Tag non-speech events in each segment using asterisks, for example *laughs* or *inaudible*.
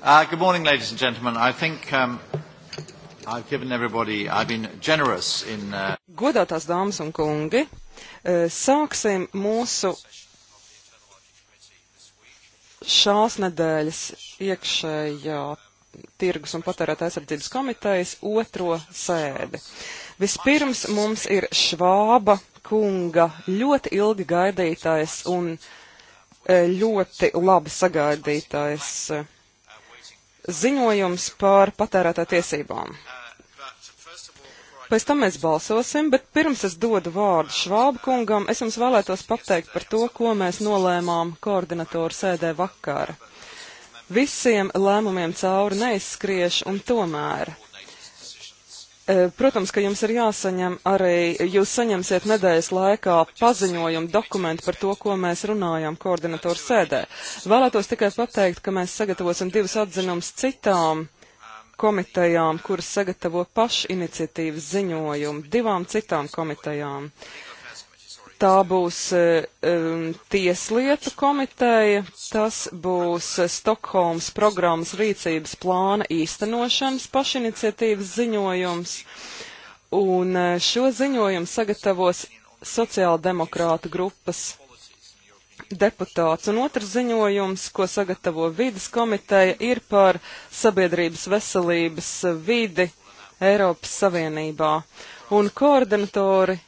Uh, good morning, ladies and gentlemen. I think um, I've given everybody, I've been generous in. Uh... Godātās dāmas un kungi, uh, sāksim mūsu šās nedēļas iekšējā tirgus un patērēta aizsardzības komitejas otro sēdi. Vispirms mums ir Švāba kunga ļoti ilgi gaidītais un uh, ļoti labi sagaidītais uh, ziņojums par patērētā tiesībām. Pēc tam mēs balsosim, bet pirms es dodu vārdu Švāba kungam, es jums vēlētos pateikt par to, ko mēs nolēmām koordinatoru sēdē vakar. Visiem lēmumiem cauri neizskriešu un tomēr E, protams, ka jums ir jāsaņem arī, jūs saņemsiet nedēļas laikā paziņojumu dokumentu par to, ko mēs runājam koordinatoru sēdē. Vēlētos tikai pateikt, ka mēs sagatavosim divus atzinumus citām komitejām, kuras sagatavo pašiniciatīvas ziņojumu, divām citām komitejām. Uh, Tā būs um, tieslietu komiteja, tas būs Stokholmas programmas rīcības plāna īstenošanas pašiniciatīvas ziņojums, un e, šo ziņojumu sagatavos sociāldemokrāta grupas deputāts, un otrs ziņojums, ko sagatavo vidas komiteja, ir par sabiedrības veselības vidi Eiropas Savienībā. Un koordinatori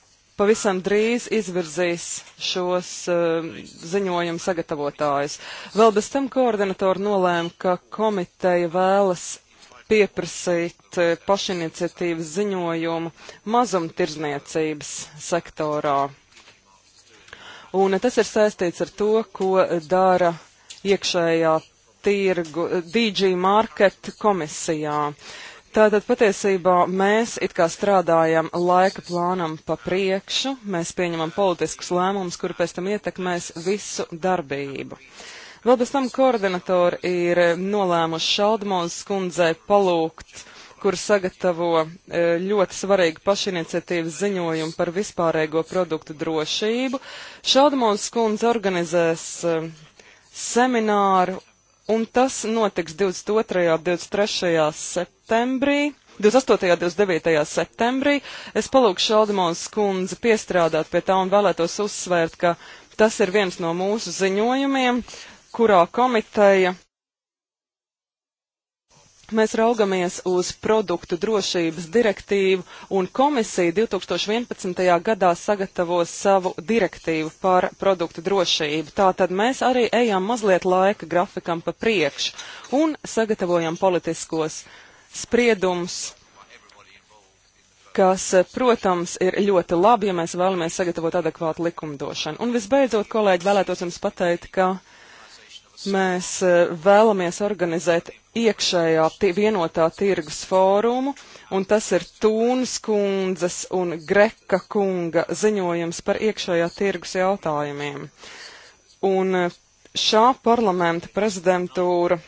pavisam drīz izvirzīs šos uh, ziņojumu sagatavotājus. Vēl bez tam koordinatori nolēma, ka komiteja vēlas pieprasīt uh, pašiniciatīvas ziņojumu mazumtirzniecības sektorā. Un tas ir saistīts ar to, ko dara iekšējā tirgu eh, DG Market komisijā. Uh, Tātad patiesībā mēs it kā strādājam laika plānam pa priekšu, mēs pieņemam politiskus lēmumus, kuri pēc tam ietekmēs visu darbību. Vēl bez tam koordinatori ir nolēmuši Šaldmozes kundzei palūgt, kur sagatavo e, ļoti svarīgu pašiniciatīvas ziņojumu par vispārējo produktu drošību. Šaldmozes kundze organizēs e, semināru un tas notiks 22. un 23. septembrī. 28. un 29. septembrī es palūgšu Šaldemons kundzi piestrādāt pie tā un vēlētos uzsvērt, ka tas ir viens no mūsu ziņojumiem, kurā komiteja mēs raugamies uz produktu drošības direktīvu, un komisija 2011. gadā sagatavos savu direktīvu par produktu drošību. Tātad mēs arī ejam mazliet laika grafikam pa priekšu un sagatavojam politiskos spriedumus kas, protams, ir ļoti labi, ja mēs vēlamies sagatavot adekvātu likumdošanu. Un visbeidzot, kolēģi, vēlētos jums pateikt, ka mēs eh, vēlamies organizēt iekšējā vienotā tirgus fórumu, un tas ir Tūnas kundzes un Greka kunga ziņojums par iekšējā tirgus jautājumiem. Un eh, šā parlamenta prezidentūra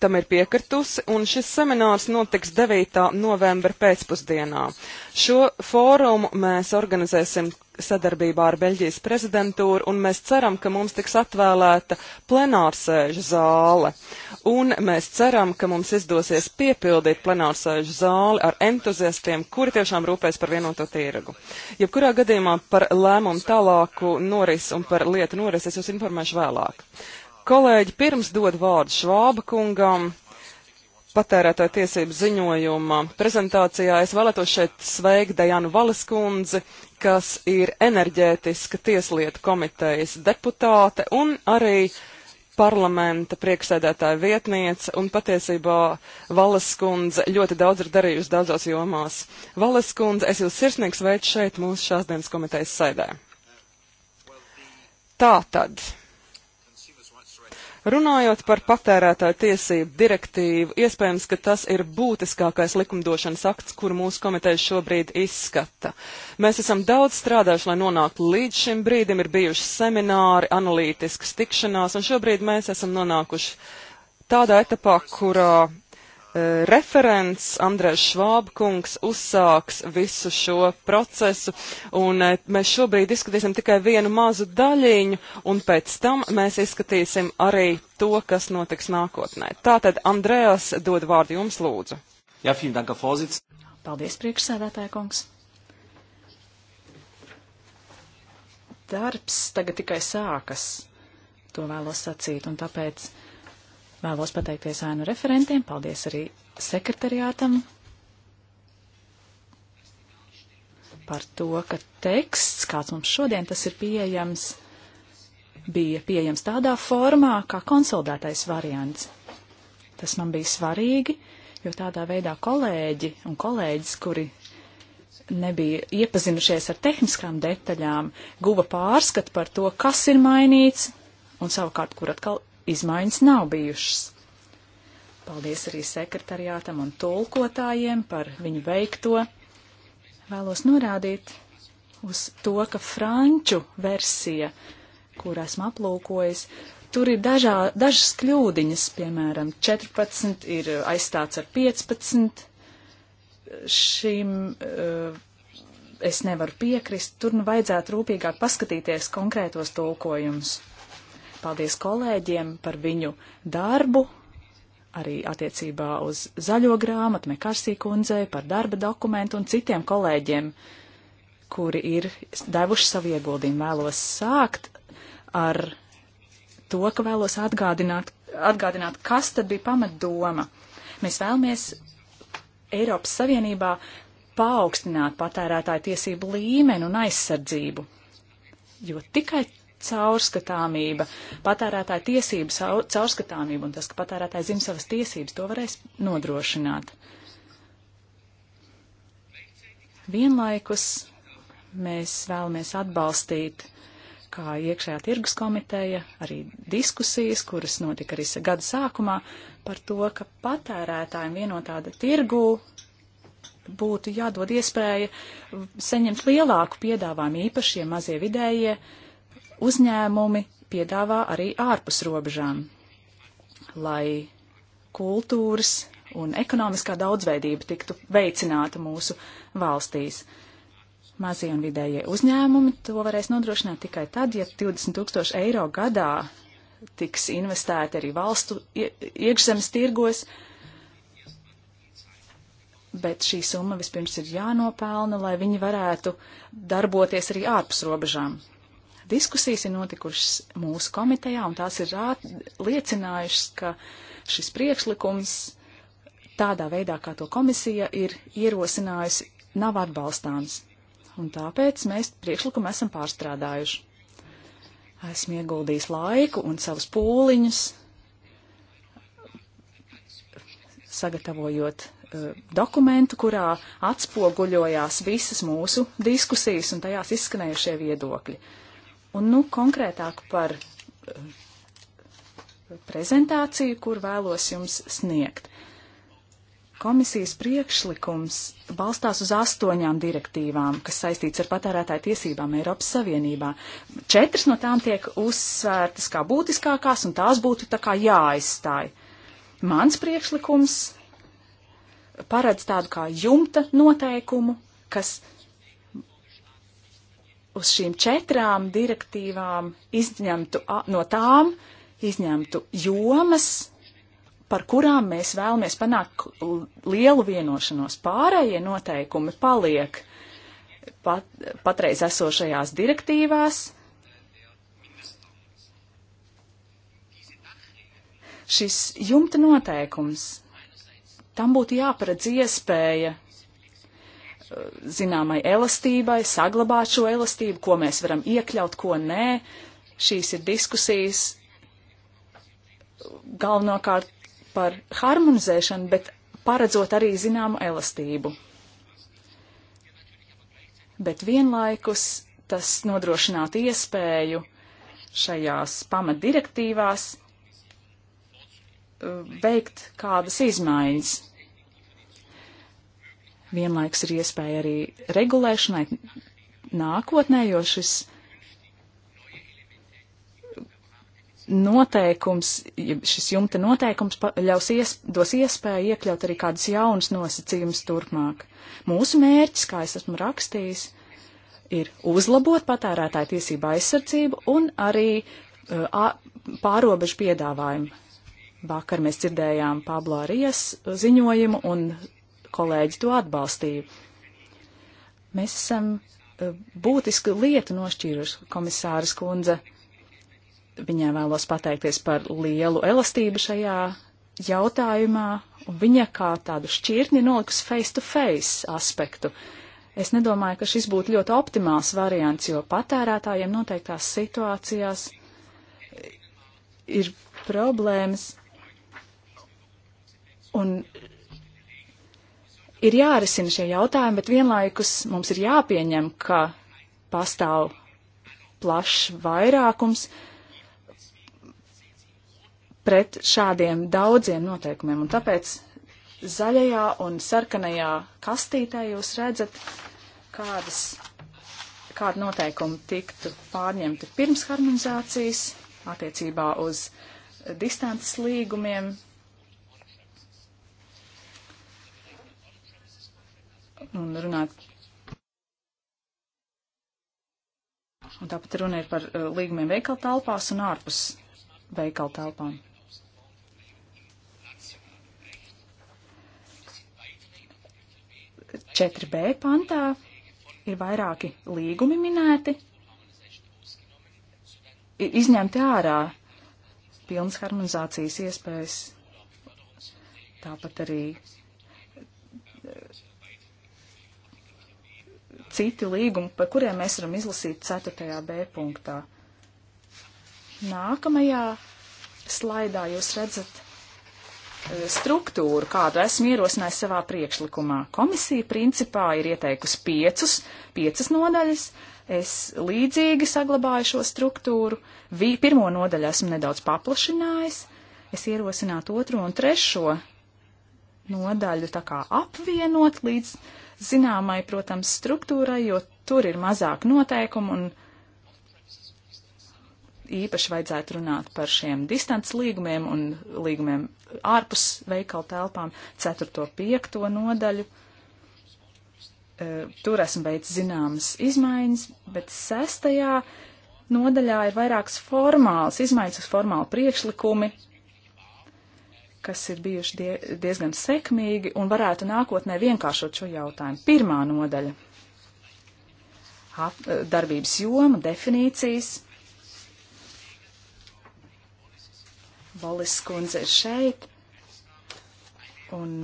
tam ir piekritusi, un šis seminārs notiks 9. novembra pēcpusdienā. Šo fórumu mēs organizēsim sadarbībā ar Beļģijas prezidentūru, un mēs ceram, ka mums tiks atvēlēta plenārsēža zāle. Un mēs ceram, ka mums izdosies piepildīt plenārsēža zāli ar entuziastiem, kuri tiešām rūpēs par vienoto tīragu. Jebkurā gadījumā par lēmumu tālāku noris un par lietu noris es jūs informēšu vēlāk. Kolēģi, pirms dod vārdu Švāba kungam, patērētāja tiesību ziņojuma prezentācijā es vēlētos šeit sveikt Dajanu Valiskundzi, kas ir enerģētiska tieslietu komitejas deputāte un arī parlamenta priekšsēdētāja vietniece, un patiesībā Valaskundze ļoti daudz ir darījusi daudzās jomās. Valaskundze, es jūs sirsnīgi sveicu šeit mūsu šās dienas komitejas sēdē. Tā tad. Runājot par patērētāju tiesību direktīvu, iespējams, ka tas ir būtiskākais likumdošanas akts, kuru mūsu komiteja šobrīd izskata. Mēs esam daudz strādājuši, lai nonāktu līdz šim brīdim, ir bijuši semināri, analītiskas tikšanās, un šobrīd mēs esam nonākuši tādā etapā, kurā Eh, referents Andrēs Švābkungs uzsāks visu šo procesu, un eh, mēs šobrīd izskatīsim tikai vienu mazu daļiņu, un pēc tam mēs izskatīsim arī to, kas notiks nākotnē. Tātad, Andrēs, dod vārdu jums lūdzu. Jā, fīm, danka, fozits. Paldies, priekšsēdētāja kungs. Darbs tagad tikai sākas, to vēlos sacīt, un tāpēc Vēlos pateikties ēnu referentiem, paldies arī sekretariātam par to, ka teksts, kāds mums šodien tas ir pieejams, bija pieejams tādā formā, kā konsolidētais variants. Tas man bija svarīgi, jo tādā veidā kolēģi un kolēģis, kuri nebija iepazinušies ar tehniskām detaļām, guva pārskatu par to, kas ir mainīts, un savukārt, kur atkal izmaiņas nav bijušas. Paldies arī sekretariātam un tulkotājiem par viņu veikto. Vēlos norādīt uz to, ka franču versija, kur esmu aplūkojis, tur ir dažā, dažas kļūdiņas, piemēram, 14 ir aizstāts ar 15. Šim uh, es nevaru piekrist, tur nu vajadzētu rūpīgāk paskatīties konkrētos tulkojumus. Paldies kolēģiem par viņu darbu, arī attiecībā uz zaļo grāmatu, Mekarsī kundzei par darba dokumentu un citiem kolēģiem, kuri ir devuši savu ieguldījumu. Vēlos sākt ar to, ka vēlos atgādināt, atgādināt kas tad bija pamatdoma. Mēs vēlamies Eiropas Savienībā paaugstināt patērētāju tiesību līmeni un aizsardzību, jo tikai caurskatāmība, patērētāja tiesības caurskatāmība un tas, ka patērētāji zina savas tiesības, to varēs nodrošināt. Vienlaikus mēs vēlamies atbalstīt kā iekšējā tirgus komiteja, arī diskusijas, kuras notika arī gada sākumā, par to, ka patērētājiem vienotāda tirgū būtu jādod iespēja saņemt lielāku piedāvājumu īpašie mazie vidējie uh, uzņēmumi piedāvā arī ārpus robežām, lai kultūras un ekonomiskā daudzveidība tiktu veicināta mūsu valstīs. Mazie un vidējie uzņēmumi to varēs nodrošināt tikai tad, ja 20 tūkstoši eiro gadā tiks investēti arī valstu iekšzemes tirgos, bet šī summa vispirms ir jānopelna, lai viņi varētu darboties arī ārpus robežām diskusijas ir notikušas mūsu komitejā, un tās ir rāt, liecinājušas, ka šis priekšlikums tādā veidā, kā to komisija ir ierosinājusi, nav atbalstāms. Un tāpēc mēs priekšlikumu esam pārstrādājuši. Esmu ieguldījis laiku un savus pūliņus, sagatavojot uh, dokumentu, kurā atspoguļojās visas mūsu diskusijas un tajās izskanējušie viedokļi. Uh, Un nu konkrētāk par eh, prezentāciju, kur vēlos jums sniegt. Komisijas priekšlikums balstās uz astoņām direktīvām, kas saistīts ar patērētāju tiesībām Eiropas Savienībā. Četras no tām tiek uzsvērtas kā būtiskākās, un tās būtu tā kā jāaizstāj. Mans priekšlikums paredz tādu kā jumta noteikumu, kas uz šīm četrām direktīvām izņemtu no tām, izņemtu jomas, par kurām mēs vēlamies panākt lielu vienošanos. Pārējie noteikumi paliek pat, patreiz esošajās direktīvās. Šis jumta noteikums, tam būtu jāparedz iespēja zināmai elastībai, saglabāt šo elastību, ko mēs varam iekļaut, ko nē. Šīs ir diskusijas galvenokārt par harmonizēšanu, bet paredzot arī zināmu elastību. Bet vienlaikus tas nodrošinātu iespēju šajās pamatdirektīvās uh, veikt kādas izmaiņas vienlaiks ir iespēja arī regulēšanai nākotnē, jo šis noteikums, šis jumta noteikums ļaus ies, dos iespēju iekļaut arī kādus jaunus nosacījumus turpmāk. Mūsu mērķis, kā es esmu rakstījis, ir uzlabot patērētāju tiesību aizsardzību un arī uh, pārobežu piedāvājumu. Vakar mēs dzirdējām Pablo Arijas ziņojumu un kolēģi to atbalstīja. Mēs esam e, būtisku lietu nošķīruši komisāras kundze. Viņai vēlos pateikties par lielu elastību šajā jautājumā, un viņa kā tādu šķirni nolikus face-to-face -face aspektu. Es nedomāju, ka šis būtu ļoti optimāls variants, jo patērētājiem noteiktās situācijās ir problēmas, un ir jārisina šie jautājumi, bet vienlaikus mums ir jāpieņem, ka pastāv plašs vairākums pret šādiem daudziem noteikumiem. Un tāpēc zaļajā un sarkanajā kastītē jūs redzat, kādas, kāda noteikuma tiktu pārņemti pirms harmonizācijas attiecībā uz distances līgumiem, un runāt. Un tāpat runa ir par uh, līgumiem veikala telpās un ārpus veikala telpām. Četri B pantā ir vairāki līgumi minēti, ir izņemti ārā pilnas harmonizācijas iespējas. Tāpat arī citi līgumi, par kuriem mēs varam izlasīt 4.b punktā. Nākamajā slaidā jūs redzat e, struktūru, kādu esmu ierosinājis savā priekšlikumā. Komisija principā ir ieteikusi piecus, piecas nodaļas. Es līdzīgi saglabāju šo struktūru. Vi, pirmo nodaļu esmu nedaudz paplašinājis. Es ierosinātu otro un trešo nodaļu tā kā apvienot līdz zināmai, protams, struktūrai, jo tur ir mazāk noteikumu un īpaši vajadzētu runāt par šiem distants līgumiem un līgumiem ārpus veikalu telpām, 4. 5. nodaļu. E, tur esmu veicis zināmas izmaiņas, bet 6. nodaļā ir vairākas formālas izmaiņas uz formālu priekšlikumi, kas ir bijuši die, diezgan sekmīgi un varētu nākotnē vienkāršot šo jautājumu. Pirmā nodaļa ap, eh, darbības joma, definīcijas. Bolis kundze ir šeit, un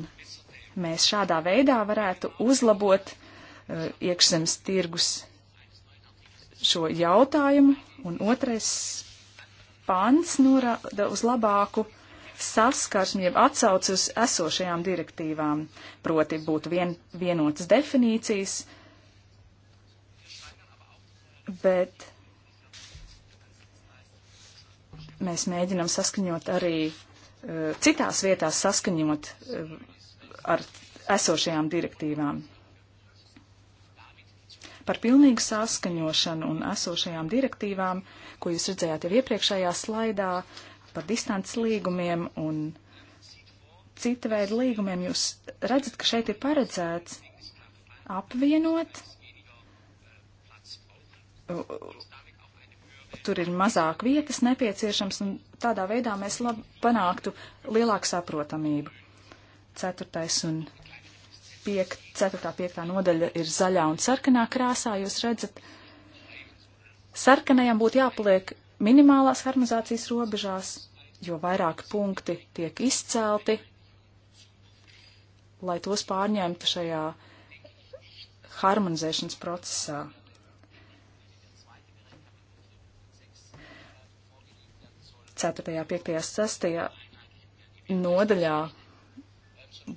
mēs šādā veidā varētu uzlabot uh, iekšzemes tirgus šo jautājumu, un otrais pants norāda uz labāku saskarsmi, jeb atsauci uz esošajām direktīvām, proti būtu vien, vienotas definīcijas, bet mēs mēģinam saskaņot arī uh, citās vietās saskaņot uh, ar esošajām direktīvām. Par pilnīgu saskaņošanu un esošajām direktīvām, ko jūs redzējāt jau iepriekšējā slaidā, uh, par distants līgumiem un cita veida līgumiem, jūs redzat, ka šeit ir paredzēts apvienot. Tur ir mazāk vietas nepieciešams, un tādā veidā mēs lab, panāktu lielāku saprotamību. Ceturtais un piek, ceturtā, piektā nodaļa ir zaļā un sarkanā krāsā. Jūs redzat, sarkanajam būtu jāpaliek minimālās harmonizācijas robežās, jo vairāk punkti tiek izcelti, lai tos pārņemtu šajā harmonizēšanas procesā. Ceturtajā, piektajā, sestajā nodaļā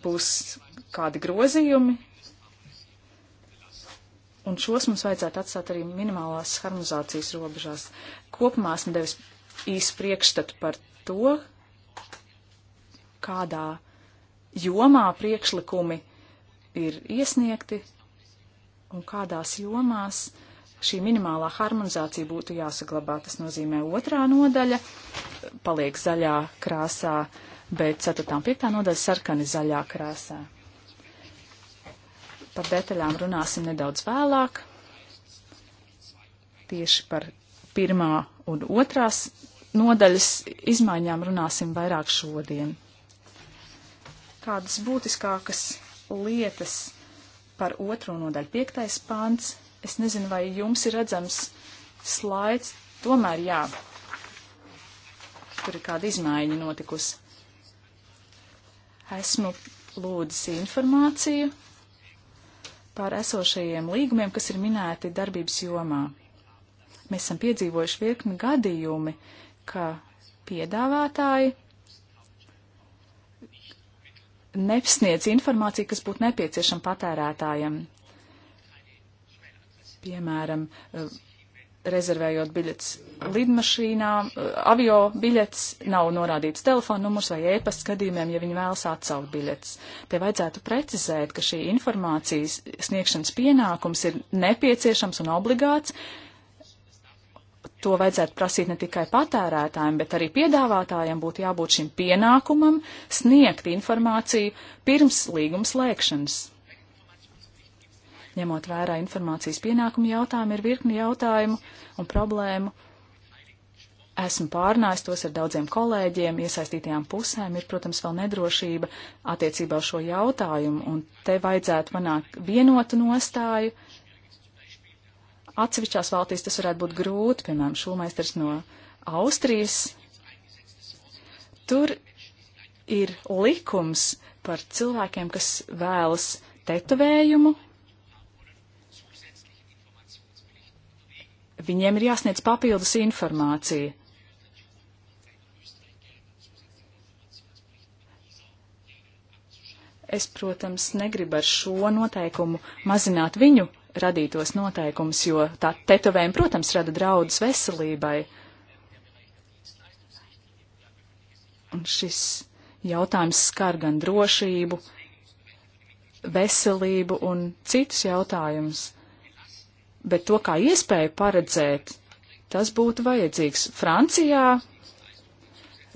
būs kādi grozījumi, Un šos mums vajadzētu atstāt arī minimālās harmonizācijas robežās. Kopumā esmu devis īsu priekšstatu par to, kādā jomā priekšlikumi ir iesniegti un kādās jomās šī minimālā harmonizācija būtu jāsaglabā. Tas nozīmē otrā nodaļa paliek zaļā krāsā, bet ceturtā un piektā nodaļa sarkani zaļā krāsā. Par detaļām runāsim nedaudz vēlāk. Tieši par pirmā un otrās nodaļas izmaiņām runāsim vairāk šodien. Kādas būtiskākas lietas par otro nodaļu piektais pāns. Es nezinu, vai jums ir redzams slaids. Tomēr jā, tur ir kāda izmaiņa notikusi. Esmu lūdzis informāciju par esošajiem līgumiem, kas ir minēti darbības jomā. Mēs esam piedzīvojuši virkni gadījumi, ka piedāvātāji nesniedz informāciju, kas būtu nepieciešama patērētājiem. Piemēram, rezervējot biļetes lidmašīnā, eh, avio biļetes, nav norādīts telefona numurs vai ēpasts gadījumiem, ja viņi vēlas atsaukt biļetes. Te vajadzētu precizēt, ka šī informācijas sniegšanas pienākums ir nepieciešams un obligāts. To vajadzētu prasīt ne tikai patērētājiem, bet arī piedāvātājiem būtu jābūt šim pienākumam sniegt informāciju pirms līgums lēkšanas ņemot vērā informācijas pienākumu jautājumu, ir virkni jautājumu un problēmu. Esmu pārnājis tos ar daudziem kolēģiem, iesaistītajām pusēm, ir, protams, vēl nedrošība attiecībā uz šo jautājumu, un te vajadzētu panākt vienotu nostāju. Atsevišķās valstīs tas varētu būt grūti, piemēram, šūmeistars no Austrijas. Tur ir likums par cilvēkiem, kas vēlas tetovējumu Viņiem ir jāsniedz papildus informācija. Es, protams, negribu ar šo noteikumu mazināt viņu radītos noteikumus, jo tā tetovējuma, protams, rada draudus veselībai. Un šis jautājums skar gan drošību, veselību un citus jautājumus bet to kā iespēju paredzēt, tas būtu vajadzīgs. Francijā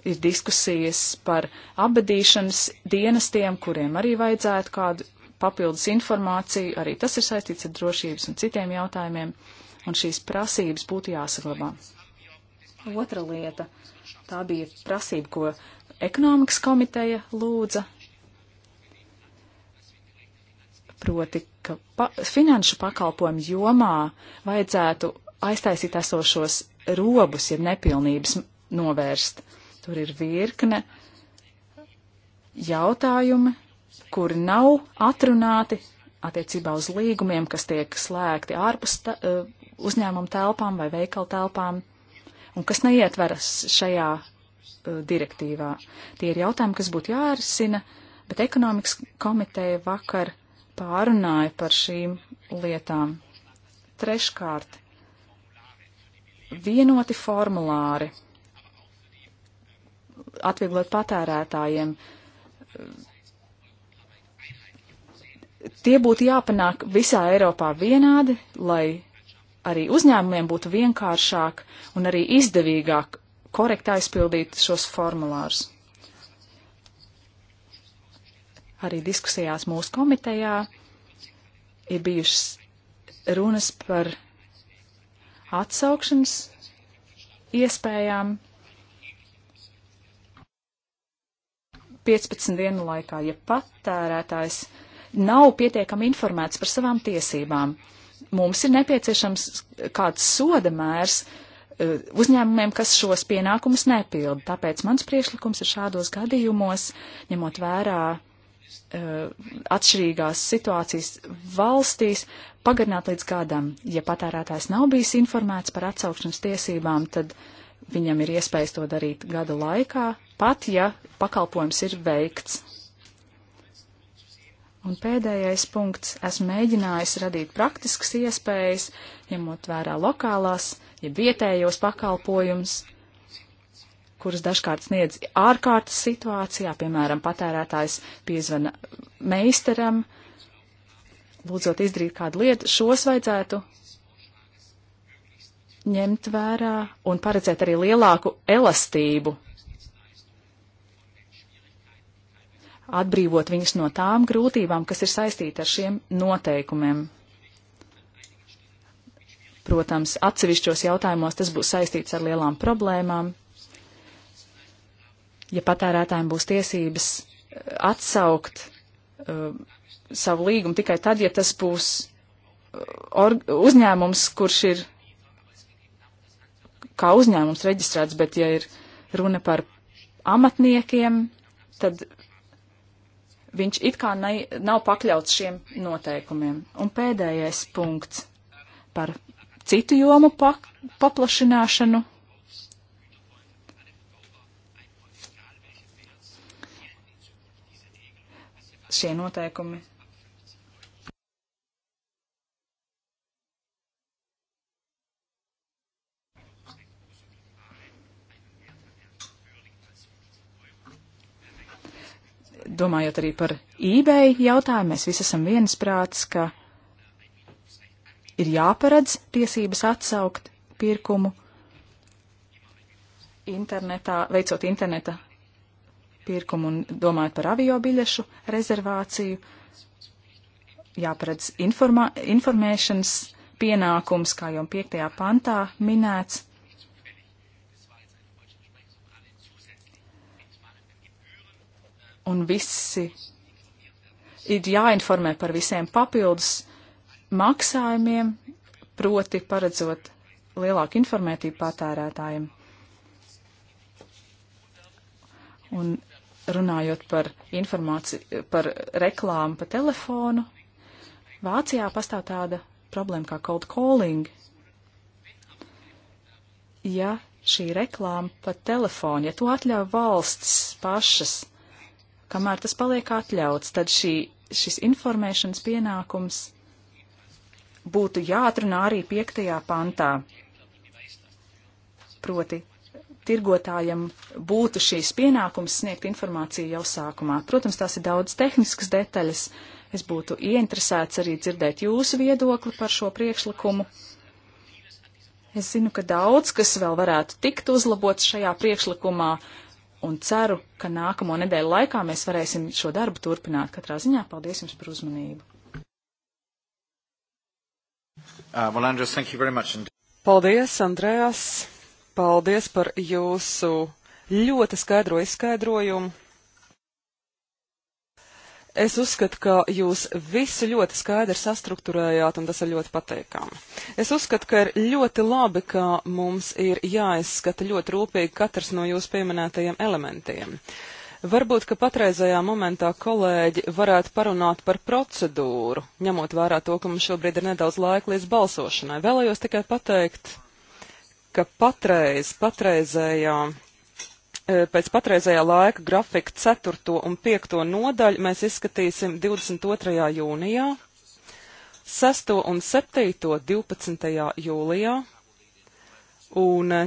ir diskusijas par abadīšanas dienestiem, kuriem arī vajadzētu kādu papildus informāciju, arī tas ir saistīts ar drošības un citiem jautājumiem, un šīs prasības būtu jāsaglabā. Otra lieta - tā bija prasība, ko ekonomikas komiteja lūdza, proti, ka pa, finanšu pakalpojumu jomā vajadzētu aiztaisīt esošos robus, ja nepilnības novērst. Tur ir virkne jautājumi, kuri nav atrunāti attiecībā uz līgumiem, kas tiek slēgti ārpus ta, eh, uzņēmuma telpām vai veikala telpām, un kas neietveras šajā uh, direktīvā. Tie ir jautājumi, kas būtu jārisina, bet ekonomikas komiteja vakar pārunāja par šīm lietām. Treškārt, vienoti formulāri atvieglot patērētājiem. Tie būtu jāpanāk visā Eiropā vienādi, lai arī uzņēmumiem būtu vienkāršāk un arī izdevīgāk korekti aizpildīt šos formulārus arī diskusijās mūsu komitejā ir bijušas runas par atsaukšanas iespējām 15 dienu laikā, ja patērētājs nav pietiekami informēts par savām tiesībām. Mums ir nepieciešams kāds soda mērs eh, uzņēmumiem, kas šos pienākumus nepilda. Tāpēc mans priešlikums ir šādos gadījumos, ņemot vērā Uh, atšķirīgās situācijas valstīs pagarināt līdz gadam. Ja patērētājs nav bijis informēts par atsaukšanas tiesībām, tad viņam ir iespējas to darīt gada laikā, pat ja pakalpojums ir veikts. Un pēdējais punkts - esmu mēģinājis radīt praktiskas iespējas, ņemot vērā lokālās, ja vietējos pakalpojums, kuras dažkārt sniedz ārkārtas situācijā, piemēram, patērētājs piezvana meistaram, lūdzot izdarīt kādu lietu, šos vajadzētu ņemt vērā un paredzēt arī lielāku elastību, atbrīvot viņus no tām grūtībām, kas ir saistīti ar šiem noteikumiem. Protams, atsevišķos jautājumos tas būs saistīts ar lielām problēmām, ja patērētājiem būs tiesības eh, atsaukt uh, savu līgumu tikai tad, ja tas būs uh, uzņēmums, kurš ir kā uzņēmums reģistrēts, bet ja ir runa par amatniekiem, tad viņš it kā ne, nav pakļauts šiem noteikumiem. Un pēdējais punkts par citu jomu pa, paplašināšanu šie noteikumi domājot arī par eBay jautājumu, mēs visi esam viensprāts, ka ir jāparedz tiesības atsaukt pirkumu internetā, veicot interneta pirkumu un domājot par avio biļešu rezervāciju, jāparedz informā, informēšanas pienākums, kā jau piektajā pantā minēts. Un visi ir jāinformē par visiem papildus maksājumiem, proti paredzot lielāku informētību patērētājiem. Un runājot par informāciju, par reklāmu pa telefonu, Vācijā pastāv tāda problēma kā cold calling. Ja šī reklāma pa telefonu, ja to atļauj valsts pašas, kamēr tas paliek atļauts, tad šī, šis informēšanas pienākums būtu jāatrunā arī piektajā pantā. Proti, tirgotājam būtu šīs pienākums sniegt informāciju jau sākumā. Protams, tās ir daudz tehniskas detaļas. Es būtu ieinteresēts arī dzirdēt jūsu viedokli par šo priekšlikumu. Es zinu, ka daudz kas vēl varētu tikt uzlabots šajā priekšlikumā, un ceru, ka nākamo nedēļu laikā mēs varēsim šo darbu turpināt. Katrā ziņā paldies jums par uzmanību. Uh, well, Andres, Paldies, Andrejas! Paldies par jūsu ļoti skaidro izskaidrojumu. Es uzskatu, ka jūs visu ļoti skaidri sastruktūrējāt, un tas ir ļoti pateikami. Es uzskatu, ka ir ļoti labi, ka mums ir jāizskata ļoti rūpīgi katrs no jūsu pieminētajiem elementiem. Varbūt, ka patreizajā momentā kolēģi varētu parunāt par procedūru, ņemot vērā to, ka mums šobrīd ir nedaudz laika līdz balsošanai. Vēlējos tikai pateikt, ka patreiz, patreizējā e, pēc patreizējā laika grafika 4. un 5. nodaļu mēs izskatīsim 22. jūnijā, 6. un 7. 12. jūlijā, un e,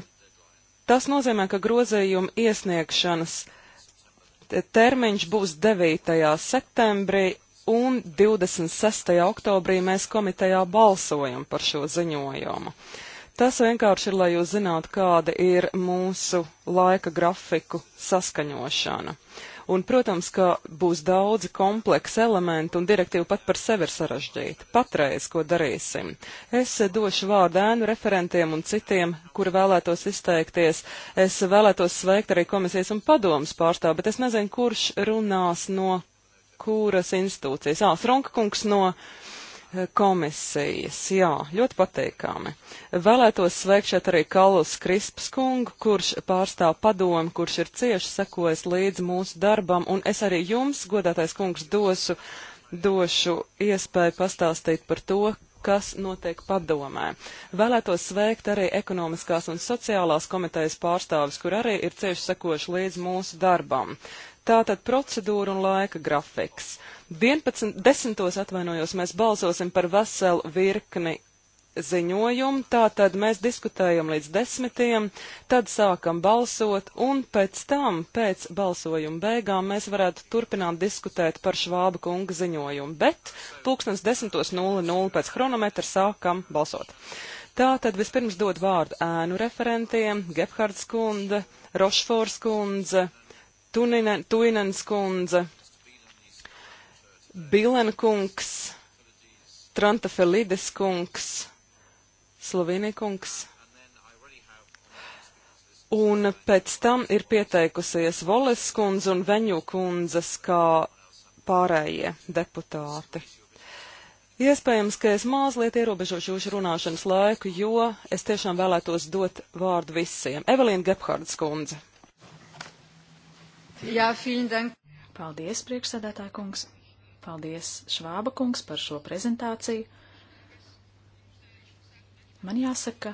tas nozīmē, ka grozījuma iesniegšanas e, termiņš būs 9. septembrī, un 26. oktobrī mēs komitejā balsojam par šo ziņojumu. Uh, Tas vienkārši ir, lai jūs zinātu, kāda ir mūsu laika grafiku saskaņošana. Un, protams, ka būs daudzi kompleksi elementi, un direktīva pat par sevi ir sarežģīta. Patreiz, ko darīsim? Es došu vārdu ēnu referentiem un citiem, kuri vēlētos izteikties. Es vēlētos sveikt arī komisijas un padomas pārstāvu, bet es nezinu, kurš runās no kuras institūcijas. Ā, Franka kungs no uh, komisijas. Jā, ļoti pateikami. Vēlētos sveikt šeit arī Kalus Krisps kungu, kurš pārstāv padomu, kurš ir cieši sekojis līdz mūsu darbam, un es arī jums, godātais kungs, dosu, došu iespēju pastāstīt par to, kas notiek padomē. Vēlētos sveikt arī ekonomiskās un sociālās komitejas pārstāvis, kur arī ir cieši sekoši līdz mūsu darbam. Tātad procedūra un laika grafiks. 11. desmitos atvainojos, mēs balsosim par veselu virkni ziņojumu, tātad mēs diskutējam līdz desmitiem, tad sākam balsot, un pēc tam, pēc balsojuma beigām, mēs varētu turpināt diskutēt par Švāba kunga ziņojumu, bet pulkstens 10.00 pēc chronometra sākam balsot. Tātad vispirms dod vārdu ēnu referentiem, Gebhards kundze, Rošfors kundze, Tuinens kundze, Bilen kungs, Trantafelides kungs, Slovenija kungs. Un pēc tam ir pieteikusies Voles kundze un Veņu kundzes kā pārējie deputāti. Iespējams, ka es mazliet ierobežošu jūsu runāšanas laiku, jo es tiešām vēlētos dot vārdu visiem. Evelīna Gephards kundze. Jā, vielen dank. Paldies, priekšsēdētāja kungs. Paldies, Švāba kungs, par šo prezentāciju. Man jāsaka,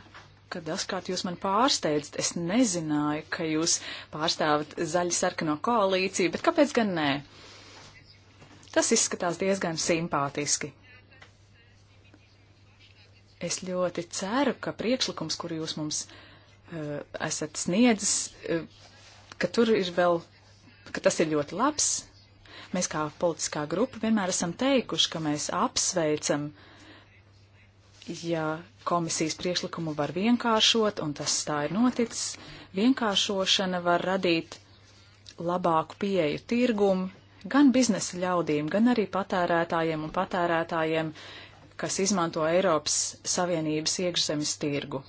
ka dažkārt jūs man pārsteidzat. Es nezināju, ka jūs pārstāvat zaļu sarkano koalīciju, bet kāpēc gan nē? Tas izskatās diezgan simpātiski. Es ļoti ceru, ka priekšlikums, kuru jūs mums uh, esat sniedzis, uh, ka tur ir vēl ka tas ir ļoti labs. Mēs kā politiskā grupa vienmēr esam teikuši, ka mēs apsveicam, ja komisijas priekšlikumu var vienkāršot, un tas tā ir noticis. Vienkāršošana var radīt labāku pieeju tirgumu gan biznesa ļaudīm, gan arī patērētājiem un patērētājiem, kas izmanto Eiropas Savienības iekšzemes tirgu.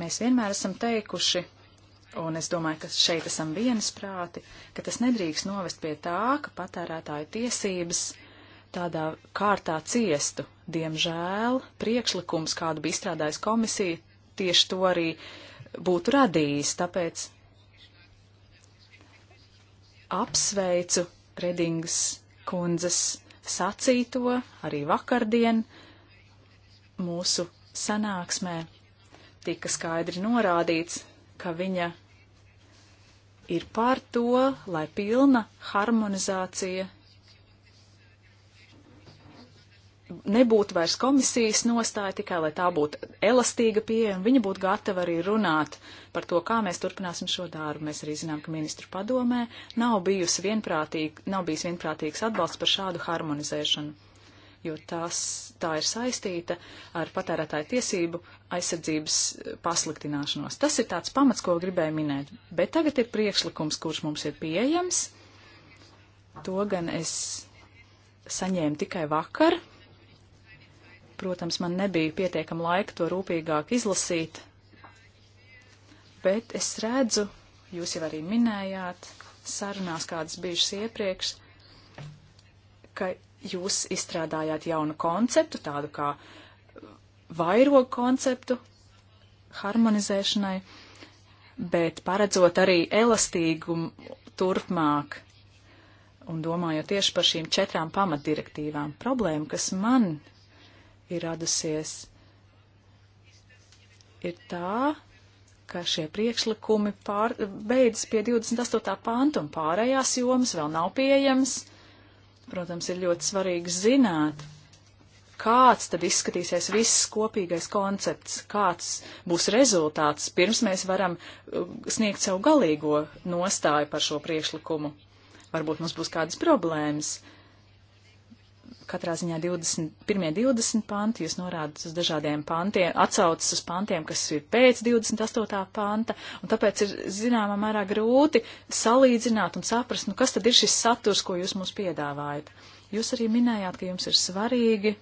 Mēs vienmēr esam teikuši, Un es domāju, ka šeit esam viensprāti, ka tas nedrīkst novest pie tā, ka patērētāju tiesības tādā kārtā ciestu. Diemžēl priekšlikums, kādu bija izstrādājis komisija, tieši to arī būtu radījis. Tāpēc apsveicu Redingas kundzes sacīto arī vakardien mūsu sanāksmē. Tika skaidri norādīts, ka viņa ir par to, lai pilna harmonizācija nebūtu vairs komisijas nostāja, tikai lai tā būtu elastīga pieeja, un viņa būtu gatava arī runāt par to, kā mēs turpināsim šo darbu. Mēs arī zinām, ka ministru padomē nav, vienprātīgi, nav bijis vienprātīgs atbalsts par šādu harmonizēšanu jo tās, tā ir saistīta ar patērētāju tiesību aizsardzības eh, pasliktināšanos. Tas ir tāds pamats, ko gribēju minēt, bet tagad ir priekšlikums, kurš mums ir pieejams. To gan es saņēmu tikai vakar. Protams, man nebija pietiekama laika to rūpīgāk izlasīt, bet es redzu, jūs jau arī minējāt sarunās, kādas bijušas iepriekš, ka jūs izstrādājāt jaunu konceptu, tādu kā vairogu konceptu harmonizēšanai, bet paredzot arī elastīgumu turpmāk un domājot tieši par šīm četrām pamatdirektīvām. Problēma, kas man ir radusies, ir tā, ka šie priekšlikumi pār, beidzas pie 28. pānta un pārējās jomas vēl nav pieejams Protams, ir ļoti svarīgi zināt, kāds tad izskatīsies viss kopīgais koncepts, kāds būs rezultāts, pirms mēs varam uh, sniegt savu galīgo nostāju par šo priekšlikumu. Varbūt mums būs kādas problēmas, katrā ziņā 20, pirmie 20 panti, jūs norādat uz dažādiem pantiem, atsaucas uz pantiem, kas ir pēc 28. panta, un tāpēc ir zināmā mērā grūti salīdzināt un saprast, nu kas tad ir šis saturs, ko jūs mums piedāvājat. Jūs arī minējāt, ka jums ir svarīgi,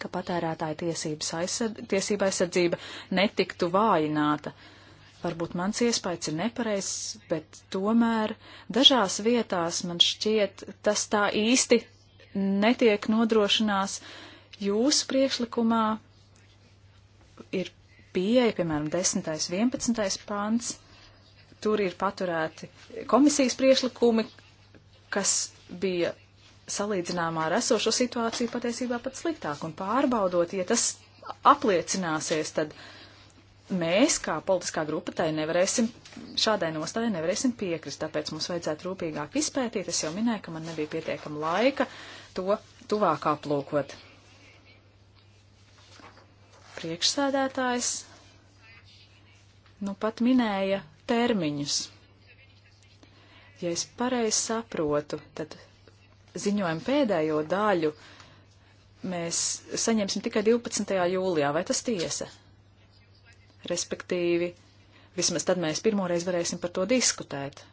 ka patērētāja aizsardz, tiesība aizsardzība netiktu vājināta. Varbūt mans iespējas ir nepareizs, bet tomēr dažās vietās man šķiet tas tā īsti netiek nodrošinās jūsu priekšlikumā, ir pieeja, piemēram, 10. 11. pants, tur ir paturēti komisijas priekšlikumi, kas bija salīdzināmā ar esošo situāciju patiesībā pat sliktāk un pārbaudot, ja tas apliecināsies, tad mēs kā politiskā grupa tai nevarēsim, šādai nostādai nevarēsim piekrist, tāpēc mums vajadzētu rūpīgāk izpētīt. Es jau minēju, ka man nebija pietiekama laika to tuvāk aplūkot. Priekšsēdētājs nu pat minēja termiņus. Ja es pareizi saprotu, tad ziņojumu pēdējo daļu mēs saņemsim tikai 12. jūlijā, vai tas tiesa? Respektīvi, vismaz tad mēs pirmoreiz varēsim par to diskutēt.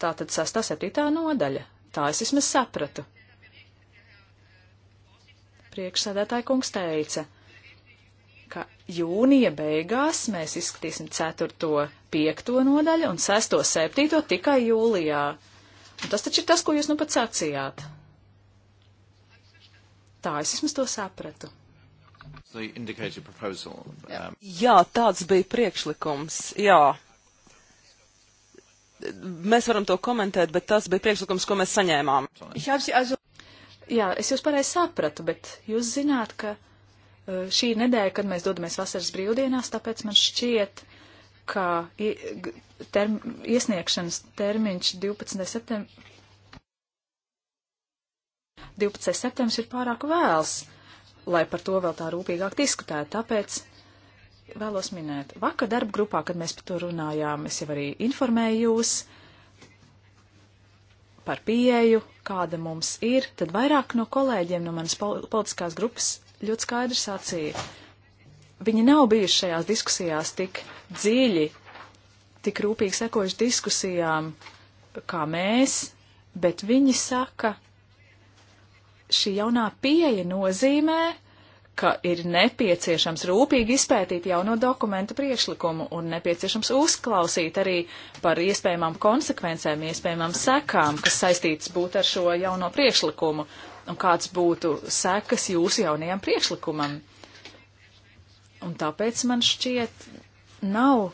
Tā tad sastā septītā nodaļa Tā es vismaz sapratu. Priekšsēdētāja kungs teica, ka jūnija beigās mēs izskatīsim 4. 5. nodaļu un 6. 7. tikai jūlijā. Un tas taču ir tas, ko jūs nu pat sacījāt. Tā es vismaz to sapratu. Um, jā, tāds bija priekšlikums. Jā mēs varam to komentēt, bet tas bija priekšlikums, ko mēs saņēmām. Jā, es jūs pareizi sapratu, bet jūs zināt, ka e, šī nedēļa, kad mēs dodamies vasaras brīvdienās, tāpēc man šķiet, ka term, iesniegšanas termiņš 12. septembris 12. septembris ir pārāk vēls, lai par to vēl tā rūpīgāk diskutētu. Tāpēc vēlos minēt. Vakar darba grupā, kad mēs par to runājām, es jau arī informēju jūs par pieeju, kāda mums ir, tad vairāk no kolēģiem no manas politiskās grupas ļoti skaidri sacīja. Viņi nav bijuši šajās diskusijās tik dziļi, tik rūpīgi sekojuši diskusijām kā mēs, bet viņi saka, šī jaunā pieeja nozīmē, ka ir nepieciešams rūpīgi izpētīt jauno dokumentu priekšlikumu un nepieciešams uzklausīt arī par iespējamām konsekvencēm, iespējamām sekām, kas saistītas būtu ar šo jauno priekšlikumu un kāds būtu sekas jūsu jaunajam priekšlikumam. Un tāpēc man šķiet nav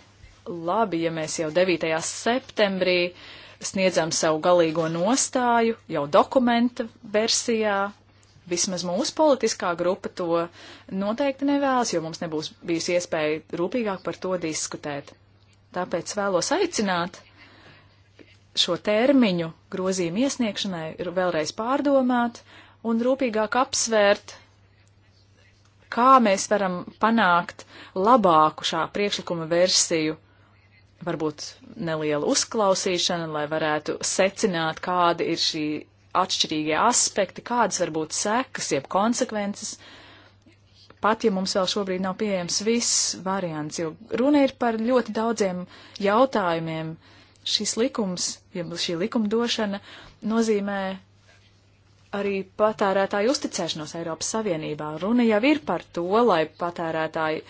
labi, ja mēs jau 9. septembrī sniedzam savu galīgo nostāju jau dokumenta versijā, Vismaz mūsu politiskā grupa to noteikti nevēlas, jo mums nebūs bijusi iespēja rūpīgāk par to diskutēt. Tāpēc vēlos aicināt šo termiņu grozījumu iesniegšanai vēlreiz pārdomāt un rūpīgāk apsvērt, kā mēs varam panākt labāku šā priekšlikuma versiju, varbūt nelielu uzklausīšanu, lai varētu secināt, kādi ir šī atšķirīgie aspekti, kādas var būt sekas, jeb konsekvences, pat ja mums vēl šobrīd nav pieejams viss variants, jo runa ir par ļoti daudziem jautājumiem. Šis likums, jeb šī likumdošana nozīmē arī patērētāju uzticēšanos Eiropas Savienībā. Runa jau ir par to, lai patērētāji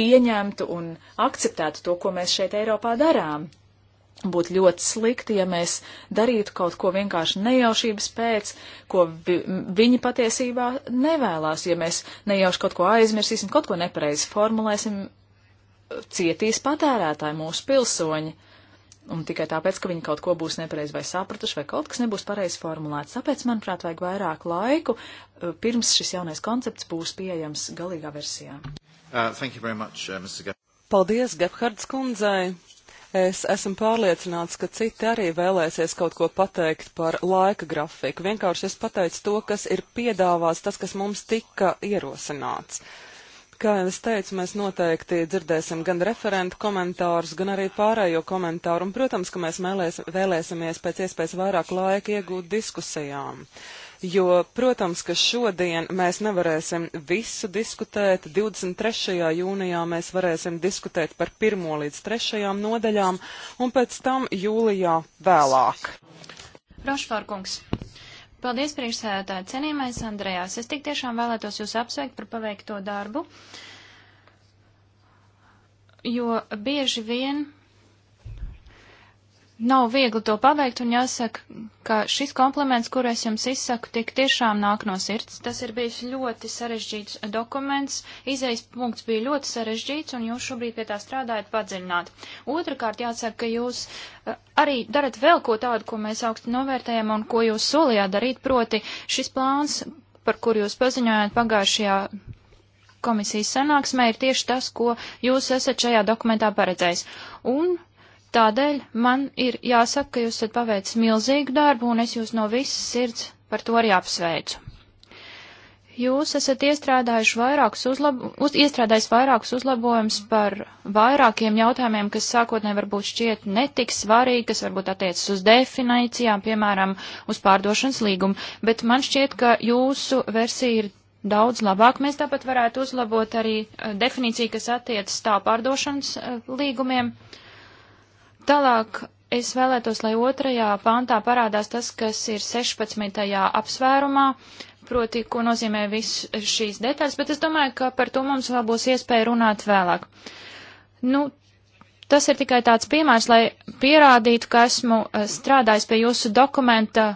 pieņemtu un akceptētu to, ko mēs šeit Eiropā darām. Būtu ļoti slikti, ja mēs darītu kaut ko vienkārši nejaušības pēc, ko vi viņi patiesībā nevēlās. Ja mēs nejauši kaut ko aizmirsīsim, kaut ko nepareizi formulēsim, cietīs patērētāji, mūsu pilsoņi. Un tikai tāpēc, ka viņi kaut ko būs nepareizi vai sapratuši, vai kaut kas nebūs pareizi formulēts. Tāpēc, manuprāt, vajag vairāk laiku, eh, pirms šis jaunais koncepts būs pieejams galīgā versijā. Uh, much, uh, Paldies, Gebhards kundzei! Es esmu pārliecināts, ka citi arī vēlēsies kaut ko pateikt par laika grafiku. Vienkārši es pateicu to, kas ir piedāvāts, tas, kas mums tika ierosināts. Kā jau es teicu, mēs noteikti dzirdēsim gan referentu komentārus, gan arī pārējo komentāru, un, protams, ka mēs mēlēs, vēlēsimies pēc iespējas vairāk laika iegūt diskusijām. Uh, jo, protams, ka šodien mēs nevarēsim visu diskutēt. 23. jūnijā mēs varēsim diskutēt par pirmo līdz trešajām nodaļām, un pēc tam jūlijā vēlāk. Rošfārkungs. Paldies, priekšsēdētāji. Cienījamais Andrejās, es tik tiešām vēlētos jūs apsveikt par paveikto darbu, jo bieži vien nav viegli to paveikt, un jāsaka, ka šis kompliments, kuru es jums izsaku, tik tiešām nāk no sirds. Tas ir bijis ļoti sarežģīts dokuments, izējas punkts bija ļoti sarežģīts, un jūs šobrīd pie tā strādājat padziļināt. Otrakārt jāsaka, ka jūs eh, arī darat vēl ko tādu, ko mēs augstu novērtējam un ko jūs solījāt darīt, proti šis plāns, par kuru jūs paziņojāt pagājušajā komisijas sanāksmē, ir tieši tas, ko jūs esat šajā dokumentā paredzējis. Un Tādēļ man ir jāsaka, ka jūs esat paveicis milzīgu darbu, un es jūs no visas sirds par to arī apsveicu. Jūs esat iestrādājuši vairākus, uzlabo, uz, iestrādājis vairākus uzlabojumus par vairākiem jautājumiem, kas sākotnēji varbūt šķiet netik svarīgi, kas varbūt attiecas uz definīcijām, piemēram, uz pārdošanas līgumu, bet man šķiet, ka jūsu versija ir daudz labāk. Mēs tāpat varētu uzlabot arī eh, definīciju, kas attiecas tā pārdošanas eh, līgumiem. Uh, Tālāk es vēlētos, lai otrajā pāntā parādās tas, kas ir 16. apsvērumā, proti, ko nozīmē viss šīs detaļas, bet es domāju, ka par to mums vēl būs iespēja runāt vēlāk. Nu, tas ir tikai tāds piemērs, lai pierādītu, ka esmu eh, strādājis pie jūsu dokumenta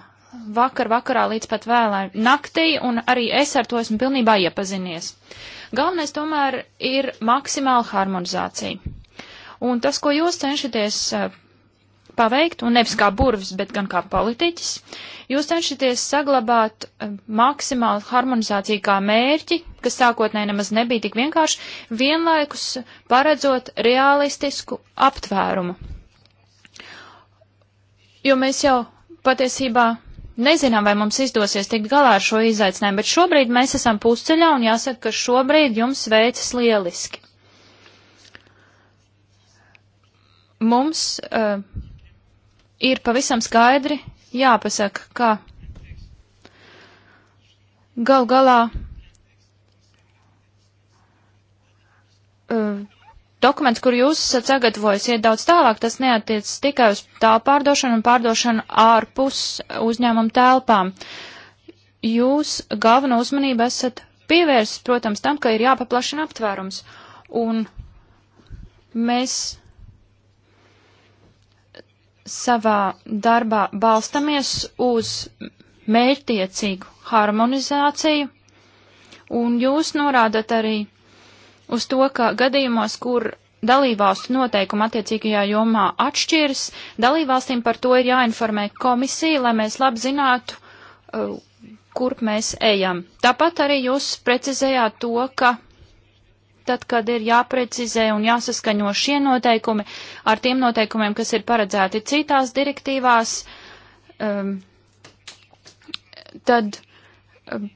vakar vakarā līdz pat vēlai naktī, un arī es ar to esmu pilnībā iepazinies. Galvenais tomēr ir maksimāla harmonizācija. Un tas, ko jūs cenšaties paveikt, un nevis kā burvis, bet gan kā politiķis, jūs cenšaties saglabāt maksimālu harmonizāciju kā mērķi, kas sākotnēji nemaz nebija tik vienkārši, vienlaikus paredzot realistisku aptvērumu. Jo mēs jau patiesībā nezinām, vai mums izdosies tikt galā ar šo izaicinājumu, bet šobrīd mēs esam pusceļā un jāsaka, ka šobrīd jums veicas lieliski. mums uh, ir pavisam skaidri jāpasaka, ka gal galā uh, dokuments, kur jūs esat sagatavojis, iet daudz tālāk, tas neatiec tikai uz tā pārdošanu un pārdošanu ārpus uzņēmuma telpām. Jūs galveno uzmanību esat pievērsis, protams, tam, ka ir jāpaplašina aptvērums. Un mēs savā darbā balstamies uz mērķtiecīgu harmonizāciju, un jūs norādat arī uz to, ka gadījumos, kur dalībvalstu noteikumi attiecīgajā jomā atšķiras, dalībvalstīm par to ir jāinformē komisija, lai mēs labi zinātu, uh, kurp mēs ejam. Tāpat arī jūs precizējāt to, ka tad, kad ir jāprecizē un jāsaskaņo šie noteikumi ar tiem noteikumiem, kas ir paredzēti citās direktīvās, um, tad um,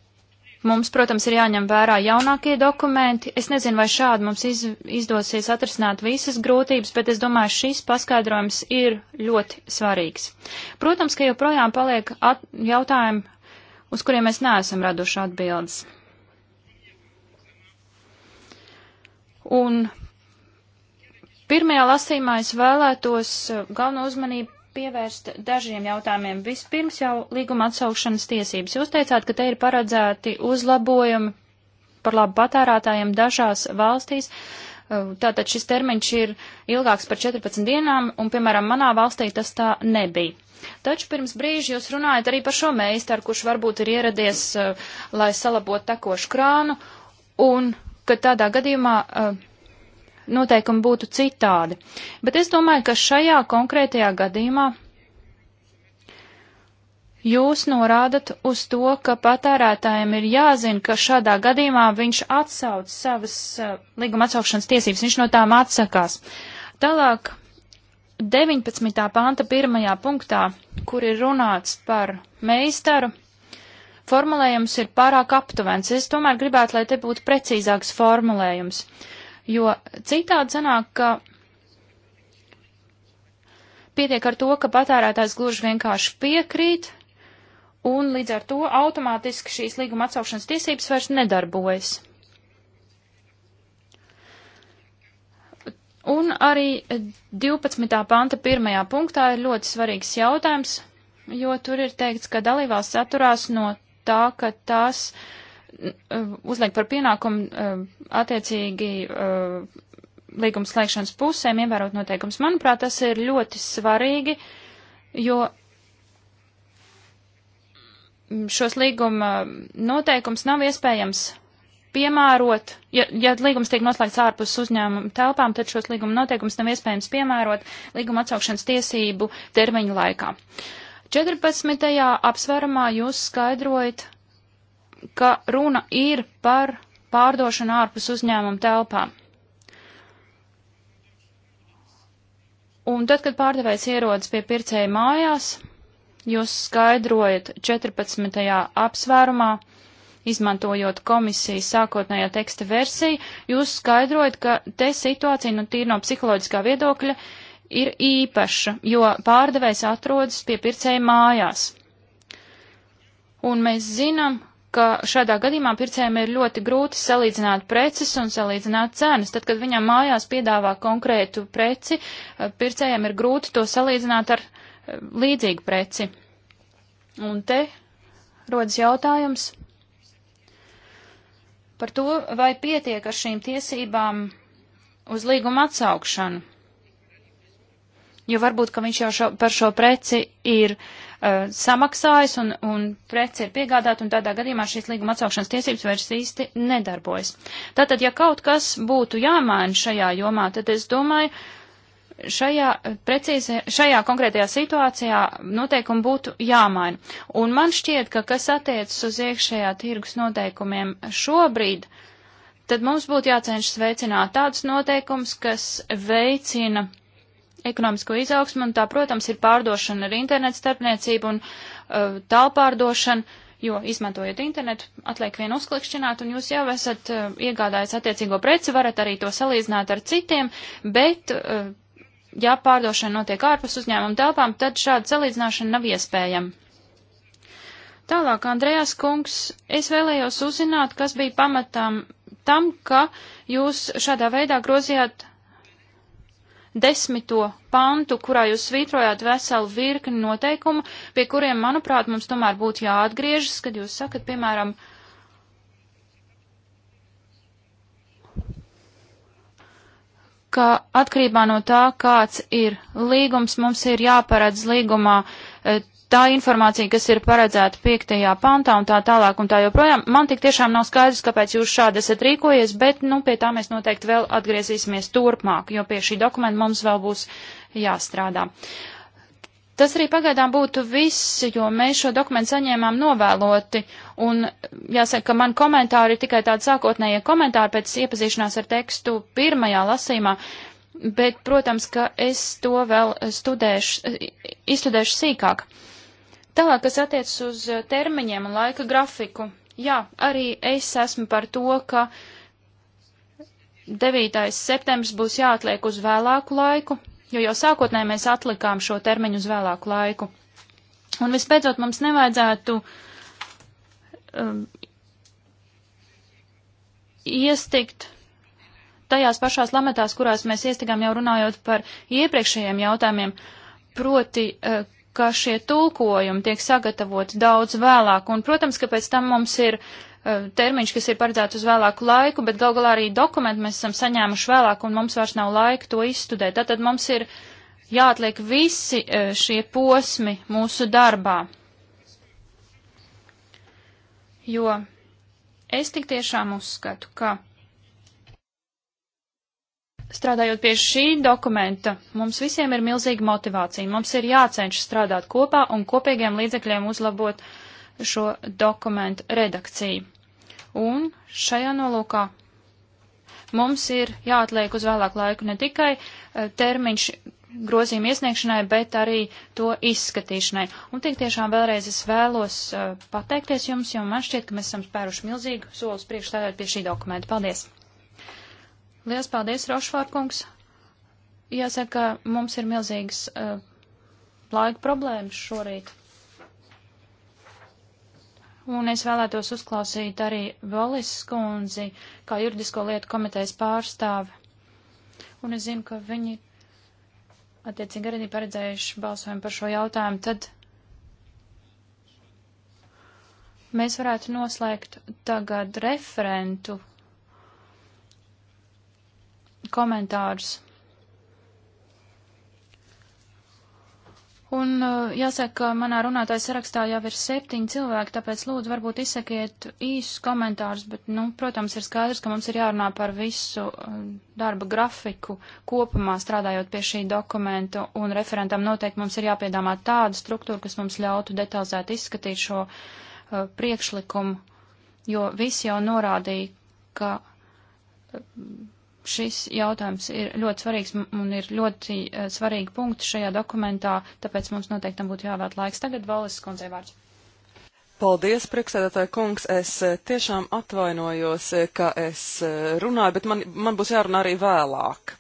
mums, protams, ir jāņem vērā jaunākie dokumenti. Es nezinu, vai šādi mums iz, izdosies atrisināt visas grūtības, bet es domāju, šis paskaidrojums ir ļoti svarīgs. Protams, ka joprojām paliek jautājumi, uz kuriem mēs neesam raduši atbildes. Un pirmajā lasīmā es vēlētos uh, galveno uzmanību pievērst dažiem jautājumiem. Vispirms jau līguma atsaukšanas tiesības. Jūs teicāt, ka te ir paredzēti uzlabojumi par labu patērētājiem dažās valstīs. Uh, tātad šis termiņš ir ilgāks par 14 dienām, un, piemēram, manā valstī tas tā nebija. Taču pirms brīža jūs runājat arī par šo meistaru, kurš varbūt ir ieradies, uh, lai salabotu tekošu krānu, un ka tādā gadījumā eh, noteikumi būtu citādi. Bet es domāju, ka šajā konkrētajā gadījumā jūs norādat uz to, ka patērētājiem ir jāzina, ka šādā gadījumā viņš atsauc savas eh, līguma atsaukšanas tiesības, viņš no tām atsakās. Tālāk, 19. panta pirmajā punktā, kur ir runāts par meistaru, formulējums ir pārāk aptuvens. Es tomēr gribētu, lai te būtu precīzāks formulējums, jo citādi sanāk, ka pietiek ar to, ka patērētājs gluži vienkārši piekrīt, un līdz ar to automātiski šīs līguma atsaukšanas tiesības vairs nedarbojas. Un arī 12. panta pirmajā punktā ir ļoti svarīgs jautājums, jo tur ir teikts, ka dalībvalsts atturās no tā, ka tās uh, uzliek par pienākumu uh, attiecīgi uh, līguma slēgšanas pusēm ievērot noteikums. Manuprāt, tas ir ļoti svarīgi, jo šos līguma noteikums nav iespējams piemērot, ja, ja līgums tiek noslēgts ārpus uzņēmuma telpām, tad šos līguma noteikums nav iespējams piemērot līguma atsaukšanas tiesību termiņu laikā. Uh, 14. apsvērumā jūs skaidrojat, ka runa ir par pārdošanu ārpus uzņēmuma telpām. Un tad, kad pārdevējs ierodas pie pircēja mājās, jūs skaidrojat 14. apsvērumā, izmantojot komisijas sākotnējā teksta versiju, jūs skaidrojat, ka te situācija, nu tīri no psiholoģiskā viedokļa, uh, ir īpaša, jo pārdevējs atrodas pie pircēja mājās. Un mēs zinām, ka šādā gadījumā pircējiem ir ļoti grūti salīdzināt preces un salīdzināt cenas. Tad, kad viņam mājās piedāvā konkrētu preci, eh, pircējiem ir grūti to salīdzināt ar eh, līdzīgu preci. Un te rodas jautājums par to, vai pietiek ar šīm tiesībām uz līguma atsaukšanu jo varbūt, ka viņš jau šo, par šo preci ir uh, samaksājis un, un preci ir piegādāta, un tādā gadījumā šīs līguma atsaukšanas tiesības vairs īsti nedarbojas. Tātad, ja kaut kas būtu jāmaina šajā jomā, tad es domāju, šajā, uh, precīzi, šajā konkrētajā situācijā noteikumi būtu jāmaina. Un man šķiet, ka kas attiecas uz iekšējā tirgus noteikumiem šobrīd, tad mums būtu jācenšas veicināt tādus noteikumus, kas veicina ekonomisko izaugsmu, un tā, protams, ir pārdošana ar internetu starpniecību un uh, tālpārdošana, jo, izmantojot internetu, atliek vienu uzklikšķināt, un jūs jau esat uh, iegādājis attiecīgo preci, varat arī to salīdzināt ar citiem, bet, uh, ja pārdošana notiek ārpus uzņēmuma telpām, tad šāda salīdzināšana nav iespējama. Tālāk, Andrejās kungs, es vēlējos uzzināt, kas bija pamatām tam, ka jūs šādā veidā grozījāt desmito pantu, kurā jūs svītrojāt veselu virkni noteikumu, pie kuriem, manuprāt, mums tomēr būtu jāatgriežas, kad jūs sakat, piemēram, ka atkarībā no tā, kāds ir līgums, mums ir jāparedz līgumā e, tā informācija, kas ir paredzēta piektajā pantā un tā tālāk un tā joprojām. Man tik tiešām nav skaidrs, kāpēc jūs šādi esat rīkojies, bet, nu, pie tā mēs noteikti vēl atgriezīsimies turpmāk, jo pie šī dokumenta mums vēl būs jāstrādā. Tas arī pagaidām būtu viss, jo mēs šo dokumentu saņēmām novēloti, un jāsaka, ka man komentāri ir tikai tādi sākotnējie komentāri pēc iepazīšanās ar tekstu pirmajā lasīmā, bet, protams, ka es to vēl studēšu, izstudēšu sīkāk. Uh, Tālāk, kas attiecas uz eh, termiņiem un laika grafiku. Jā, arī es esmu par to, ka 9. septembris būs jāatliek uz vēlāku laiku, jo jau sākotnēji mēs atlikām šo termiņu uz vēlāku laiku. Un vispēcot mums nevajadzētu um, iestikt tajās pašās lamatās, kurās mēs iestigām jau runājot par iepriekšējiem jautājumiem, proti, uh, ka šie tulkojumi tiek sagatavoti daudz vēlāk, un, protams, ka pēc tam mums ir uh, termiņš, kas ir paredzēts uz vēlāku laiku, bet gal galā arī dokumentu mēs esam saņēmuši vēlāk, un mums vairs nav laika to izstudēt. Tātad mums ir jāatliek visi uh, šie posmi mūsu darbā. Jo es tik tiešām uzskatu, ka strādājot pie šī dokumenta, mums visiem ir milzīga motivācija. Mums ir jācenšas strādāt kopā un kopīgiem līdzekļiem uzlabot šo dokumentu redakciju. Un šajā nolūkā mums ir jāatliek uz vēlāku laiku ne tikai eh, termiņš grozījuma iesniegšanai, bet arī to izskatīšanai. Un tik tiešām vēlreiz es vēlos eh, pateikties jums, jo man šķiet, ka mēs esam spēruši milzīgu solis priekš strādāt pie šī dokumenta. Paldies! Lielas paldies, Rošvārkungs. Jāsaka, mums ir milzīgas uh, laika problēmas šorīt. Un es vēlētos uzklausīt arī Volis skundzi, kā juridisko lietu komitejas pārstāvi. Un es zinu, ka viņi attiecīgi arī paredzējuši balsojumu par šo jautājumu. Tad mēs varētu noslēgt tagad referentu komentārus. Un uh, jāsaka, manā runātāja sarakstā jau ir septiņi cilvēki, tāpēc lūdzu varbūt izsakiet īsus komentārus, bet, nu, protams, ir skaidrs, ka mums ir jārunā par visu uh, darba grafiku kopumā strādājot pie šī dokumenta, un referentam noteikti mums ir jāpiedāvā tāda struktūra, kas mums ļautu detalizēt izskatīt šo uh, priekšlikumu, jo visi jau norādīja, ka. Uh, šis jautājums ir ļoti svarīgs un ir ļoti uh, svarīgi punkti šajā dokumentā, tāpēc mums noteikti tam būtu jāvērt laiks. Tagad Valis Skundzei vārds. Paldies, priekšsēdētāji kungs. Es eh, tiešām atvainojos, eh, ka es runāju, bet man, man būs jārunā arī vēlāk.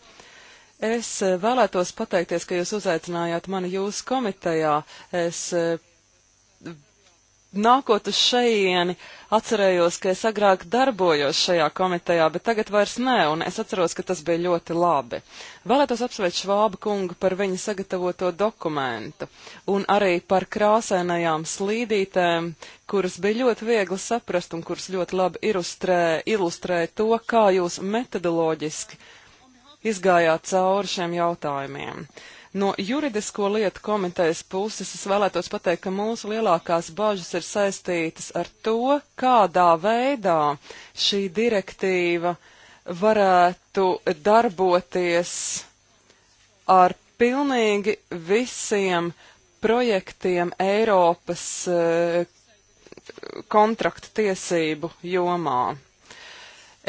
Es vēlētos pateikties, ka jūs uzaicinājāt mani jūsu komitejā. Es nākot uz šeieni, atcerējos, ka es agrāk darbojos šajā komitejā, bet tagad vairs nē, un es atceros, ka tas bija ļoti labi. Vēlētos apsveikt Švāba kungu par viņa sagatavoto dokumentu, un arī par krāsainajām slīdītēm, kuras bija ļoti viegli saprast un kuras ļoti labi ilustrē, ilustrē to, kā jūs metodoloģiski izgājāt cauri šiem jautājumiem. Uh, No juridisko lietu komitejas puses es vēlētos pateikt, ka mūsu lielākās bažas ir saistītas ar to, kādā veidā šī direktīva varētu darboties ar pilnīgi visiem projektiem Eiropas e, kontraktu tiesību jomā.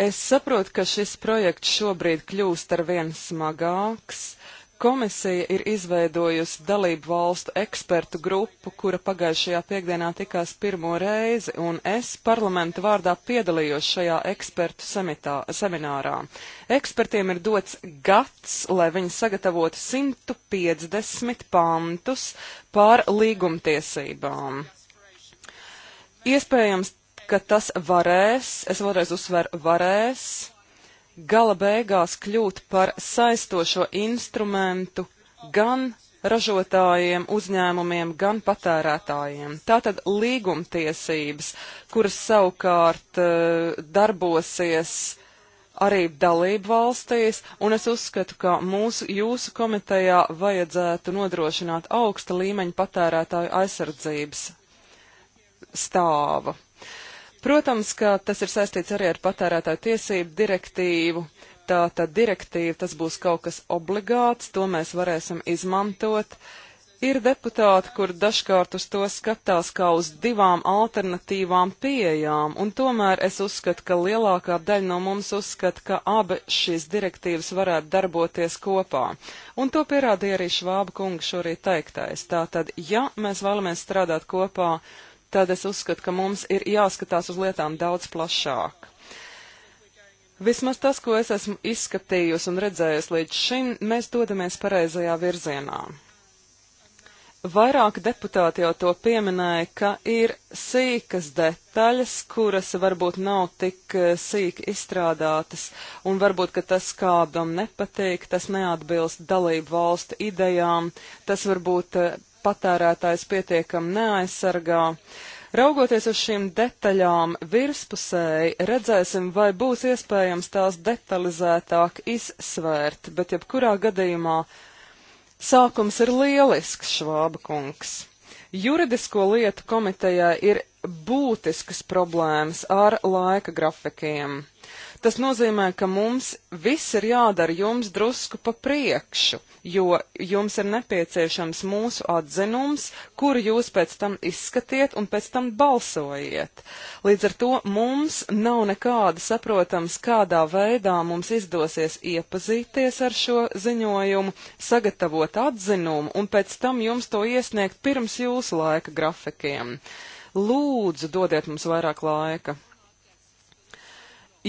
Es saprotu, ka šis projekts šobrīd kļūst ar vien smagāks. Komisija ir izveidojusi dalību valstu ekspertu grupu, kura pagājušajā piekdienā tikās pirmo reizi, un es parlamenta vārdā piedalījos šajā ekspertu semitā, seminārā. Ekspertiem ir dots gads, lai viņi sagatavotu 150 pantus pār līgumtiesībām. Iespējams, ka tas varēs, es vēlreiz uzsveru, varēs gala beigās kļūt par saistošo instrumentu gan ražotājiem, uzņēmumiem, gan patērētājiem. Tātad līgumtiesības, kuras savukārt eh, darbosies arī dalību valstīs, un es uzskatu, ka mūsu jūsu komitejā vajadzētu nodrošināt augsta līmeņa patērētāju aizsardzības stāvu. Protams, ka tas ir saistīts arī ar patērētāju tiesību direktīvu. Tā tad direktīva tas būs kaut kas obligāts, to mēs varēsim izmantot. Ir deputāti, kur dažkārt uz to skatās kā uz divām alternatīvām pieejām, un tomēr es uzskatu, ka lielākā daļa no mums uzskata, ka abi šīs direktīvas varētu darboties kopā. Un to pierādīja arī Švāba kunga šorīt teiktais. Tātad, ja mēs vēlamies strādāt kopā, tad es uzskatu, ka mums ir jāskatās uz lietām daudz plašāk. Vismaz tas, ko es esmu izskatījusi un redzējusi līdz šim, mēs dodamies pareizajā virzienā. Vairāk deputāti jau to pieminēja, ka ir sīkas detaļas, kuras varbūt nav tik eh, sīki izstrādātas, un varbūt, ka tas kādam nepatīk, tas neatbilst dalību valstu idejām, tas varbūt eh, patērētājs pietiekami neaizsargā. Raugoties uz šīm detaļām virspusēji, redzēsim, vai būs iespējams tās detalizētāk izsvērt, bet jebkurā gadījumā sākums ir lielisks, Švāba kungs. Juridisko lietu komitejā ir būtiskas problēmas ar laika grafikiem. Tas nozīmē, ka mums viss ir jādara jums drusku pa priekšu, jo jums ir nepieciešams mūsu atzinums, kuru jūs pēc tam izskatiet un pēc tam balsojiet. Līdz ar to mums nav nekāda saprotams, kādā veidā mums izdosies iepazīties ar šo ziņojumu, sagatavot atzinumu un pēc tam jums to iesniegt pirms jūsu laika grafikiem. Lūdzu, dodiet mums vairāk laika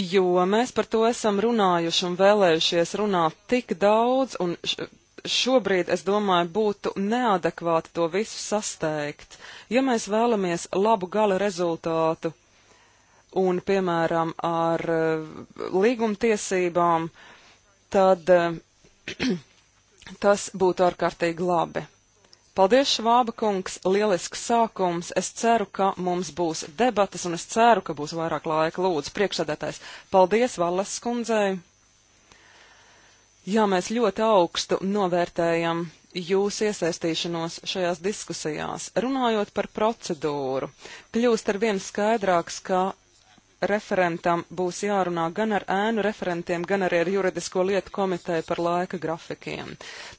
jo mēs par to esam runājuši un vēlējušies runāt tik daudz, un šobrīd, es domāju, būtu neadekvāti to visu sasteigt. Ja mēs vēlamies labu gala rezultātu un, piemēram, ar eh, līgumtiesībām, tad eh, *clears throat* tas būtu ārkārtīgi labi. Paldies, Švāba kungs, lielisks sākums. Es ceru, ka mums būs debatas, un es ceru, ka būs vairāk laika lūdzu priekšsēdētājs. Paldies, Valles kundzei. Jā, mēs ļoti augstu novērtējam jūs iesaistīšanos šajās diskusijās. Runājot par procedūru, kļūst ar vien skaidrāks, ka referentam būs jārunā gan ar ēnu referentiem, gan arī ar juridisko lietu komiteju par laika grafikiem.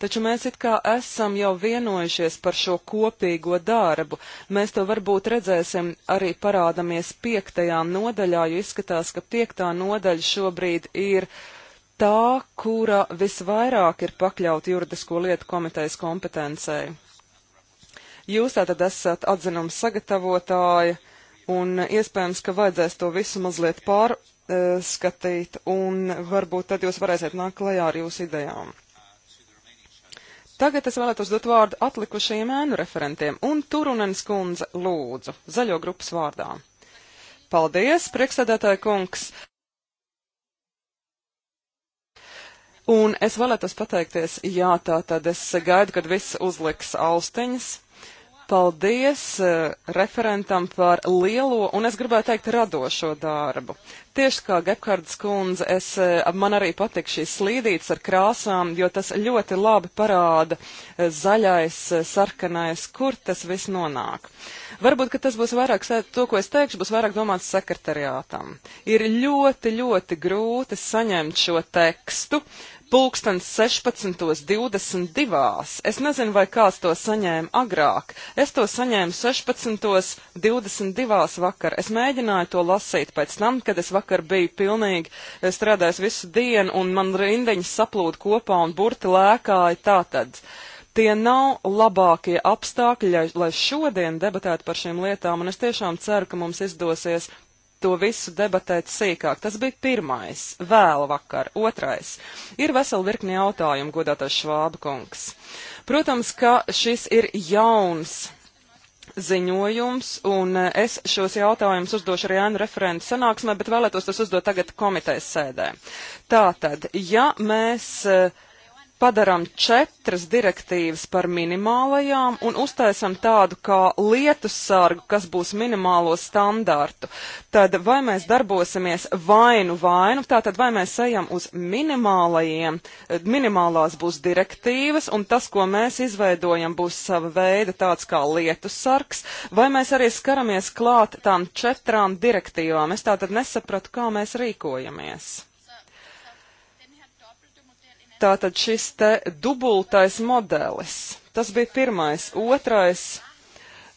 Taču mēs it kā esam jau vienojušies par šo kopīgo darbu. Mēs to varbūt redzēsim arī parādamies piektajā nodaļā, jo izskatās, ka piektā nodaļa šobrīd ir tā, kura visvairāk ir pakļauta juridisko lietu komitejas kompetencei. Jūs tātad esat atzinuma sagatavotāja, un eh, iespējams, ka vajadzēs to visu mazliet pārskatīt, un varbūt tad jūs varēsiet nākt klajā ar jūsu idejām. Tagad es vēlētos dot vārdu atlikušajiem ēnu referentiem, un Turunens kundze lūdzu, zaļo grupas vārdā. Paldies, priekšsēdētāja kungs! Un es vēlētos pateikties, jā, tā tad es gaidu, kad viss uzliks austiņas, Paldies uh, referentam par lielo un es gribēju teikt radošo darbu. Tieši kā Gephardas kundze, es, uh, man arī patīk šīs slīdītes ar krāsām, jo tas ļoti labi parāda uh, zaļais, sarkanais, kur tas viss nonāk. Varbūt, ka tas būs vairāk, to, ko es teikšu, būs vairāk domāts sekretariātam. Ir ļoti, ļoti grūti saņemt šo tekstu. Uh, pulkstens 16.22. Es nezinu, vai kāds to saņēma agrāk. Es to saņēmu 16.22. vakar. Es mēģināju to lasīt pēc tam, kad es vakar biju pilnīgi eh, strādājis visu dienu un man rindiņas saplūda kopā un burti lēkāja tātad. Tie nav labākie apstākļi, lai šodien debatētu par šīm lietām, un es tiešām ceru, ka mums izdosies to visu debatēt sīkāk. Tas bija pirmais, vēl vakar, otrais. Ir vesela virkni jautājumu, godātais Švāba kungs. Protams, ka šis ir jauns ziņojums, un e, es šos jautājumus uzdošu arī Anu referentu sanāksmē, bet vēlētos tas uzdot tagad komitejas sēdē. Tātad, ja mēs uh, padaram četras direktīvas par minimālajām un uztaisam tādu kā lietus sārgu, kas būs minimālo standārtu. Tad vai mēs darbosimies vainu vainu, tātad vai mēs ejam uz minimālajiem, eh, minimālās būs direktīvas un tas, ko mēs izveidojam, būs sava veida tāds kā lietus sargs, vai mēs arī skaramies klāt tām četrām direktīvām. Es tātad nesapratu, kā mēs rīkojamies tātad šis te dubultais modelis. Tas bija pirmais. Otrais,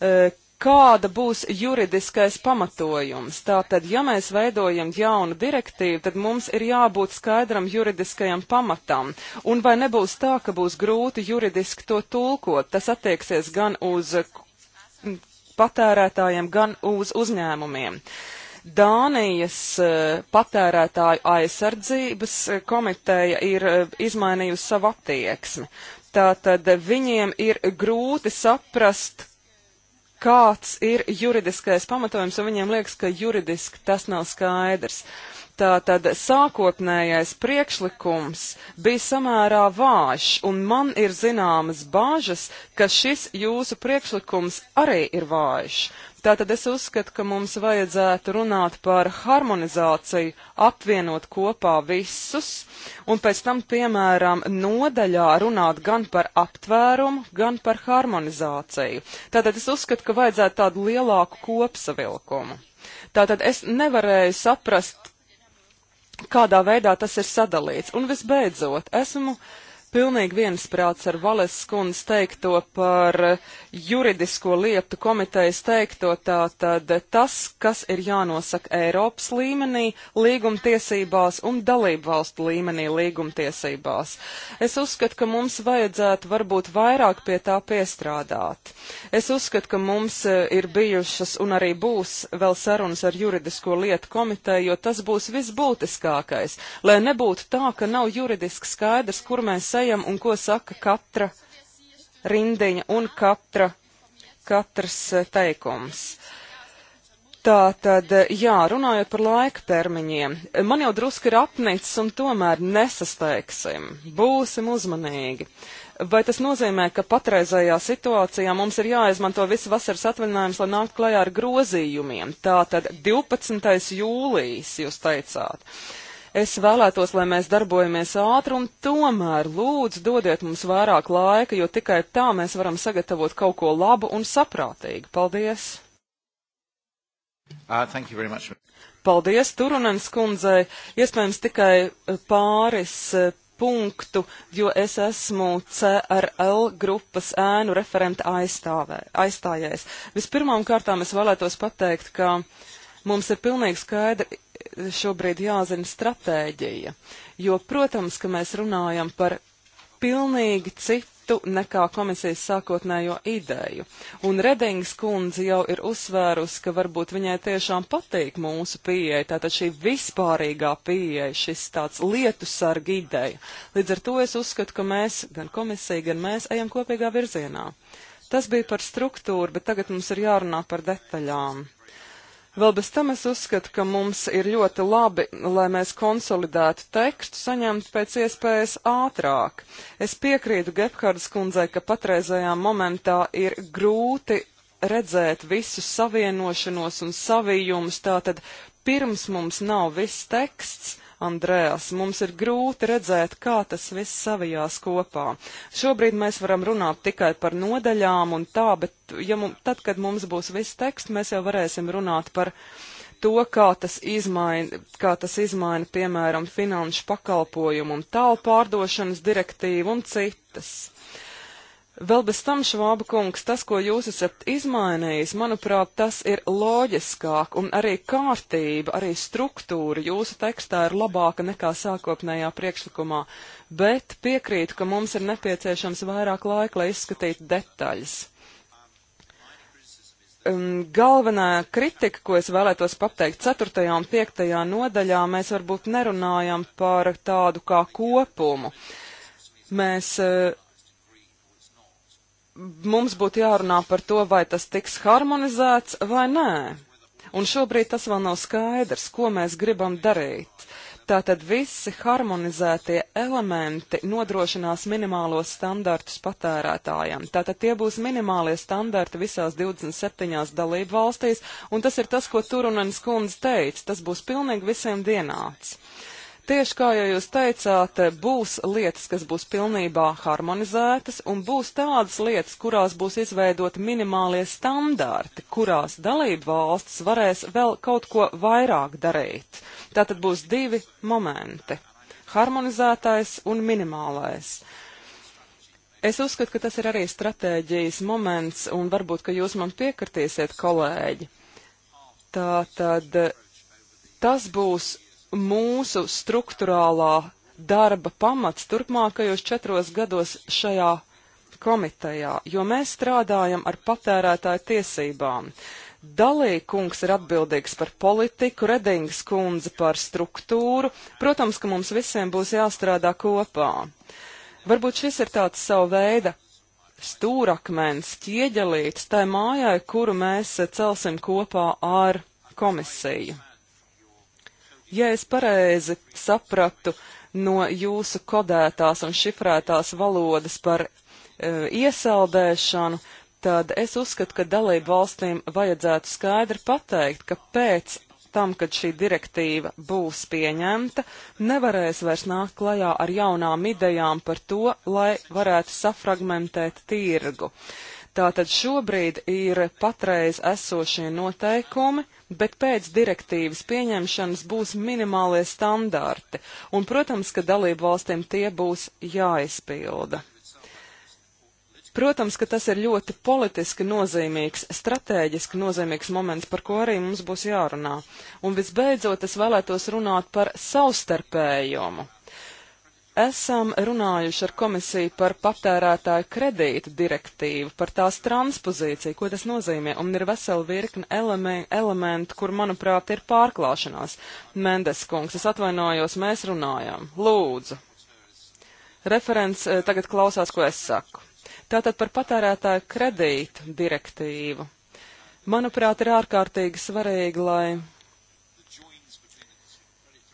e, kāda būs juridiskais pamatojums? Tātad, ja mēs veidojam jaunu direktīvu, tad mums ir jābūt skaidram juridiskajam pamatam. Un vai nebūs tā, ka būs grūti juridiski to tulkot? Tas attieksies gan uz patērētājiem, gan uz uzņēmumiem. Uh, Dānijas eh, patērētāju aizsardzības eh, komiteja ir eh, izmainījusi savu attieksmi. Tātad viņiem ir grūti saprast, kāds ir juridiskais pamatojums, un viņiem liekas, ka juridiski tas nav skaidrs. Tātad sākotnējais priekšlikums bija samērā vājš, un man ir zināmas bāžas, ka šis jūsu priekšlikums arī ir vājš. Tātad es uzskatu, ka mums vajadzētu runāt par harmonizāciju, apvienot kopā visus, un pēc tam, piemēram, nodaļā runāt gan par aptvērumu, gan par harmonizāciju. Tātad es uzskatu, ka vajadzētu tādu lielāku kopsavilkumu. Tātad es nevarēju saprast, kādā veidā tas ir sadalīts. Un visbeidzot, esmu pilnīgi viensprāts ar Vales skundas teikto par eh, juridisko lietu komitejas teikto, tātad eh, tas, kas ir jānosaka Eiropas līmenī līgumtiesībās un dalību valstu līmenī līgumtiesībās. Es uzskatu, ka mums vajadzētu varbūt vairāk pie tā piestrādāt. Es uzskatu, ka mums eh, ir bijušas un arī būs vēl sarunas ar juridisko lietu komiteju, jo tas būs visbūtiskākais, lai nebūtu tā, ka nav juridiski skaidrs, kur mēs ejam un ko saka katra rindiņa un katra, katrs eh, teikums. Tā tad, eh, jā, runājot par laika termiņiem, eh, man jau drusku ir apnicis un tomēr nesasteigsim. Būsim uzmanīgi. Vai tas nozīmē, ka patreizajā situācijā mums ir jāizmanto viss vasaras atvaļinājums, lai nākt klajā ar grozījumiem? Tā tad 12. jūlijas jūs teicāt. Uh, Es vēlētos, lai mēs darbojamies ātri un tomēr lūdzu dodiet mums vairāk laika, jo tikai tā mēs varam sagatavot kaut ko labu un saprātīgu. Paldies! Uh, Paldies Turunens kundzei. Iespējams tikai uh, pāris uh, punktu, jo es esmu CRL grupas ēnu referenta aizstāvē, aizstājējs. Vispirmām kārtām es vēlētos pateikt, ka uh, Mums ir pilnīgi skaidri šobrīd jāzina stratēģija, jo, protams, ka mēs runājam par pilnīgi citu nekā komisijas sākotnējo ideju. Un Redings kundze jau ir uzsvērusi, ka varbūt viņai tiešām patīk mūsu pieeja, tātad šī vispārīgā pieeja, šis tāds lietu sarga ideja. Līdz ar to es uzskatu, ka mēs, gan komisija, gan mēs ejam kopīgā virzienā. Tas bija par struktūru, bet tagad mums ir jārunā par detaļām. Vēl bez tam es uzskatu, ka mums ir ļoti labi, lai mēs konsolidētu tekstu saņemtu pēc iespējas ātrāk. Es piekrītu Gephardas kundzei, ka patreizajā momentā ir grūti redzēt visu savienošanos un savijumus, tātad pirms mums nav viss teksts, Andrēs. Mums ir grūti redzēt, kā tas viss savijās kopā. Šobrīd mēs varam runāt tikai par nodaļām un tā, bet ja mums, tad, kad mums būs viss teksts, mēs jau varēsim runāt par to, kā tas izmaina, kā tas izmaina piemēram, finanšu pakalpojumu un tālu pārdošanas direktīvu un citas. Vēl bez tam, Švāba kungs, tas, ko jūs esat izmainījis, manuprāt, tas ir loģiskāk, un arī kārtība, arī struktūra jūsu tekstā ir labāka nekā sākotnējā priekšlikumā, bet piekrītu, ka mums ir nepieciešams vairāk laika, lai izskatītu detaļas. Um, galvenā kritika, ko es vēlētos pateikt 4. un 5. nodaļā, mēs varbūt nerunājam par tādu kā kopumu. Mēs uh, mums būtu jārunā par to, vai tas tiks harmonizēts vai nē. Un šobrīd tas vēl nav skaidrs, ko mēs gribam darīt. Tātad visi harmonizētie elementi nodrošinās minimālos standartus patērētājiem. Tātad tie būs minimālie standarti visās 27 dalību valstīs, un tas ir tas, ko Turunens kundze teica, tas būs pilnīgi visiem dienāts. Tieši kā jau jūs teicāt, būs lietas, kas būs pilnībā harmonizētas, un būs tādas lietas, kurās būs izveidot minimālie standarti, kurās dalību valstis varēs vēl kaut ko vairāk darīt. Tātad būs divi momenti - harmonizētais un minimālais. Es uzskatu, ka tas ir arī stratēģijas moments, un varbūt, ka jūs man piekritīsiet, kolēģi. Tātad tas būs mūsu struktūrālā darba pamats turpmākajos četros gados šajā komitejā, jo mēs strādājam ar patērētāju tiesībām. Dalīkungs ir atbildīgs par politiku, Redings kundze par struktūru. Protams, ka mums visiem būs jāstrādā kopā. Varbūt šis ir tāds savu veidu stūrakmens, ķieģelīts tai mājai, kuru mēs celsim kopā ar komisiju. Ja es pareizi sapratu no jūsu kodētās un šifrētās valodas par e, iesaldēšanu, tad es uzskatu, ka dalību valstīm vajadzētu skaidri pateikt, ka pēc tam, kad šī direktīva būs pieņemta, nevarēs vairs nākt klajā ar jaunām idejām par to, lai varētu safragmentēt tirgu. Uh, Tātad šobrīd ir patreiz esošie noteikumi, bet pēc direktīvas pieņemšanas būs minimālie standarti, un, protams, ka dalību valstīm tie būs jāizpilda. Protams, ka tas ir ļoti politiski nozīmīgs, strateģiski nozīmīgs moments, par ko arī mums būs jārunā. Un visbeidzot, es vēlētos runāt par savstarpējumu. Esam runājuši ar komisiju par patērētāju kredītu direktīvu, par tās transpozīciju, ko tas nozīmē, un ir vesela virkne elemen, elementu, kur, manuprāt, ir pārklāšanās. Mendes kungs, es atvainojos, mēs runājām. Lūdzu. Referents eh, tagad klausās, ko es saku. Tātad par patērētāju kredītu direktīvu. Manuprāt, ir ārkārtīgi svarīgi, lai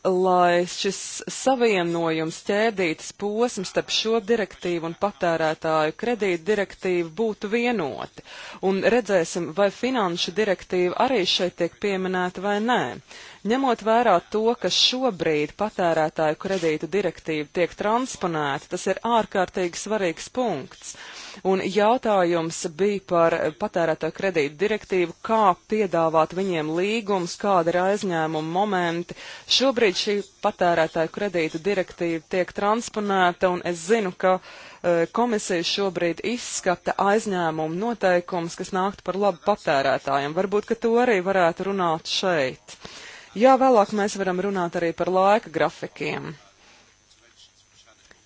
lai šis savienojums ķēdītas posms starp šo direktīvu un patērētāju kredītu direktīvu būtu vienoti. Un redzēsim, vai finanšu direktīva arī šeit tiek pieminēta vai nē. Ņemot vērā to, ka šobrīd patērētāju kredītu direktīva tiek transponēta, tas ir ārkārtīgi svarīgs punkts. Un jautājums bija par patērētāju kredītu direktīvu, kā piedāvāt viņiem līgums, kāda ir aizņēmuma momenti. Šobrīd šī patērētāju kredītu direktīva tiek transponēta, un es zinu, ka e, komisija šobrīd izskata aizņēmumu noteikumus, kas nāktu par labu patērētājiem. Varbūt, ka to arī varētu runāt šeit. Jā, vēlāk mēs varam runāt arī par laika grafikiem.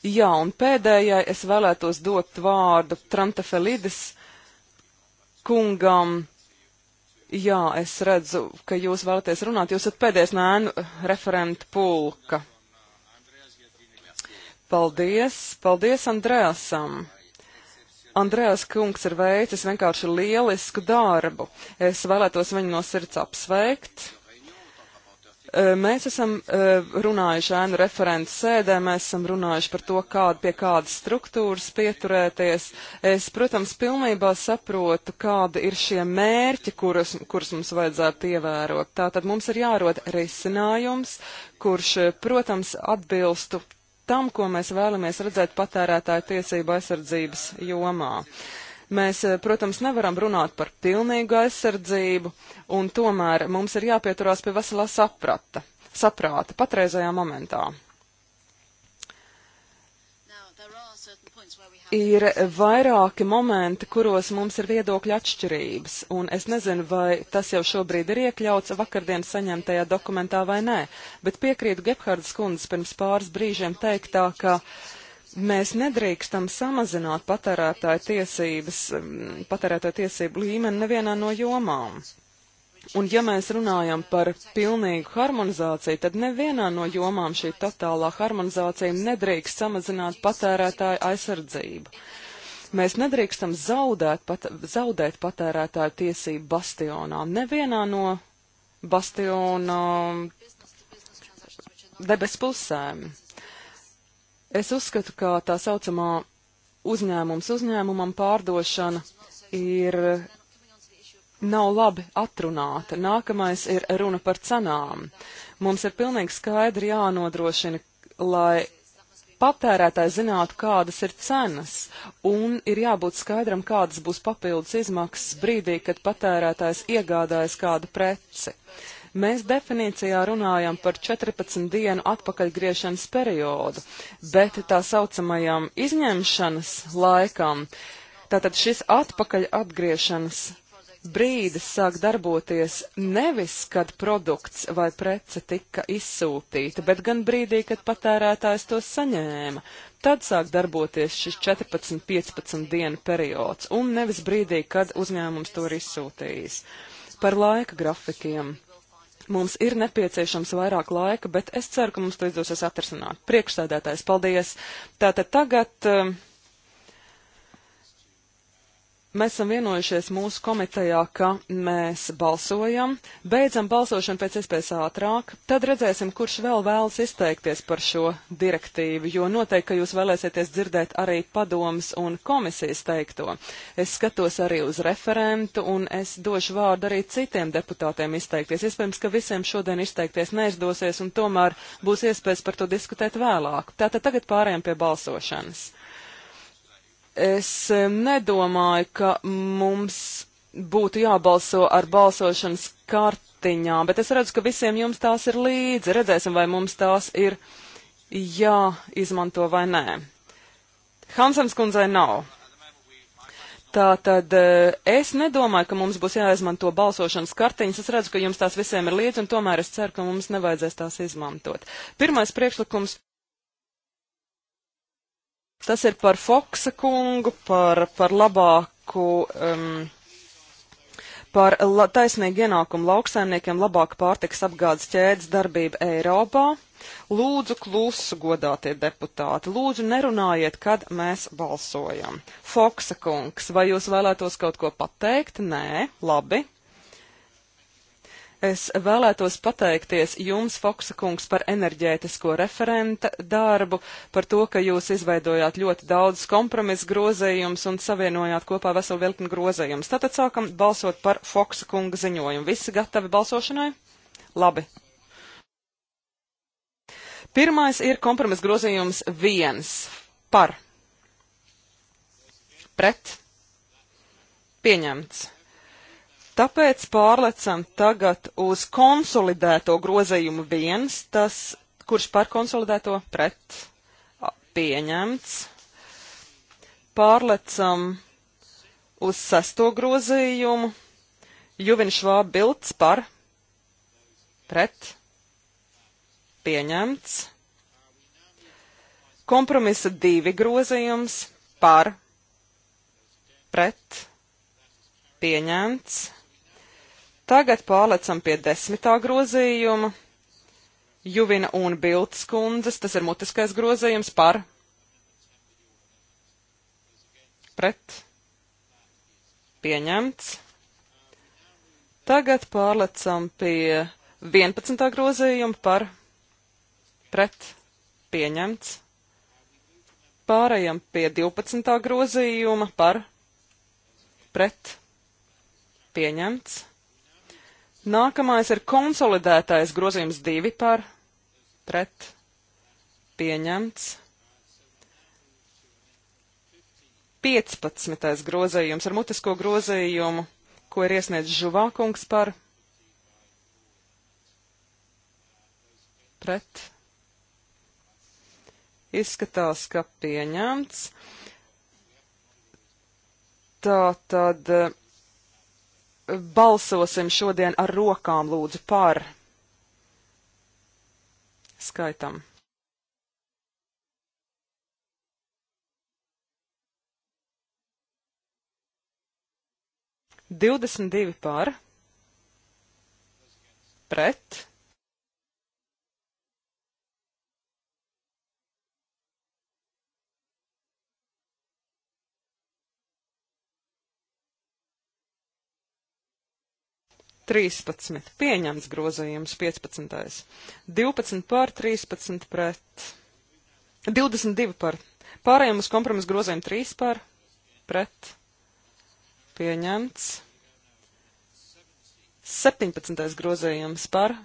Jā, un pēdējai es vēlētos dot vārdu Trantafelidis kungam. Jā, es redzu, ka jūs vēlaties runāt. Jūs esat pēdējais nēnu referenta pulka. Paldies, paldies Andrēsam. Andrēs kungs ir veicis vienkārši lielisku darbu. Es vēlētos viņu no sirds apsveikt. Mēs esam runājuši ēnu referents sēdē, mēs esam runājuši par to, kāda pie kādas struktūras pieturēties. Es, protams, pilnībā saprotu, kādi ir šie mērķi, kurus, kurus mums vajadzētu ievērot. Tātad mums ir jārod risinājums, kurš, protams, atbilstu tam, ko mēs vēlamies redzēt patērētāju tiesību aizsardzības jomā. Uh, Mēs, eh, protams, nevaram runāt par pilnīgu aizsardzību, un tomēr mums ir jāpieturās pie veselā saprata, saprāta patreizajā momentā. Ir vairāki momenti, kuros mums ir viedokļa atšķirības, un es nezinu, vai tas jau šobrīd ir iekļauts vakardien saņemtajā dokumentā vai nē, bet piekrītu Gebhardas kundzes pirms pāris brīžiem teiktā, ka uh, Mēs nedrīkstam samazināt patērētāju tiesības, mm, patērētāju tiesību līmeni nevienā no jomām. Un ja mēs runājam par pilnīgu harmonizāciju, tad nevienā no jomām šī totālā harmonizācija nedrīkst samazināt patērētāju aizsardzību. Mēs nedrīkstam zaudēt, pat, zaudēt patērētāju tiesību bastionā. Nevienā no bastiona um, debes pusēm. Es uzskatu, ka tā saucamā uzņēmums uzņēmumam pārdošana ir nav labi atrunāta. Nākamais ir runa par cenām. Mums ir pilnīgi skaidri jānodrošina, lai patērētāji zinātu, kādas ir cenas, un ir jābūt skaidram, kādas būs papildus izmaksas brīdī, kad patērētājs iegādājas kādu preci. Uh, Mēs definīcijā runājam par 14 dienu atpakaļgriešanas periodu, bet tā saucamajam izņemšanas laikam, tātad šis atpakaļ atgriešanas brīdis sāk darboties nevis, kad produkts vai prece tika izsūtīta, bet gan brīdī, kad patērētājs to saņēma. Tad sāk darboties šis 14-15 dienu periods, un nevis brīdī, kad uzņēmums to ir izsūtījis. Par laika grafikiem. Mums ir nepieciešams vairāk laika, bet es ceru, ka mums to izdosies atrasināt. Priekšsēdētājs, paldies! Tātad tagad. Uh, Mēs esam vienojušies mūsu komitejā, ka mēs balsojam, beidzam balsošanu pēc iespējas ātrāk, tad redzēsim, kurš vēl vēlas izteikties par šo direktīvu, jo noteikti, ka jūs vēlēsieties dzirdēt arī padomas un komisijas teikto. Es skatos arī uz referentu un es došu vārdu arī citiem deputātiem izteikties. Iespējams, ka visiem šodien izteikties neizdosies un tomēr būs iespējas par to diskutēt vēlāk. Tātad tagad pārējām pie balsošanas. Es nedomāju, ka mums būtu jābalso ar balsošanas kartiņām, bet es redzu, ka visiem jums tās ir līdzi. Redzēsim, vai mums tās ir jāizmanto vai nē. Hansens kundzei nav. Tātad e, es nedomāju, ka mums būs jāizmanto balsošanas kartiņas. Es redzu, ka jums tās visiem ir līdzi, un tomēr es ceru, ka mums nevajadzēs tās izmantot. Pirmais priekšlikums Tas ir par Foksa kungu, par, par labāku, um, par la, taisnīgu ienākumu lauksaimniekiem, labāku pārtiks apgādes ķēdes darbību Eiropā. Lūdzu, klusu, godātie deputāti, lūdzu nerunājiet, kad mēs balsojam. Foksa kungs, vai jūs vēlētos kaut ko pateikt? Nē, labi, Es vēlētos pateikties jums, Foksa kungs, par enerģētisko referenta darbu, par to, ka jūs izveidojāt ļoti daudz kompromisu grozējumus un savienojāt kopā veselu vilkni grozējumus. Tātad sākam balsot par Foksa kunga ziņojumu. Visi gatavi balsošanai? Labi. Pirmais ir kompromisu grozījums viens par pret pieņemts. Tāpēc pārlecam tagad uz konsolidēto grozījumu viens, tas, kurš par konsolidēto pret pieņemts. Pārlecam uz sesto grozījumu. Juvin Švāb bilds par pret pieņemts. Kompromisa divi grozījums par pret pieņemts. Tagad pārlecam pie desmitā grozījuma. Juvina un Biltas kundzes, tas ir mutiskais grozījums par pret pieņemts. Tagad pārlecam pie 11. grozījuma par pret pieņemts. Pārējam pie 12. grozījuma par pret pieņemts. Nākamais ir konsolidētais grozījums 2 par pret pieņemts. 15. grozījums ar mutisko grozījumu, ko ir iesniedz Žuvākungs par pret. Izskatās, ka pieņemts. Tā tad. Uh, balsosim šodien ar rokām lūdzu par. Skaitam. Divdesmit divi par, pret, 13. Pieņemts grozījums 15. 12 pār 13 pret. 22 par. Pārējiem uz kompromisu grozījumu 3 par. Pret. Pieņemts. 17. grozījums par.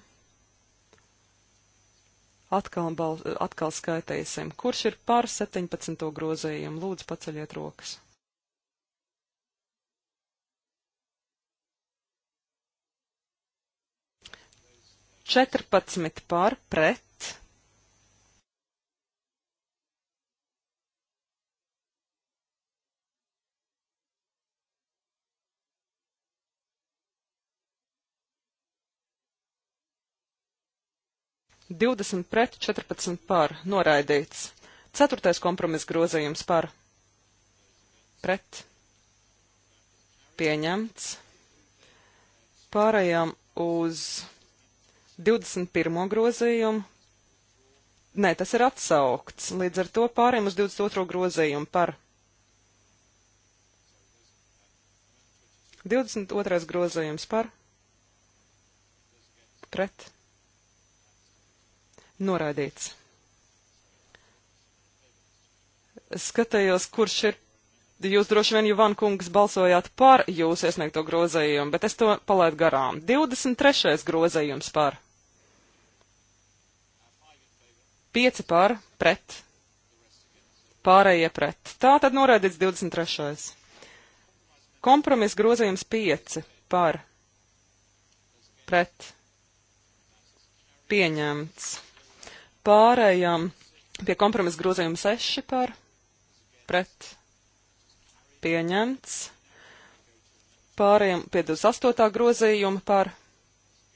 Atkal, bal, atkal skaitīsim. Kurš ir par 17. grozījumu? Lūdzu, paceļiet rokas. 14 pār pret. Divdesmit pret, četrpadsmit pār, noraidīts. Ceturtais kompromiss grozījums par pret pieņemts. Pārējām uz 21. grozījumu. Nē, tas ir atsaukts. Līdz ar to pārējām uz 22. grozījumu par 22. grozījums par pret noraidīts. Skatējos, kurš ir jūs droši vien, Juvan kungs, balsojāt par jūsu iesniegto grozējumu, bet es to palaidu garām. 23. grozējums par. 5 par, pret. Pārējie pret. Tā tad noraidīts 23. Kompromiss grozījums 5 par, pret. Pieņemts. Pārējām pie kompromisa grozījuma 6 par, pret pieņemts. Pārējiem pie 28. grozījuma par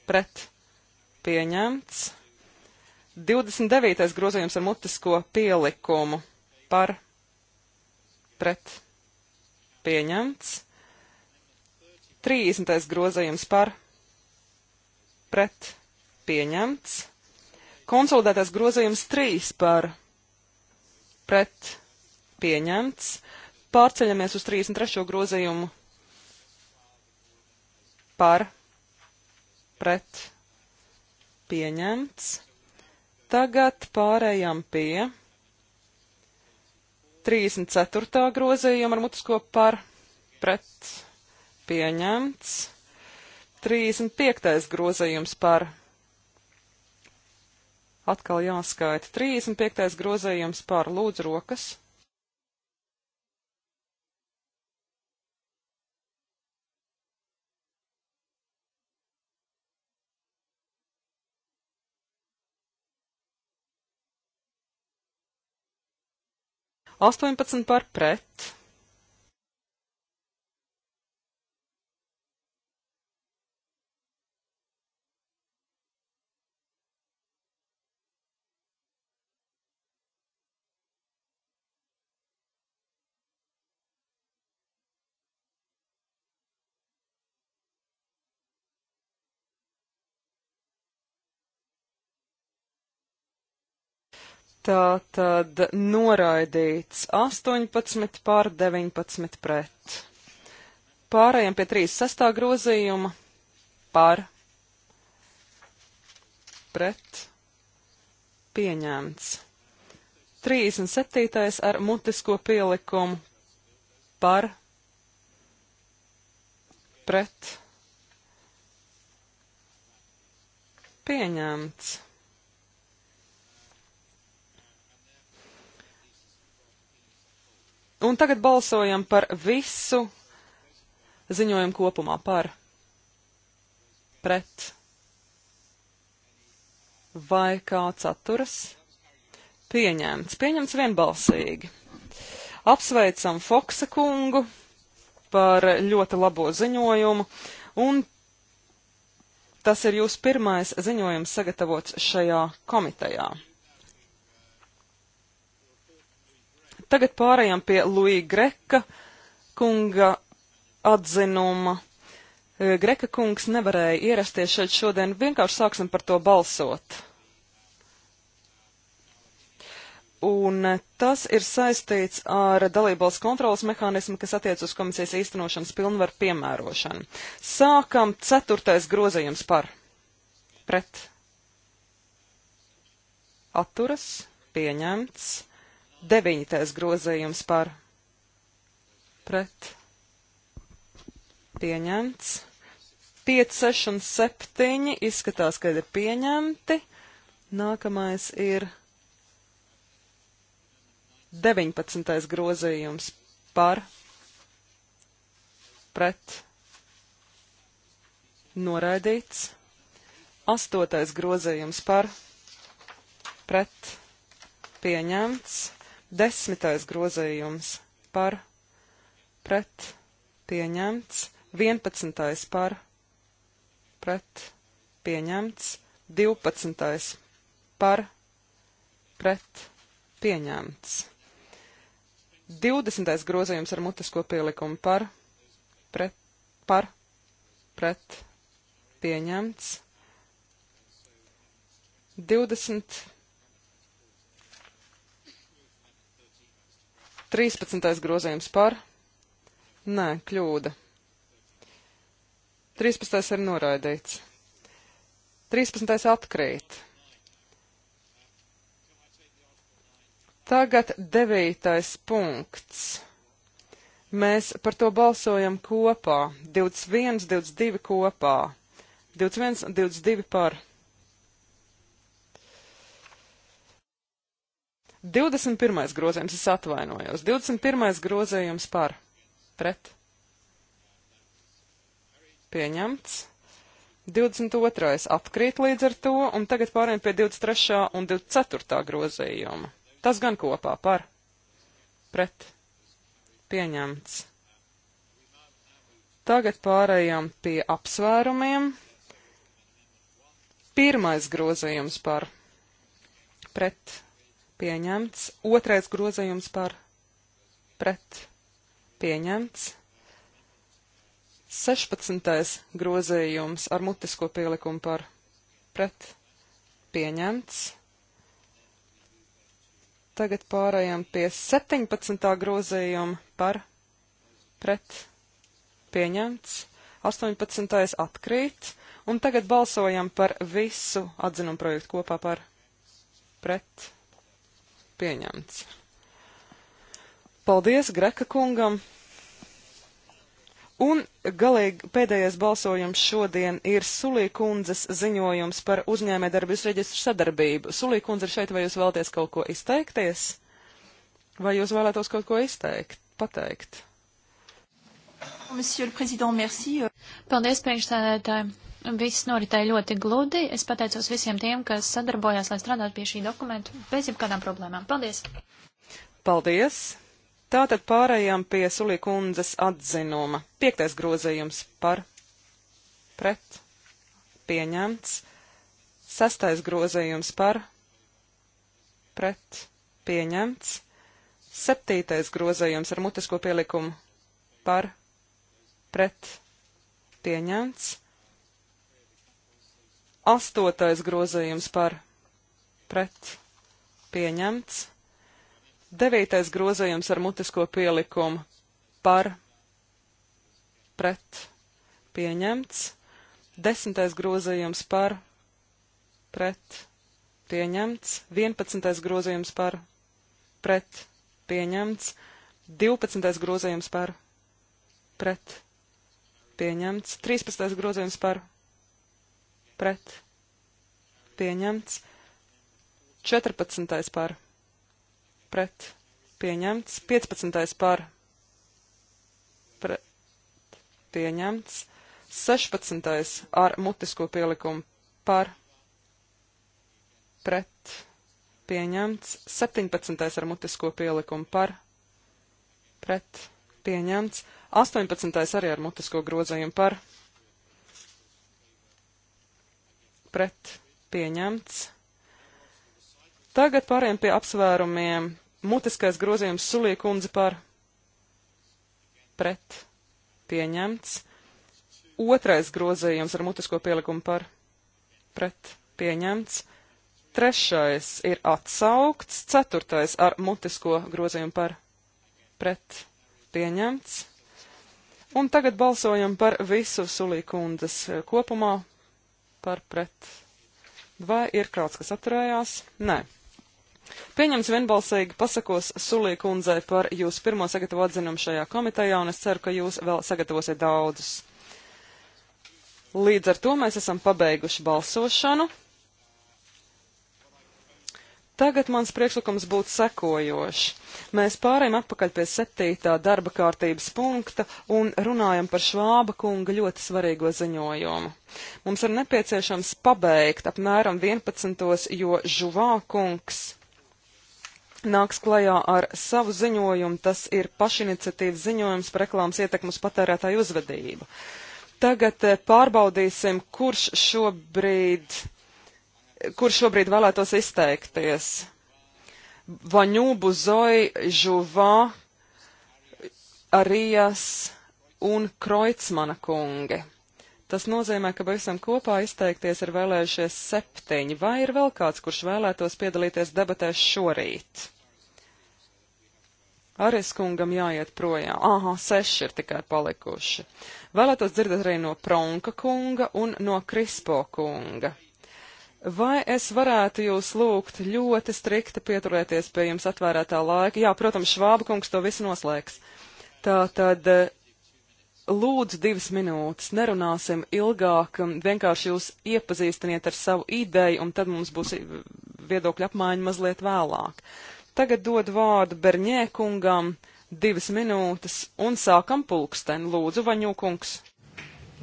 pret pieņemts. 29. grozījums ar mutisko pielikumu par pret pieņemts. 30. grozījums par pret pieņemts. Konsolidētais grozījums 3 par pret pieņemts. Pārceļamies uz 33. grozījumu par pret pieņemts. Tagad pārējām pie 34. grozījuma ar mutisko par pret pieņemts. 35. grozījums par atkal jāskaita. 35. grozījums par lūdzu rokas 18 par pret tā tad noraidīts 18 pār 19 pret. Pārējām pie 36. grozījuma par pret pieņemts. 37. ar mutisko pielikumu par pret pieņemts. Un tagad balsojam par visu ziņojumu kopumā par pret vai kāds atturas. Pieņemts. Pieņemts vienbalsīgi. Apsveicam Foksa kungu par ļoti labo ziņojumu un tas ir jūsu pirmais ziņojums sagatavots šajā komitejā. Tagad pārējām pie Luija Greka kunga atzinuma. E, Greka kungs nevarēja ierasties šeit šodien, vienkārši sāksim par to balsot. Un tas ir saistīts ar dalībvalsts kontrolas mehānismu, kas attiec uz komisijas īstenošanas pilnvaru piemērošanu. Sākam ceturtais grozījums par pret atturas pieņemts. Deviņtais grozījums par pret pieņemts. 5, 6 un 7 izskatās, ka ir pieņemti. Nākamais ir 19. grozījums par pret noraidīts. 8. grozījums par pret pieņemts. Desmitais grozījums par pret pieņemts. Vienpadsmitais par pret pieņemts. Divpadsmitais par pret pieņemts. Divdesmitais grozījums ar mutisko pielikumu par pret, par pret pieņemts. Divdesmit 20 13. grozījums par? Nē, kļūda. 13. ir noraidīts. 13. atkrīt. Tagad devītais punkts. Mēs par to balsojam kopā. 21, 22 kopā. 21, 22 par. 21. grozījums, es atvainojos. 21. grozījums par pret. Pieņemts. 22. atkrīt līdz ar to, un tagad pārējiem pie 23. un 24. grozījuma. Tas gan kopā par pret. Pieņemts. Tagad pārējām pie apsvērumiem. Pirmais grozījums par pret pieņemts. Otrais grozījums par pret pieņemts. 16. grozījums ar mutisko pielikumu par pret pieņemts. Tagad pārējām pie 17. grozījuma par pret pieņemts. 18. atkrīt. Un tagad balsojam par visu atzinumu projektu kopā par pret pieņemts pieņemts. Paldies Greka kungam! Un galīgi pēdējais balsojums šodien ir Sulīkundzes ziņojums par uzņēmējdarbības reģistru sadarbību. Sulīkundze ir šeit, vai jūs vēlaties kaut ko izteikties? Vai jūs vēlētos kaut ko izteikt, pateikt? Paldies, priekšstādētāji! Viss noritēja ļoti gludi. Es pateicos visiem tiem, kas sadarbojās, lai strādātu pie šī dokumentu bez jebkādām problēmām. Paldies! Paldies! Tātad pārējām pie Sulikundzes atzinuma. Piektais grozījums par pret pieņemts. Sastais grozījums par pret pieņemts. Septītais grozījums ar mutisko pielikumu par pret pieņemts. Astotais grozījums par pret pieņemts. Devītais grozījums ar mutisko pielikumu par pret pieņemts. Desmitais grozījums par pret pieņemts. Vienpadsmitais grozījums par pret pieņemts. Divpadsmitais grozījums par pret pieņemts. Trīspadsmitais grozījums par pret pret pieņemts. 14. par pret pieņemts. 15. par pret pieņemts. 16. ar mutisko pielikumu par pret pieņemts. 17. ar mutisko pielikumu par pret pieņemts. 18. arī ar mutisko grozījumu par pret pret pieņemts. Tagad pāriem pie apsvērumiem. Mutiskais grozījums Sulī kundze par pret pieņemts. Otrais grozījums ar mutisko pielikumu par pret pieņemts. Trešais ir atsaukts, ceturtais ar mutisko grozījumu par pret pieņemts. Un tagad balsojam par visu Sulī kundzes kopumā par pret. Vai ir kāds, kas atturējās? Nē. Pieņems vienbalsīgi pasakos Sulī kundzei par jūsu pirmo sagatavo atzinumu šajā komitejā, un es ceru, ka jūs vēl sagatavosiet daudzus. Līdz ar to mēs esam pabeiguši balsošanu. Tagad mans priekšlikums būtu sekojošs. Mēs pārējām atpakaļ pie septītā darba kārtības punkta un runājam par Švāba kunga ļoti svarīgo ziņojumu. Mums ir nepieciešams pabeigt apmēram 11. jo Žuvā kungs nāks klajā ar savu ziņojumu, tas ir pašiniciatīvas ziņojums par reklāmas ietekmus patērētāju uzvedību. Tagad eh, pārbaudīsim, kurš šobrīd kurš šobrīd vēlētos izteikties? Vaņū, Buzoj, Žuvā, Arijas un Kreutzmana kungi. Tas nozīmē, ka pavisam kopā izteikties ir vēlējušies septiņi, vai ir vēl kāds, kurš vēlētos piedalīties debatēs šorīt? Aris kungam jāiet projām. Aha, seši ir tikai palikuši. Vēlētos dzirdēt arī no Pronka kunga un no Krispo kunga. Vai es varētu jūs lūgt ļoti strikti pieturēties pie jums atvērētā laika? Jā, protams, Švāba kungs to visu noslēgs. Tā tad eh, lūdzu divas minūtes, nerunāsim ilgāk, vienkārši jūs iepazīstiniet ar savu ideju, un tad mums būs eh, viedokļa apmaiņa mazliet vēlāk. Tagad dod vārdu Berņē kungam, divas minūtes, un sākam pulksteni. Lūdzu, Vaņūkungs.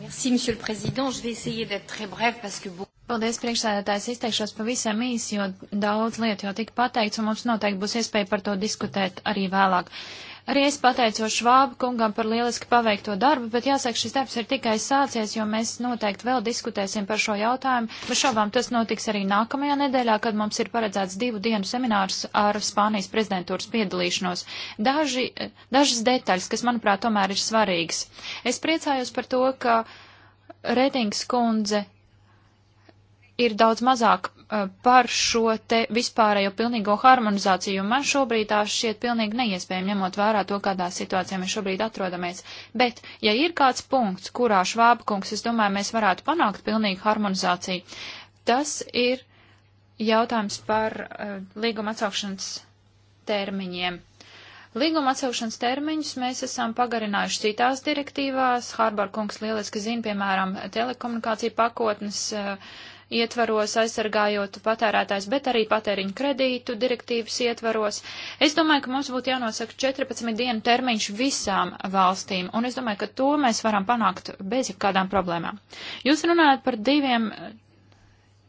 Merci, monsieur le président. Je vais essayer d'être très bref parce que beaucoup. Paldies, priekšsēdētājs. Izteikšos pavisam īsi, jo daudz lietu jau tika pateikts, un mums noteikti būs iespēja par to diskutēt arī vēlāk. Arī es pateicos Švābu kungam par lieliski paveikto darbu, bet jāsaka, šis darbs ir tikai sācies, jo mēs noteikti vēl diskutēsim par šo jautājumu. Bez šaubām tas notiks arī nākamajā nedēļā, kad mums ir paredzēts divu dienu seminārs ar Spānijas prezidentūras piedalīšanos. Daži, dažas detaļas, kas, manuprāt, tomēr ir svarīgas. Es priecājos par to, ka Redings kundze ir daudz mazāk eh, par šo te vispārējo pilnīgo harmonizāciju, un man šobrīd tā šķiet pilnīgi neiespējami, ņemot vērā to, kādā situācijā mēs šobrīd atrodamies. Bet, ja ir kāds punkts, kurā švāba kungs, es domāju, mēs varētu panākt pilnīgu harmonizāciju, tas ir jautājums par uh, līguma atsaukšanas termiņiem. Līguma atsaukšanas termiņus mēs esam pagarinājuši citās direktīvās. Harbor kungs lieliski zina, piemēram, telekomunikāciju pakotnes. Uh, ietvaros, aizsargājot patērētājs, bet arī patēriņu kredītu direktīvas ietvaros. Es domāju, ka mums būtu jānosaka 14 dienu termiņš visām valstīm, un es domāju, ka to mēs varam panākt bez jebkādām problēmām. Jūs runājat par diviem.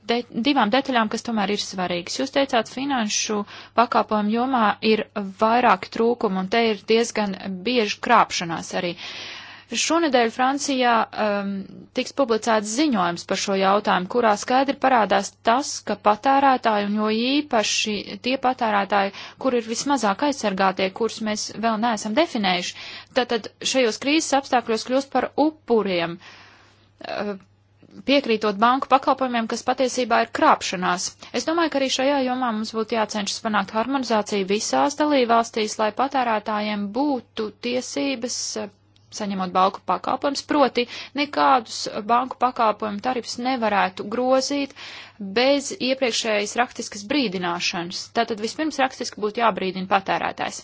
De, divām detaļām, kas tomēr ir svarīgas. Jūs teicāt, finanšu pakalpojumu jomā ir vairāk trūkumu, un te ir diezgan bieži krāpšanās arī. Uh, Šonedēļ Francijā um, tiks publicēts ziņojums par šo jautājumu, kurā skaidri parādās tas, ka patērētāji, un jo īpaši tie patērētāji, kur ir vismazāk aizsargātie, kurus mēs vēl neesam definējuši, tātad šajos krīzes apstākļos kļūst par upuriem, uh, piekrītot banku pakalpojumiem, kas patiesībā ir krāpšanās. Es domāju, ka arī šajā jomā mums būtu jācenšas panākt harmonizāciju visās dalībvalstīs, lai patērētājiem būtu tiesības uh, saņemot banku pakalpojumus, proti nekādus banku pakalpojumu tarifus nevarētu grozīt bez iepriekšējas rakstiskas brīdināšanas. Tātad vispirms rakstiski būtu jābrīdina patērētājs.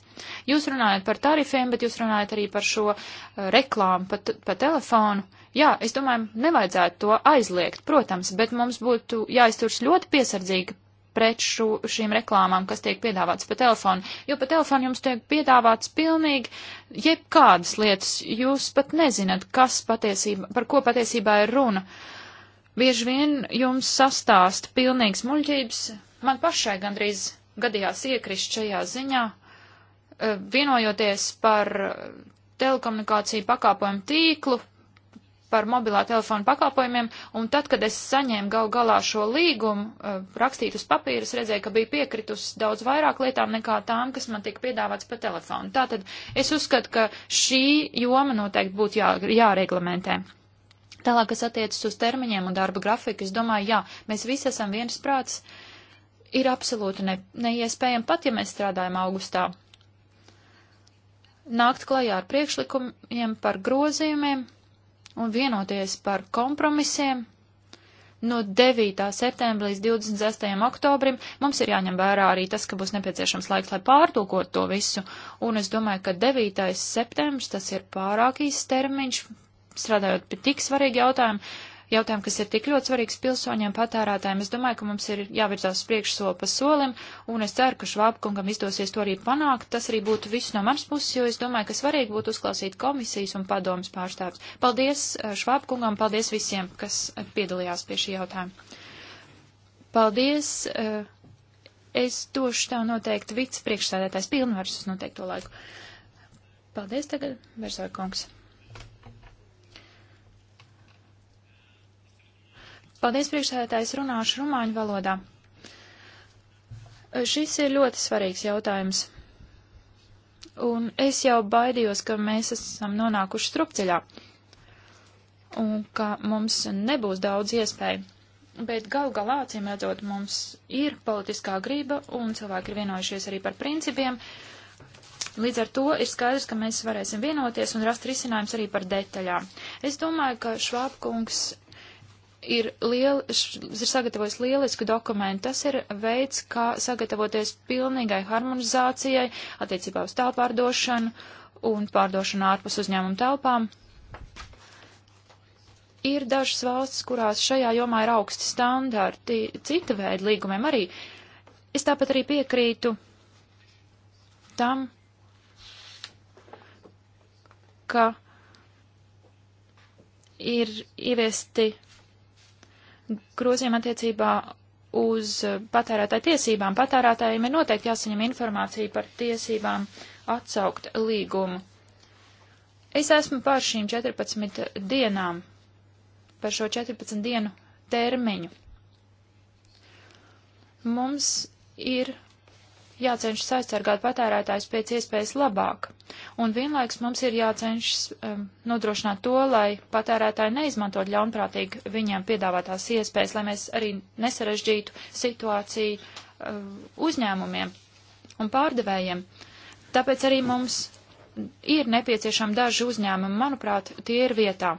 Jūs runājat par tarifiem, bet jūs runājat arī par šo uh, reklāmu pa, pa telefonu. Jā, es domāju, nevajadzētu to aizliegt, protams, bet mums būtu jāizturš ļoti piesardzīgi pret šu, šīm reklāmām, kas tiek piedāvāts pa telefonu, jo pa telefonu jums tiek piedāvāts pilnīgi jebkādas lietas, jūs pat nezinat, kas patiesībā, par ko patiesībā ir runa. Bieži vien jums sastāst pilnīgs muļķības, man pašai gandrīz gadījās iekrist šajā ziņā, eh, vienojoties par telekomunikāciju pakāpojumu tīklu, par mobilā telefona pakalpojumiem, un tad, kad es saņēmu gal galā šo līgumu, eh, rakstīt uz papīra, es redzēju, ka bija piekritus daudz vairāk lietām nekā tām, kas man tika piedāvāts pa telefonu. Tātad es uzskatu, ka šī joma noteikti būtu jā, jāreglamentē. Tālāk, kas attiecas uz termiņiem un darba grafiku, es domāju, jā, mēs visi esam viensprāts, ir absolūti ne, neiespējami pat, ja mēs strādājam augustā nākt klajā ar priekšlikumiem par grozījumiem, un vienoties par kompromisiem. No 9. septembra līdz 26. oktobrim mums ir jāņem vērā arī tas, ka būs nepieciešams laiks, lai pārtūkot to visu, un es domāju, ka 9. septembris tas ir pārāk īsts termiņš, strādājot pie tik svarīgi jautājumi, jautājumu, kas ir tik ļoti svarīgs pilsoņiem, patērētājiem. Es domāju, ka mums ir jāvirzās priekšsoli pa solim, un es ceru, ka Švābkungam izdosies to arī panākt. Tas arī būtu viss no manas puses, jo es domāju, ka svarīgi būtu uzklausīt komisijas un padomas pārstāvis. Paldies eh, Švābkungam, paldies visiem, kas eh, piedalījās pie šī jautājuma. Paldies! Eh, es došu tev noteikti vicepriekšsēdētājs pilnvaras uz noteikto laiku. Paldies tagad, Berzāja kungs. Paldies, priekšsēdētājs, runāšu rumāņu valodā. Šis ir ļoti svarīgs jautājums. Un es jau baidījos, ka mēs esam nonākuši strupceļā un ka mums nebūs daudz iespēju. Bet gal galā, acīm redzot, mums ir politiskā grība un cilvēki ir vienojušies arī par principiem. Līdz ar to ir skaidrs, ka mēs varēsim vienoties un rast risinājums arī par detaļām. Es domāju, ka Švābkungs ir, liel, ir sagatavojis lielisku dokumentu. Tas ir veids, kā sagatavoties pilnīgai harmonizācijai attiecībā uz tālpārdošanu un pārdošanu ārpus uzņēmumu telpām. Ir dažas valstis, kurās šajā jomā ir augsti standarti, cita veida līgumiem arī. Es tāpat arī piekrītu tam, ka ir ieviesti grozījuma attiecībā uz patērētāju tiesībām. Patērētājiem ir noteikti jāsaņem informācija par tiesībām atsaukt līgumu. Es esmu par šīm 14 dienām, par šo 14 dienu termiņu. Mums ir jācenšas aizsargāt patērētājs pēc iespējas labāk, un vienlaiks mums ir jācenšas um, nodrošināt to, lai patērētāji neizmantot ļaunprātīgi viņiem piedāvātās iespējas, lai mēs arī nesarežģītu situāciju um, uzņēmumiem un pārdevējiem. Tāpēc arī mums ir nepieciešami daži uzņēmumi, manuprāt, tie ir vietā.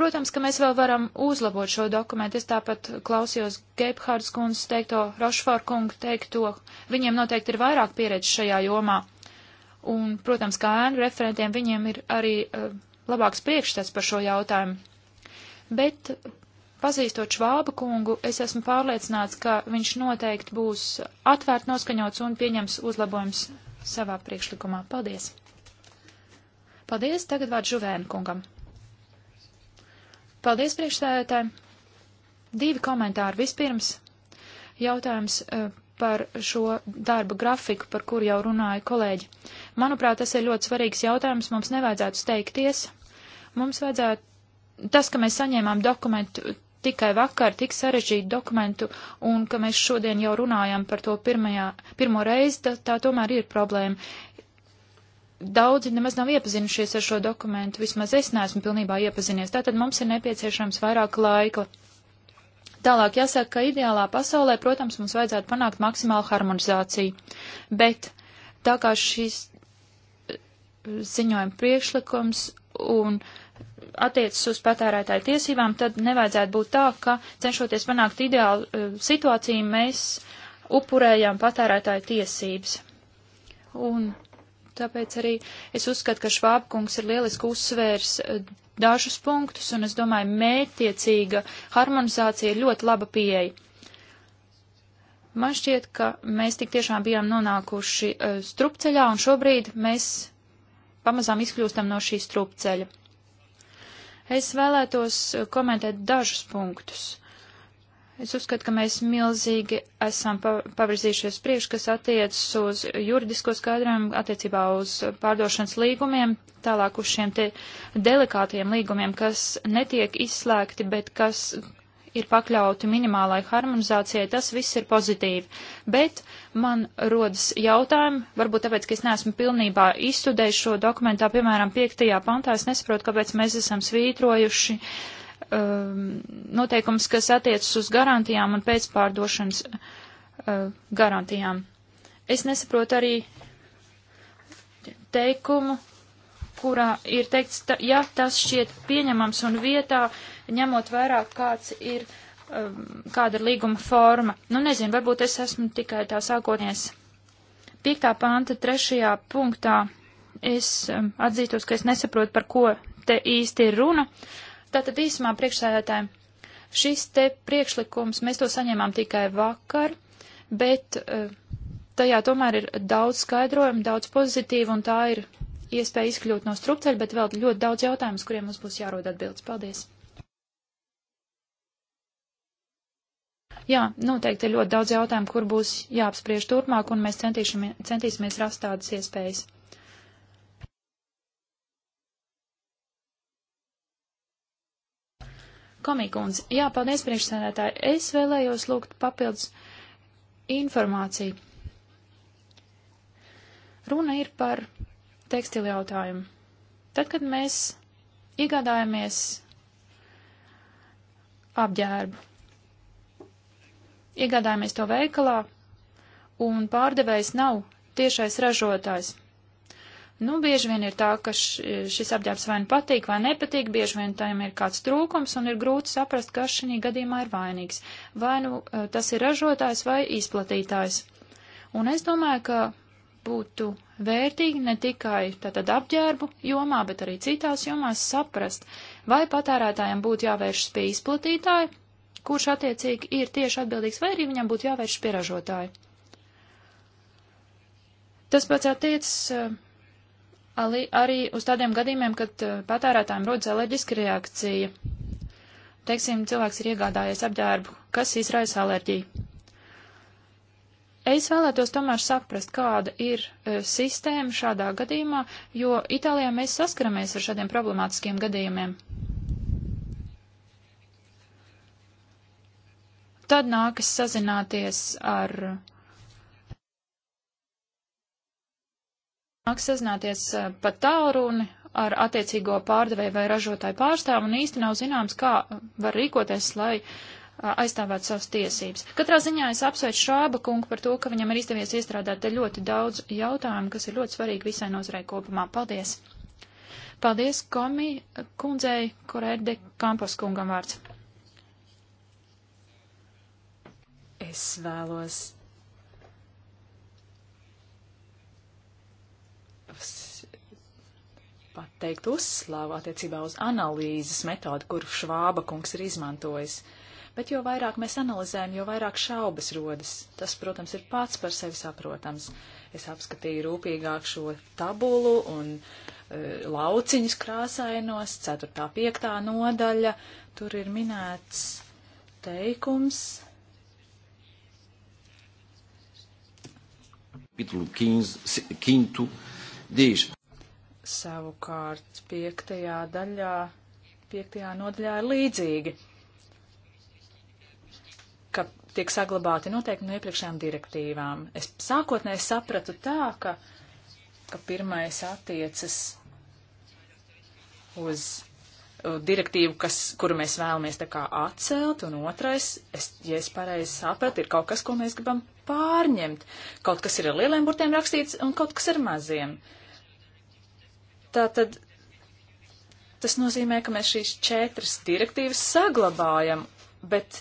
Protams, ka mēs vēl varam uzlabot šo dokumentu. Es tāpat klausījos Gebhards kundzes teikto, Rošfor kungu teikto. Viņiem noteikti ir vairāk pieredzes šajā jomā. Un, protams, kā ēnu referentiem, viņiem ir arī uh, labāks priekšstats par šo jautājumu. Bet Pazīstot Švāba kungu, es esmu pārliecināts, ka viņš noteikti būs atvērt noskaņots un pieņems uzlabojums savā priekšlikumā. Paldies! Paldies! Tagad vārds Žuvēna kungam. Paldies priekšstādētājiem. Divi komentāri. Vispirms jautājums e, par šo darba grafiku, par kuru jau runāja kolēģi. Manuprāt, tas ir ļoti svarīgs jautājums. Mums nevajadzētu steigties. Mums vajadzētu. Tas, ka mēs saņēmām dokumentu tikai vakar, tik sarežģītu dokumentu, un ka mēs šodien jau runājam par to pirmajā, pirmo reizi, tā, tā tomēr ir problēma daudzi nemaz nav iepazinušies ar šo dokumentu, vismaz es neesmu pilnībā iepazinies, tātad mums ir nepieciešams vairāk laika. Tālāk jāsaka, ka ideālā pasaulē, protams, mums vajadzētu panākt maksimālu harmonizāciju, bet tā kā šis eh, ziņojuma priekšlikums un attiecas uz patērētāju tiesībām, tad nevajadzētu būt tā, ka cenšoties panākt ideālu eh, situāciju, mēs upurējām patērētāju tiesības. Un tāpēc arī es uzskatu, ka Švābkungs ir lieliski uzsvērs eh, dažus punktus, un es domāju, mētiecīga harmonizācija ir ļoti laba pieeja. Man šķiet, ka mēs tik tiešām bijām nonākuši eh, strupceļā, un šobrīd mēs pamazām izkļūstam no šī strupceļa. Es vēlētos eh, komentēt dažus punktus. Es uzskatu, ka mēs milzīgi esam pavirzījušies priekš, kas attiecas uz juridisko skaidrojumu, attiecībā uz pārdošanas līgumiem, tālāk uz šiem te delikātiem līgumiem, kas netiek izslēgti, bet kas ir pakļauti minimālai harmonizācijai, tas viss ir pozitīvi. Bet man rodas jautājumi, varbūt tāpēc, ka es neesmu pilnībā izstudējis šo dokumentā, piemēram, piektajā pantā, es nesaprotu, kāpēc mēs esam svītrojuši uh, Um, noteikums, kas attiecas uz garantijām un pēcpārdošanas uh, garantijām. Es nesaprotu arī teikumu, kurā ir teikts, ta, ja tas šķiet pieņemams un vietā, ņemot vērā, kāds ir, um, kāda ir līguma forma. Nu, nezinu, varbūt es esmu tikai tā sākotnēs. Piektā panta trešajā punktā es um, atzītos, ka es nesaprotu, par ko te īsti ir runa. Uh, Tātad īsumā priekšsēdētājiem šis te priekšlikums, mēs to saņēmām tikai vakar, bet eh, tajā tomēr ir daudz skaidrojumu, daudz pozitīvu, un tā ir iespēja izkļūt no strupceļa, bet vēl ļoti daudz jautājumus, kuriem mums būs jārod atbildes. Paldies! Jā, noteikti ir ļoti daudz jautājumu, kur būs jāapspriež turpmāk, un mēs centīsimies rast tādas iespējas. Komikundze, jā, paldies priekšsēdētāji. Es vēlējos lūgt papildus informāciju. Runa ir par tekstilu jautājumu. Tad, kad mēs iegādājamies apģērbu, iegādājamies to veikalā, un pārdevējs nav tiešais ražotājs. Nu, bieži vien ir tā, ka šis apģērbs vai nu patīk, vai nepatīk, bieži vien tam ir kāds trūkums un ir grūti saprast, kas šī gadījumā ir vainīgs. Vai nu e, tas ir ražotājs vai izplatītājs. Un es domāju, ka būtu vērtīgi ne tikai tātad apģērbu jomā, bet arī citās jomās saprast, vai patērētājiem būtu jāvēršas pie izplatītāja, kurš attiecīgi ir tieši atbildīgs, vai arī viņam būtu jāvēršas pie ražotāja. Tas pats attiecas e, arī uz tādiem gadījumiem, kad eh, patērētājiem rodas alerģiska reakcija. Teiksim, cilvēks ir iegādājies apģērbu, kas izraisa alerģiju. Es vēlētos tomēr saprast, kāda ir e, sistēma šādā gadījumā, jo Itālijā mēs saskaramies ar šādiem problemātiskiem gadījumiem. Tad nākas sazināties ar nāk sazināties eh, pa tālruni ar attiecīgo pārdevēju vai ražotāju pārstāvu un īsti nav zināms, kā var rīkoties, lai eh, aizstāvēt savas tiesības. Katrā ziņā es apsveicu Šāba kungu par to, ka viņam ir izdevies iestrādāt te ļoti daudz jautājumu, kas ir ļoti svarīgi visai nozarei kopumā. Paldies! Paldies komi eh, kundzei, kurai ir de Kampos kungam vārds. Es vēlos pateikt uzslavu attiecībā uz analīzes metodu, kuru Švāba kungs ir izmantojis. Bet jo vairāk mēs analizējam, jo vairāk šaubas rodas. Tas, protams, ir pats par sevi saprotams. Es apskatīju rūpīgāk šo tabulu un e, lauciņus krāsainos, 4.5. nodaļa. Tur ir minēts teikums. Capítulo 15, 5 diz: Savukārt piektajā daļā, piektajā nodaļā ir līdzīgi, ka tiek saglabāti noteikti no iepriekšējām direktīvām. Es sākotnēji sapratu tā, ka, ka pirmais attiecas uz direktīvu, kas, kuru mēs vēlamies tā kā atcelt, un otrais, es, ja es pareizi sapratu, ir kaut kas, ko mēs gribam pārņemt. Kaut kas ir ar lieliem burtiem rakstīts, un kaut kas ar maziem. Uh, Tātad tas nozīmē, ka mēs šīs četras direktīvas saglabājam, bet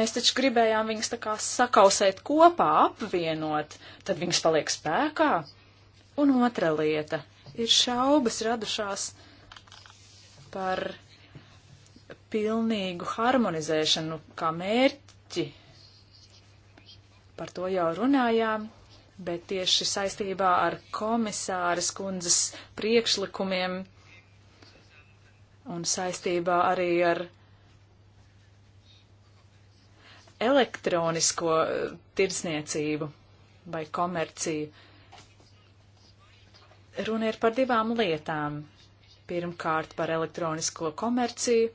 mēs taču gribējām viņas tā kā sakausēt kopā, apvienot, tad viņas paliek spēkā. Un otra lieta ir šaubas radušās par pilnīgu harmonizēšanu kā mērķi. Par to jau runājām, bet tieši saistībā ar komisāras kundzes priekšlikumiem un saistībā arī ar elektronisko eh, tirdzniecību vai komerciju. Runa ir par divām lietām. Pirmkārt par elektronisko komerciju,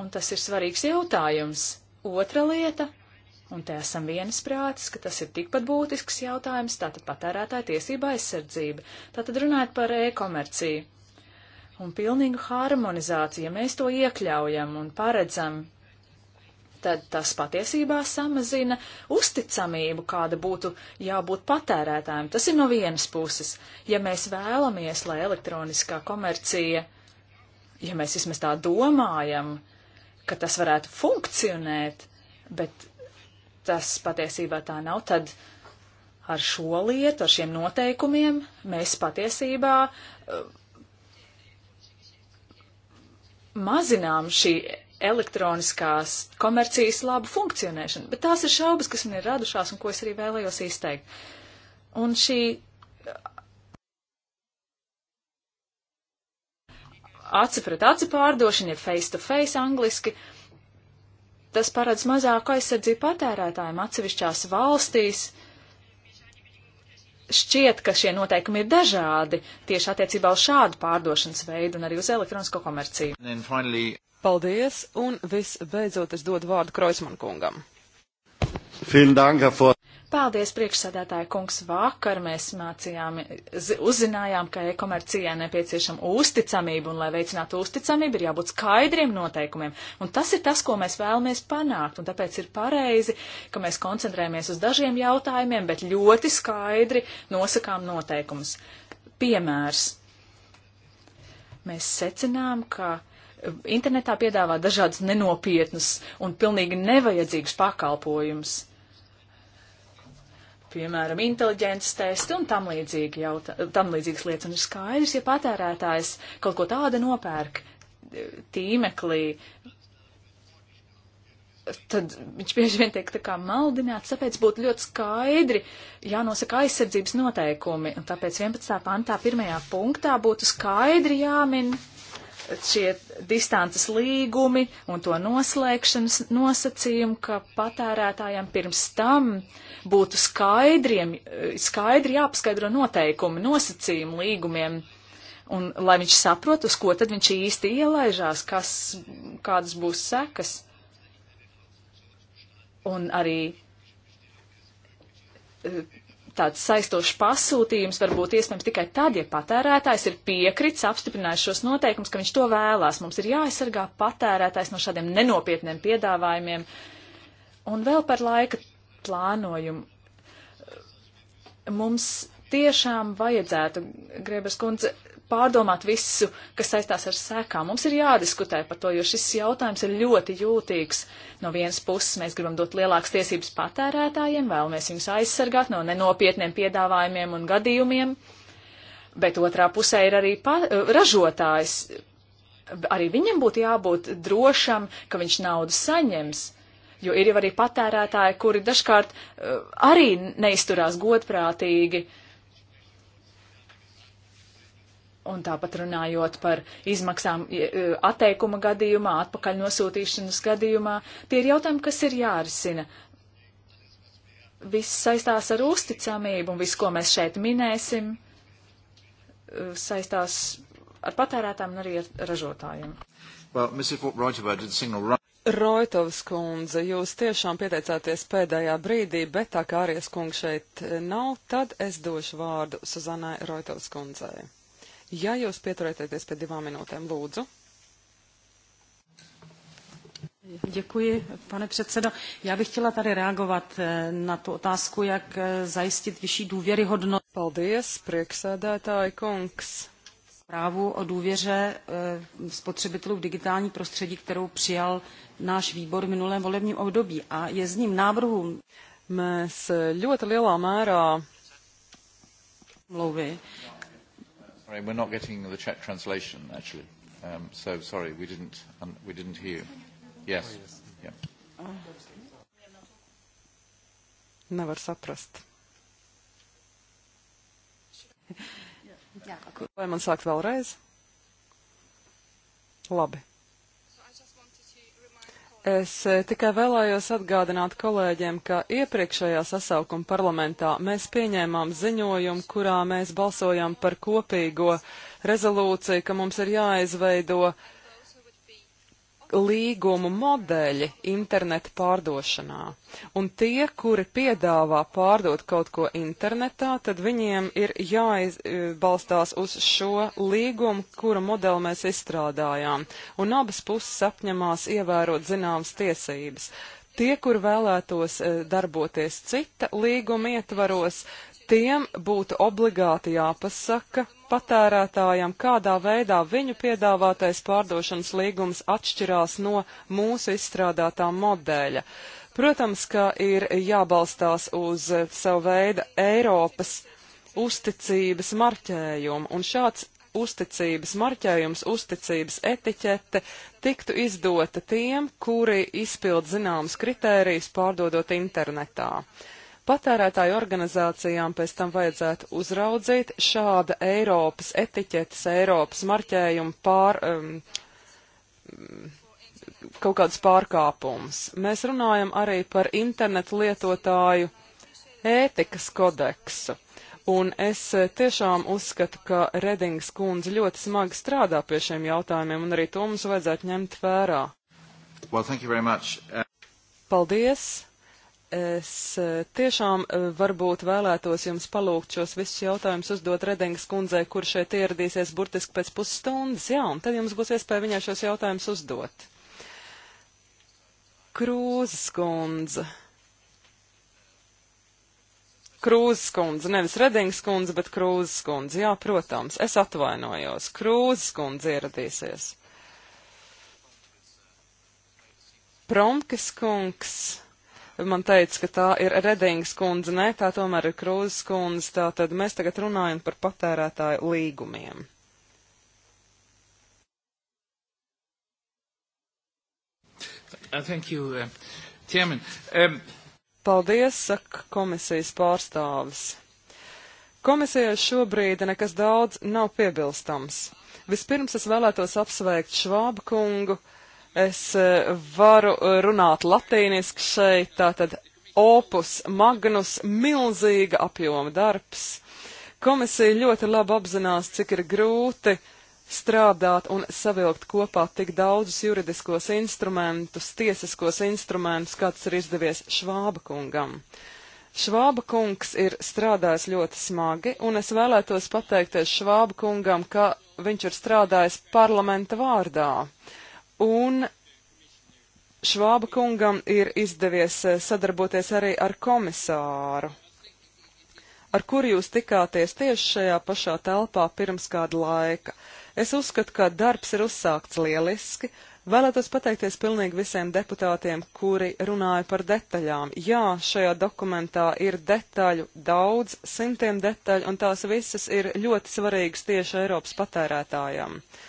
un tas ir svarīgs jautājums. Otra lieta Un te esam viensprātis, ka tas ir tikpat būtisks jautājums, tātad patērētāja tiesība aizsardzība. Tātad runājot par e-komerciju un pilnīgu harmonizāciju, ja mēs to iekļaujam un paredzam, tad tas patiesībā samazina uzticamību, kāda būtu jābūt patērētājiem. Tas ir no vienas puses. Ja mēs vēlamies, lai elektroniskā komercija, ja mēs vismaz tā domājam, ka tas varētu funkcionēt, bet tas patiesībā tā nav, tad ar šo lietu, ar šiem noteikumiem mēs patiesībā eh, mazinām šī elektroniskās komercijas labu funkcionēšanu. Bet tās ir šaubas, kas man ir radušās un ko es arī vēlējos izteikt. Un šī eh, aci pret aci pārdošana, ja face to face angliski, uh, tas paredz mazāku aizsardzību patērētājiem atsevišķās valstīs. Šķiet, ka šie noteikumi ir dažādi tieši attiecībā uz šādu pārdošanas veidu un arī uz elektronisko komerciju. Finally... Paldies, un visbeidzot es dodu vārdu Kreuzman kungam. Dank, for... Paldies, priekšsēdētāja kungs. Vakar mēs mācījām, uzzinājām, ka e-komercijai nepieciešama uzticamība, un lai veicinātu uzticamību, ir jābūt skaidriem noteikumiem. Un tas ir tas, ko mēs vēlamies panākt, un tāpēc ir pareizi, ka mēs koncentrējamies uz dažiem jautājumiem, bet ļoti skaidri nosakām noteikumus. Piemērs. Mēs secinām, ka internetā piedāvā dažādus nenopietnus un pilnīgi nevajadzīgus pakalpojumus piemēram, inteliģences testi un tam, līdzīgi jautā, tam līdzīgas lietas. Un ir skaidrs, ja patērētājs kaut ko tādu nopērk e, tīmeklī, tad viņš bieži vien tiek tā kā maldināts, tāpēc būtu ļoti skaidri jānosaka aizsardzības noteikumi. Un tāpēc 11. pantā pirmajā punktā būtu skaidri jāmin šie distances līgumi un to noslēgšanas nosacījumi, ka patērētājiem pirms tam būtu skaidriem, skaidri jāpaskaidro noteikumi, nosacījumi līgumiem. Un, lai viņš saprotu, uz ko tad viņš īsti ielaižās, kas, kādas būs sekas. Un arī tāds saistošs pasūtījums var būt iespējams tikai tad, ja patērētājs ir piekritis, apstiprinājis šos noteikumus, ka viņš to vēlās. Mums ir jāaizsargā patērētājs no šādiem nenopietniem piedāvājumiem. Un vēl par laika plānojumu. Mums tiešām vajadzētu, Grebers kundze, pārdomāt visu, kas saistās ar sēkām. Mums ir jādiskutē par to, jo šis jautājums ir ļoti jūtīgs. No vienas puses mēs gribam dot lielākas tiesības patērētājiem, vēlamies viņus aizsargāt no nenopietniem piedāvājumiem un gadījumiem, bet otrā pusē ir arī eh, ražotājs. Arī viņam būtu jābūt drošam, ka viņš naudu saņems. Jo ir jau arī patērētāji, kuri dažkārt eh, arī neizturās godprātīgi. Uh, Un tāpat runājot par izmaksām atteikuma gadījumā, atpakaļ nosūtīšanas gadījumā, tie ir jautājumi, kas ir jārisina. Viss saistās ar uzticamību, un viss, ko mēs šeit minēsim, e, saistās ar patērētām un arī ar ražotājiem. Well, Roitovs kundze, jūs tiešām pieteicāties pēdējā brīdī, bet tā kā Arijas kungs šeit nav, tad es došu vārdu Suzanai Roitovs kundzei. Ja jūs pieturēties pie divām minūtēm, lūdzu. Děkuji, pane předsedo. Já bych chtěla tady reagovat eh, na tu otázku, jak eh, zajistit vyšší důvěryhodnost. Paldies, prieksēdētāji kungs. Právu o důvěře eh, spotřebitelů v digitální prostředí, kterou přijal náš výbor v minulém volebním období. A je z ním návrhům. Mēs ļoti lielā mērā mluvy Sorry, we're not getting the Czech translation, actually. Um, so, sorry, we didn't, um, we didn't hear. Oh, yes. Yeah. Ah. Nevar saprast. *laughs* Vai man sākt vēlreiz? Labi. Es eh, tikai vēlējos atgādināt kolēģiem, ka iepriekšējā sasaukuma parlamentā mēs pieņēmām ziņojumu, kurā mēs balsojām par kopīgo rezolūciju, ka mums ir jāizveido uh, līgumu modeļi interneta pārdošanā. Un tie, kuri piedāvā pārdot kaut ko internetā, tad viņiem ir jāizbalstās e, uz šo līgumu, kura modeli mēs izstrādājām. Un abas puses apņemās ievērot zināmas tiesības. Tie, kur vēlētos e, darboties cita līguma ietvaros, tiem būtu obligāti jāpasaka patērētājam, kādā veidā viņu piedāvātais pārdošanas līgums atšķirās no mūsu izstrādātā modeļa. Protams, ka ir jābalstās uz savu veidu Eiropas uzticības marķējumu, un šāds uzticības marķējums, uzticības etiķete tiktu izdota tiem, kuri izpild zināmas kritērijas pārdodot internetā. Uh, Patērētāju organizācijām pēc tam vajadzētu uzraudzīt šāda Eiropas etiķetes, Eiropas marķējuma pār. Um, kaut kādas pārkāpumus. Mēs runājam arī par internetu lietotāju ētikas kodeksu. Un es eh, tiešām uzskatu, ka Redings kundze ļoti smagi strādā pie šiem jautājumiem, un arī to mums vajadzētu ņemt vērā. Well, Paldies! Es e, tiešām e, varbūt vēlētos jums palūgt šos visus jautājumus uzdot Redingas kundzei, kur šeit ieradīsies burtiski pēc pusstundas. Jā, un tad jums būs iespēja viņai šos jautājumus uzdot. Krūzes kundze. Krūzes kundze, nevis Redingas kundze, bet Krūzes kundze. Jā, protams, es atvainojos. Krūzes kundze ieradīsies. Promkes kungs man teica, ka tā ir Redings kundze, nē, tā tomēr ir Krūzes kundze, tā tad mēs tagad runājam par patērētāju līgumiem. Uh, thank you, uh, Chairman. Um... Paldies, saka komisijas pārstāvis. Komisijai šobrīd nekas daudz nav piebilstams. Vispirms es vēlētos apsveikt Švāba kungu Es e, varu e, runāt latīniski šeit, tātad opus magnus, milzīga apjoma darbs. Komisija ļoti labi apzinās, cik ir grūti strādāt un savilkt kopā tik daudzus juridiskos instrumentus, tiesiskos instrumentus, kā tas ir izdevies Švāba kungam. Švāba kungs ir strādājis ļoti smagi, un es vēlētos pateikties Švāba kungam, ka viņš ir strādājis parlamenta vārdā. Un Švāba kungam ir izdevies eh, sadarboties arī ar komisāru, ar kuru jūs tikāties tieši šajā pašā telpā pirms kāda laika. Es uzskatu, ka darbs ir uzsākts lieliski. Vēlētos pateikties pilnīgi visiem deputātiem, kuri runāja par detaļām. Jā, šajā dokumentā ir detaļu daudz, simtiem detaļu, un tās visas ir ļoti svarīgas tieši Eiropas patērētājiem. Uh,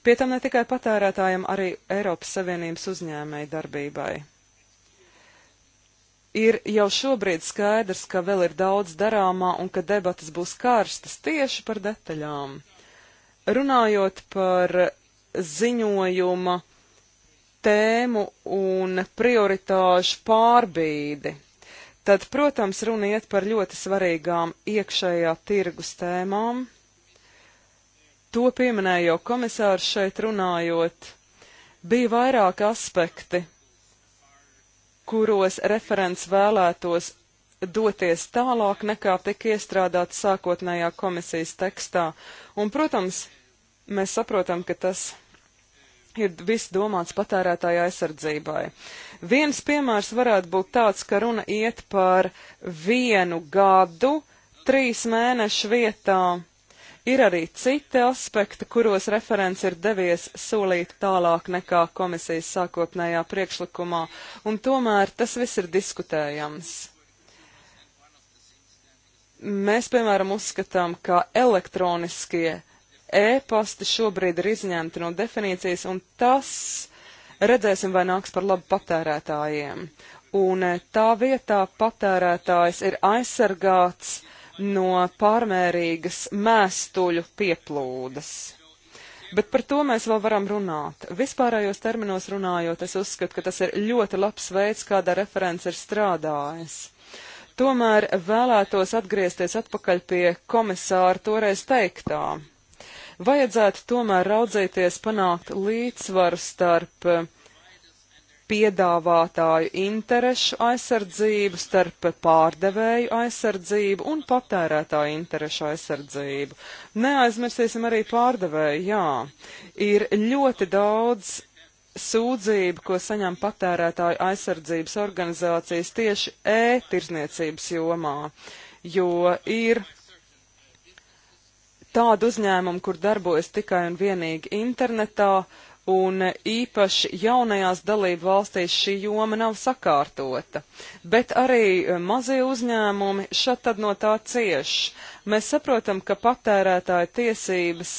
Pie tam ne tikai patērētājiem, arī Eiropas Savienības uzņēmēji darbībai. Ir jau šobrīd skaidrs, ka vēl ir daudz darāmā un ka debatas būs karstas tieši par detaļām. Runājot par ziņojuma tēmu un prioritāšu pārbīdi, tad, protams, runa iet par ļoti svarīgām iekšējā tirgus tēmām To pieminēja jau komisārs šeit runājot. Bija vairāki aspekti, kuros referents vēlētos doties tālāk nekā tika iestrādāts sākotnējā komisijas tekstā. Un, protams, mēs saprotam, ka tas ir viss domāts patērētāja aizsardzībai. Viens piemērs varētu būt tāds, ka runa iet par vienu gadu, trīs mēnešu vietā Ir arī citi aspekti, kuros referents ir devies solīt tālāk nekā komisijas sākotnējā priekšlikumā, un tomēr tas viss ir diskutējams. Mēs, piemēram, uzskatām, ka elektroniskie e-pasti šobrīd ir izņemti no definīcijas, un tas redzēsim, vai nāks par labu patērētājiem. Un eh, tā vietā patērētājs ir aizsargāts uh, no pārmērīgas mēstuļu pieplūdes. Bet par to mēs vēl varam runāt. Vispārējos terminos runājot, es uzskatu, ka tas ir ļoti labs veids, kādā referents ir strādājis. Tomēr vēlētos atgriezties atpakaļ pie komisāra toreiz teiktā. Vajadzētu tomēr raudzēties panākt līdzsvaru starp uh, piedāvātāju interešu aizsardzību, starp pārdevēju aizsardzību un patērētāju interešu aizsardzību. Neaizmirsīsim arī pārdevēju, jā. Ir ļoti daudz sūdzību, ko saņem patērētāju aizsardzības organizācijas tieši e-tirzniecības jomā, jo ir tādu uzņēmumu, kur darbojas tikai un vienīgi internetā, uh, un īpaši jaunajās dalību valstīs šī joma nav sakārtota, bet arī eh, mazie uzņēmumi šat tad no tā cieš. Mēs saprotam, ka patērētāja tiesības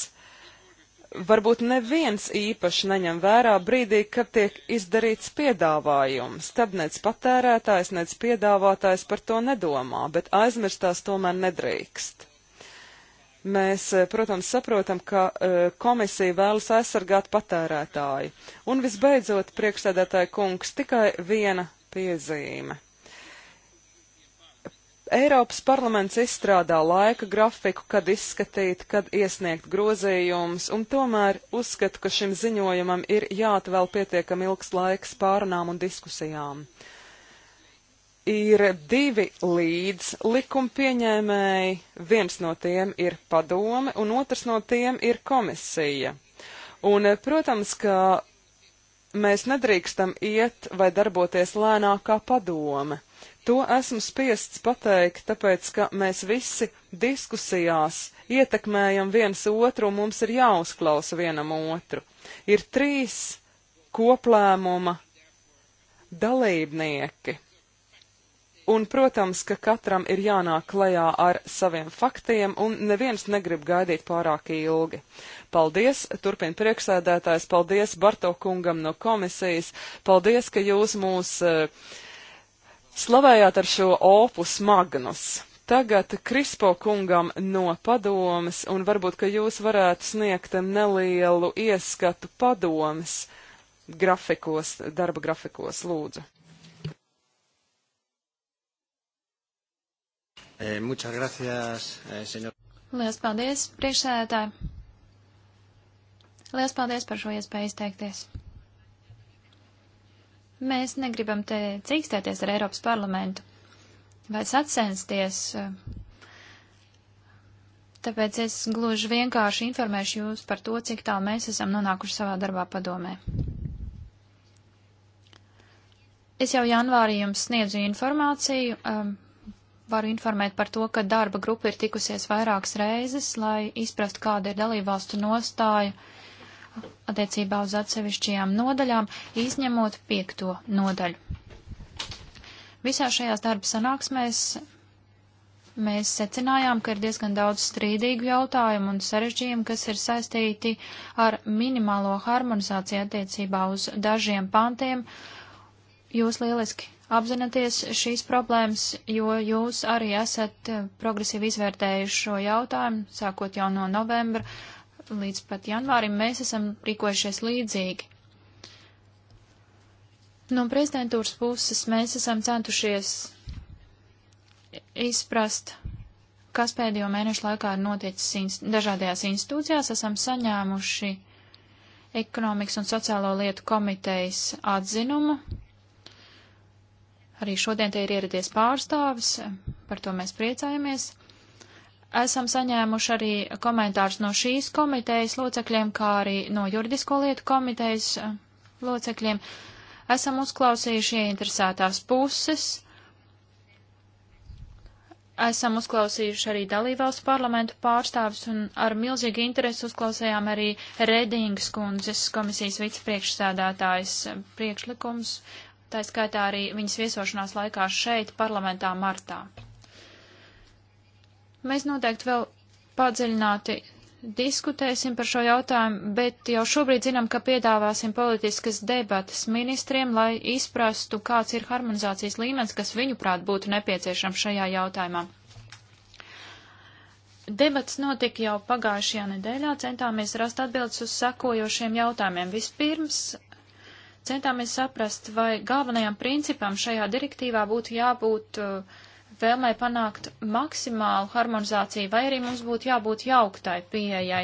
varbūt neviens īpaši neņem vērā brīdī, kad tiek izdarīts piedāvājums. Tad nec patērētājs, nec piedāvātājs par to nedomā, bet aizmirstās tomēr nedrīkst. Mēs, eh, protams, saprotam, ka eh, komisija vēlas aizsargāt patērētāju. Un visbeidzot, priekšsēdētāja kungs, tikai viena piezīme. Eiropas parlaments izstrādā laika grafiku, kad izskatīt, kad iesniegt grozījumus, un tomēr uzskatu, ka šim ziņojumam ir jāatvēl pietiekami ilgs laiks pārunām un diskusijām. Uh, ir divi līdz likuma pieņēmēji, viens no tiem ir padome un otrs no tiem ir komisija. Un, protams, ka mēs nedrīkstam iet vai darboties lēnākā padome. To esmu spiests pateikt, tāpēc, ka mēs visi diskusijās ietekmējam viens otru un mums ir jāuzklausa vienam otru. Ir trīs koplēmuma dalībnieki. Un, protams, ka katram ir jānāk klajā ar saviem faktiem, un neviens negrib gaidīt pārāk ilgi. Paldies, turpina priekšsēdētājs, paldies Barto kungam no komisijas, paldies, ka jūs mūs uh, slavējāt ar šo opus magnus tagad Krispo kungam no padomas, un varbūt, ka jūs varētu sniegt nelielu ieskatu padomas grafikos, darba grafikos, lūdzu. Eh, muchas gracias, eh, senor. Lielas paldies, priekšsēdētāji. Lielas paldies par šo iespēju izteikties. Mēs negribam te cīkstēties ar Eiropas parlamentu vai sacensties. Tāpēc es gluži vienkārši informēšu jūs par to, cik tālu mēs esam nonākuši savā darbā padomē. Es jau janvārī jums sniedzu informāciju um, varu informēt par to, ka darba grupa ir tikusies vairākas reizes, lai izprastu, kāda ir dalībvalstu nostāja attiecībā uz atsevišķajām nodaļām, izņemot piekto nodaļu. Visā šajās darba sanāksmēs mēs secinājām, ka ir diezgan daudz strīdīgu jautājumu un sarežģījumu, kas ir saistīti ar minimālo harmonizāciju attiecībā uz dažiem pantiem. Jūs lieliski apzināties šīs problēmas, jo jūs arī esat eh, progresīvi izvērtējuši šo jautājumu, sākot jau no novembra līdz pat janvārim, mēs esam rīkojušies līdzīgi. No prezidentūras puses mēs esam centušies izprast, kas pēdējo mēnešu laikā ir noticis inst dažādajās institūcijās. Esam saņēmuši ekonomikas un sociālo lietu komitejas atzinumu Arī šodien te ir ieradies pārstāvis, par to mēs priecājamies. Esam saņēmuši arī komentārus no šīs komitejas locekļiem, kā arī no juridisko lietu komitejas eh, locekļiem. Esam uzklausījuši ieinteresētās puses esam uzklausījuši arī dalībvalstu parlamentu pārstāvis un ar milzīgu interesi uzklausījām arī Redingas kundzes komisijas vicepriekšsēdātājs priekšlikums tā skaitā arī viņas viesošanās laikā šeit, parlamentā martā. Mēs noteikti vēl padziļināti diskutēsim par šo jautājumu, bet jau šobrīd zinām, ka piedāvāsim politiskas debatas ministriem, lai izprastu, kāds ir harmonizācijas līmenis, kas viņuprāt būtu nepieciešams šajā jautājumā. Debats notika jau pagājušajā nedēļā, centāmies rast atbildes uz sekojošiem jautājumiem. Vispirms centāmies saprast, vai galvenajam principam šajā direktīvā būtu jābūt uh, vēlmē panākt maksimālu harmonizāciju, vai arī mums būtu jābūt jauktai pieejai.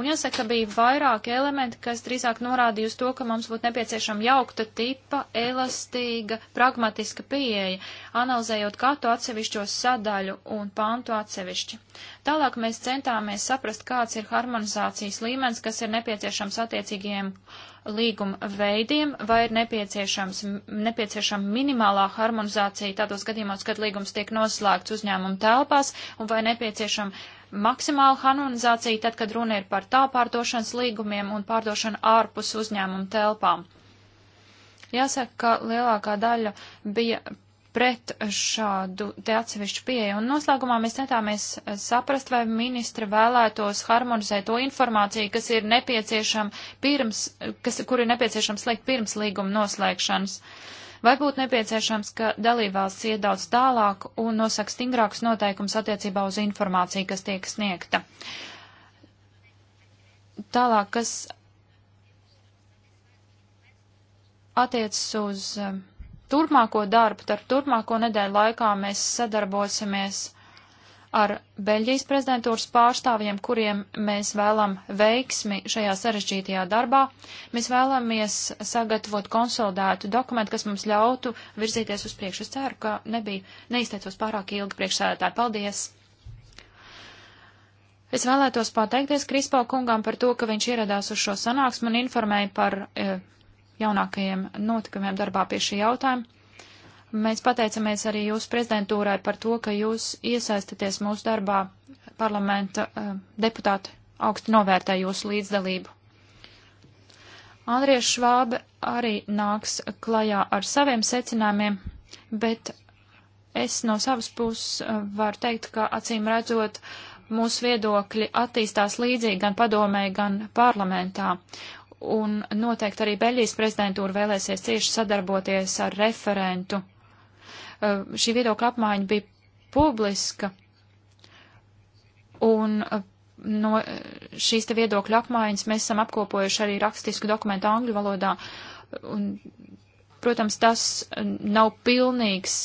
Un jāsaka, bija vairāki elementi, kas drīzāk norādīja uz to, ka mums būtu nepieciešama jaukta tipa, elastīga, pragmatiska pieeja, analizējot katru atsevišķo sadaļu un pantu atsevišķi. Tālāk mēs centāmies saprast, kāds ir harmonizācijas līmenis, kas ir nepieciešams attiecīgiem līguma veidiem, vai ir nepieciešama minimālā harmonizācija tādos gadījumos, kad līgums tiek noslēgts uzņēmuma telpās, un vai nepieciešama maksimāla harmonizācija tad, kad runa ir par tā pārdošanas līgumiem un pārdošanu ārpus uzņēmuma telpām. Jāsaka, ka lielākā daļa bija pret šādu te atsevišķu pieeju. Un noslēgumā mēs centāmies saprast, vai ministra vēlētos harmonizēt to informāciju, kas ir nepieciešama pirms, kas, kur ir nepieciešams slēgt pirms līguma noslēgšanas. Vai būtu nepieciešams, ka dalībvalsts iet daudz tālāk un nosaka stingrākus noteikumus attiecībā uz informāciju, kas tiek sniegta? Tālāk, kas attiecas uz uh, turpmāko darbu, ar turpmāko nedēļu laikā mēs sadarbosimies ar Beļģijas prezidentūras pārstāvjiem, kuriem mēs vēlam veiksmi šajā sarežģītajā darbā. Mēs vēlamies sagatavot konsolidētu dokumentu, kas mums ļautu virzīties uz priekšu. Es ceru, ka nebija, neizteicos pārāk ilgi priekšsēdētāji. Paldies! Es vēlētos pateikties Krispau kungām par to, ka viņš ieradās uz šo sanāksmu un informēja par e, jaunākajiem notikumiem darbā pie šī jautājuma. Mēs pateicamies arī jūsu prezidentūrai par to, ka jūs iesaistaties mūsu darbā. Parlamenta eh, deputāti augstu novērtē jūsu līdzdalību. Andrieša Švābe arī nāks klajā ar saviem secinājumiem, bet es no savas puses eh, varu teikt, ka acīm redzot, mūsu viedokļi attīstās līdzīgi gan padomē, gan parlamentā un noteikti arī Beļģijas prezidentūra vēlēsies cieši sadarboties ar referentu. Uh, šī viedokļa apmaiņa bija publiska, un uh, no uh, šīs te viedokļa apmaiņas mēs esam apkopojuši arī rakstisku dokumentu angļu valodā, un, protams, tas nav pilnīgs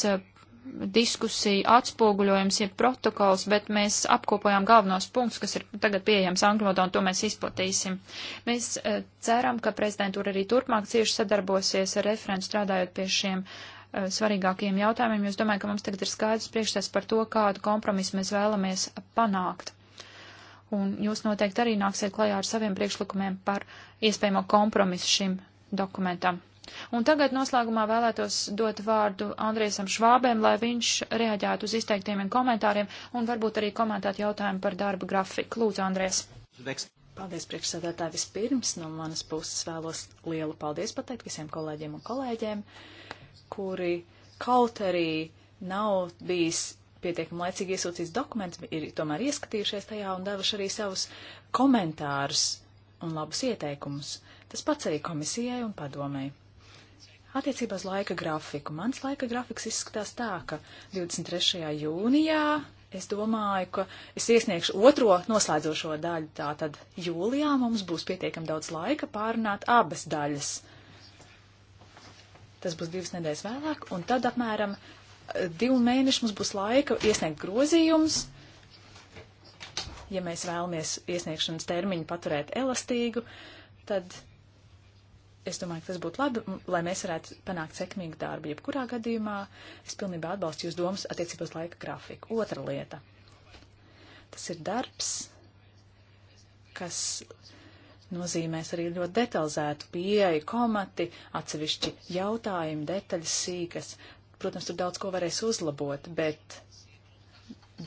diskusiju atspoguļojums, jeb protokols, bet mēs apkopojām galvenos punktus, kas ir tagad pieejams angļu valodā, un to mēs izplatīsim. Mēs uh, ceram, ka prezidentūra arī turpmāk cieši sadarbosies ar referentu strādājot pie šiem uh, svarīgākajiem jautājumiem, jo es domāju, ka mums tagad ir skaidrs priekšstats par to, kādu kompromisu mēs vēlamies panākt. Un jūs noteikti arī nāksiet klajā ar saviem priekšlikumiem par iespējamo kompromisu šim dokumentam. Un tagad noslēgumā vēlētos dot vārdu Andriesam Švābēm, lai viņš reaģētu uz izteiktiem komentāriem un varbūt arī komentētu jautājumu par darba grafiku. Lūdzu, Andries. Paldies, priekšsēdētāji. Vispirms no manas puses vēlos lielu paldies pateikt visiem kolēģiem un kolēģiem, kuri kaut arī nav bijis pietiekami laicīgi iesūtīts dokuments, ir tomēr ieskatījušies tajā un devuši arī savus komentārus un labus ieteikumus. Tas pats arī komisijai un padomēji. Attiecībā uz laika grafiku. Mans laika grafiks izskatās tā, ka 23. jūnijā es domāju, ka es iesniegšu otro noslēdzošo daļu. Tātad jūlijā mums būs pietiekami daudz laika pārunāt abas daļas. Tas būs divas nedēļas vēlāk, un tad apmēram eh, divu mēnešu mums būs laika iesniegt grozījumus. Ja mēs vēlamies iesniegšanas termiņu paturēt elastīgu, tad Es domāju, ka tas būtu labi, lai mēs varētu panākt sekmīgu darbu. Jebkurā gadījumā es pilnībā atbalstu jūs domas attiecībā uz laika grafiku. Otra lieta. Tas ir darbs, kas nozīmēs arī ļoti detalizētu pieeju, komati, atsevišķi jautājumi, detaļas sīkas. Protams, tur daudz ko varēs uzlabot, bet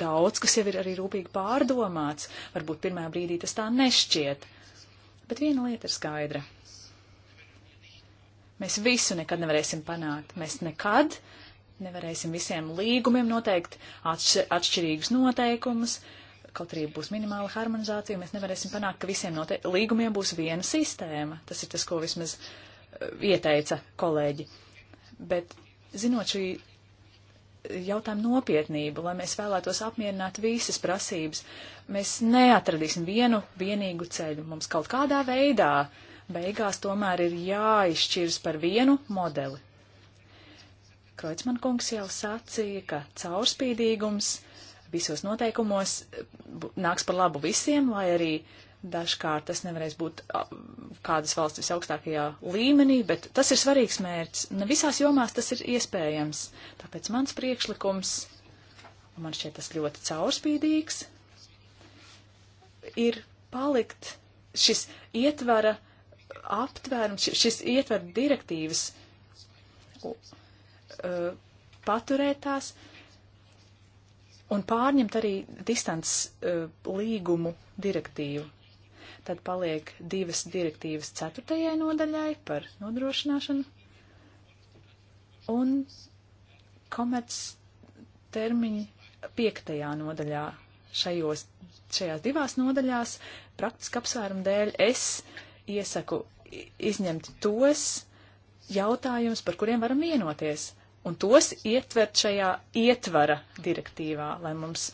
daudz, kas jau ir arī rūpīgi pārdomāts, varbūt pirmā brīdī tas tā nešķiet. Bet viena lieta ir skaidra Mēs visu nekad nevarēsim panākt. Mēs nekad nevarēsim visiem līgumiem noteikt atšķir, atšķirīgus noteikumus, kaut arī būs minimāla harmonizācija, mēs nevarēsim panākt, ka visiem note... līgumiem būs viena sistēma. Tas ir tas, ko vismaz eh, ieteica kolēģi. Bet zinot šī jautājuma nopietnību, lai mēs vēlētos apmierināt visas prasības, mēs neatradīsim vienu vienīgu ceļu. Mums kaut kādā veidā uh, beigās tomēr ir jāizšķirs par vienu modeli. Kreutzmann kungs jau sacīja, ka caurspīdīgums visos noteikumos eh, nāks par labu visiem, lai arī dažkārt tas nevarēs būt kādas valsts visaugstākajā līmenī, bet tas ir svarīgs mērķis. Ne visās jomās tas ir iespējams. Tāpēc mans priekšlikums, un man šķiet tas ļoti caurspīdīgs, ir palikt šis ietvara aptvērums, šis ietver direktīvas e, paturētās un pārņemt arī distants e, līgumu direktīvu. Tad paliek divas direktīvas ceturtajai nodaļai par nodrošināšanu un komerc termiņu piektajā nodaļā. Šajos, šajās divās nodaļās praktiski apsvērumu dēļ es iesaku izņemt tos jautājumus, par kuriem varam vienoties, un tos ietvert šajā ietvara direktīvā, lai mums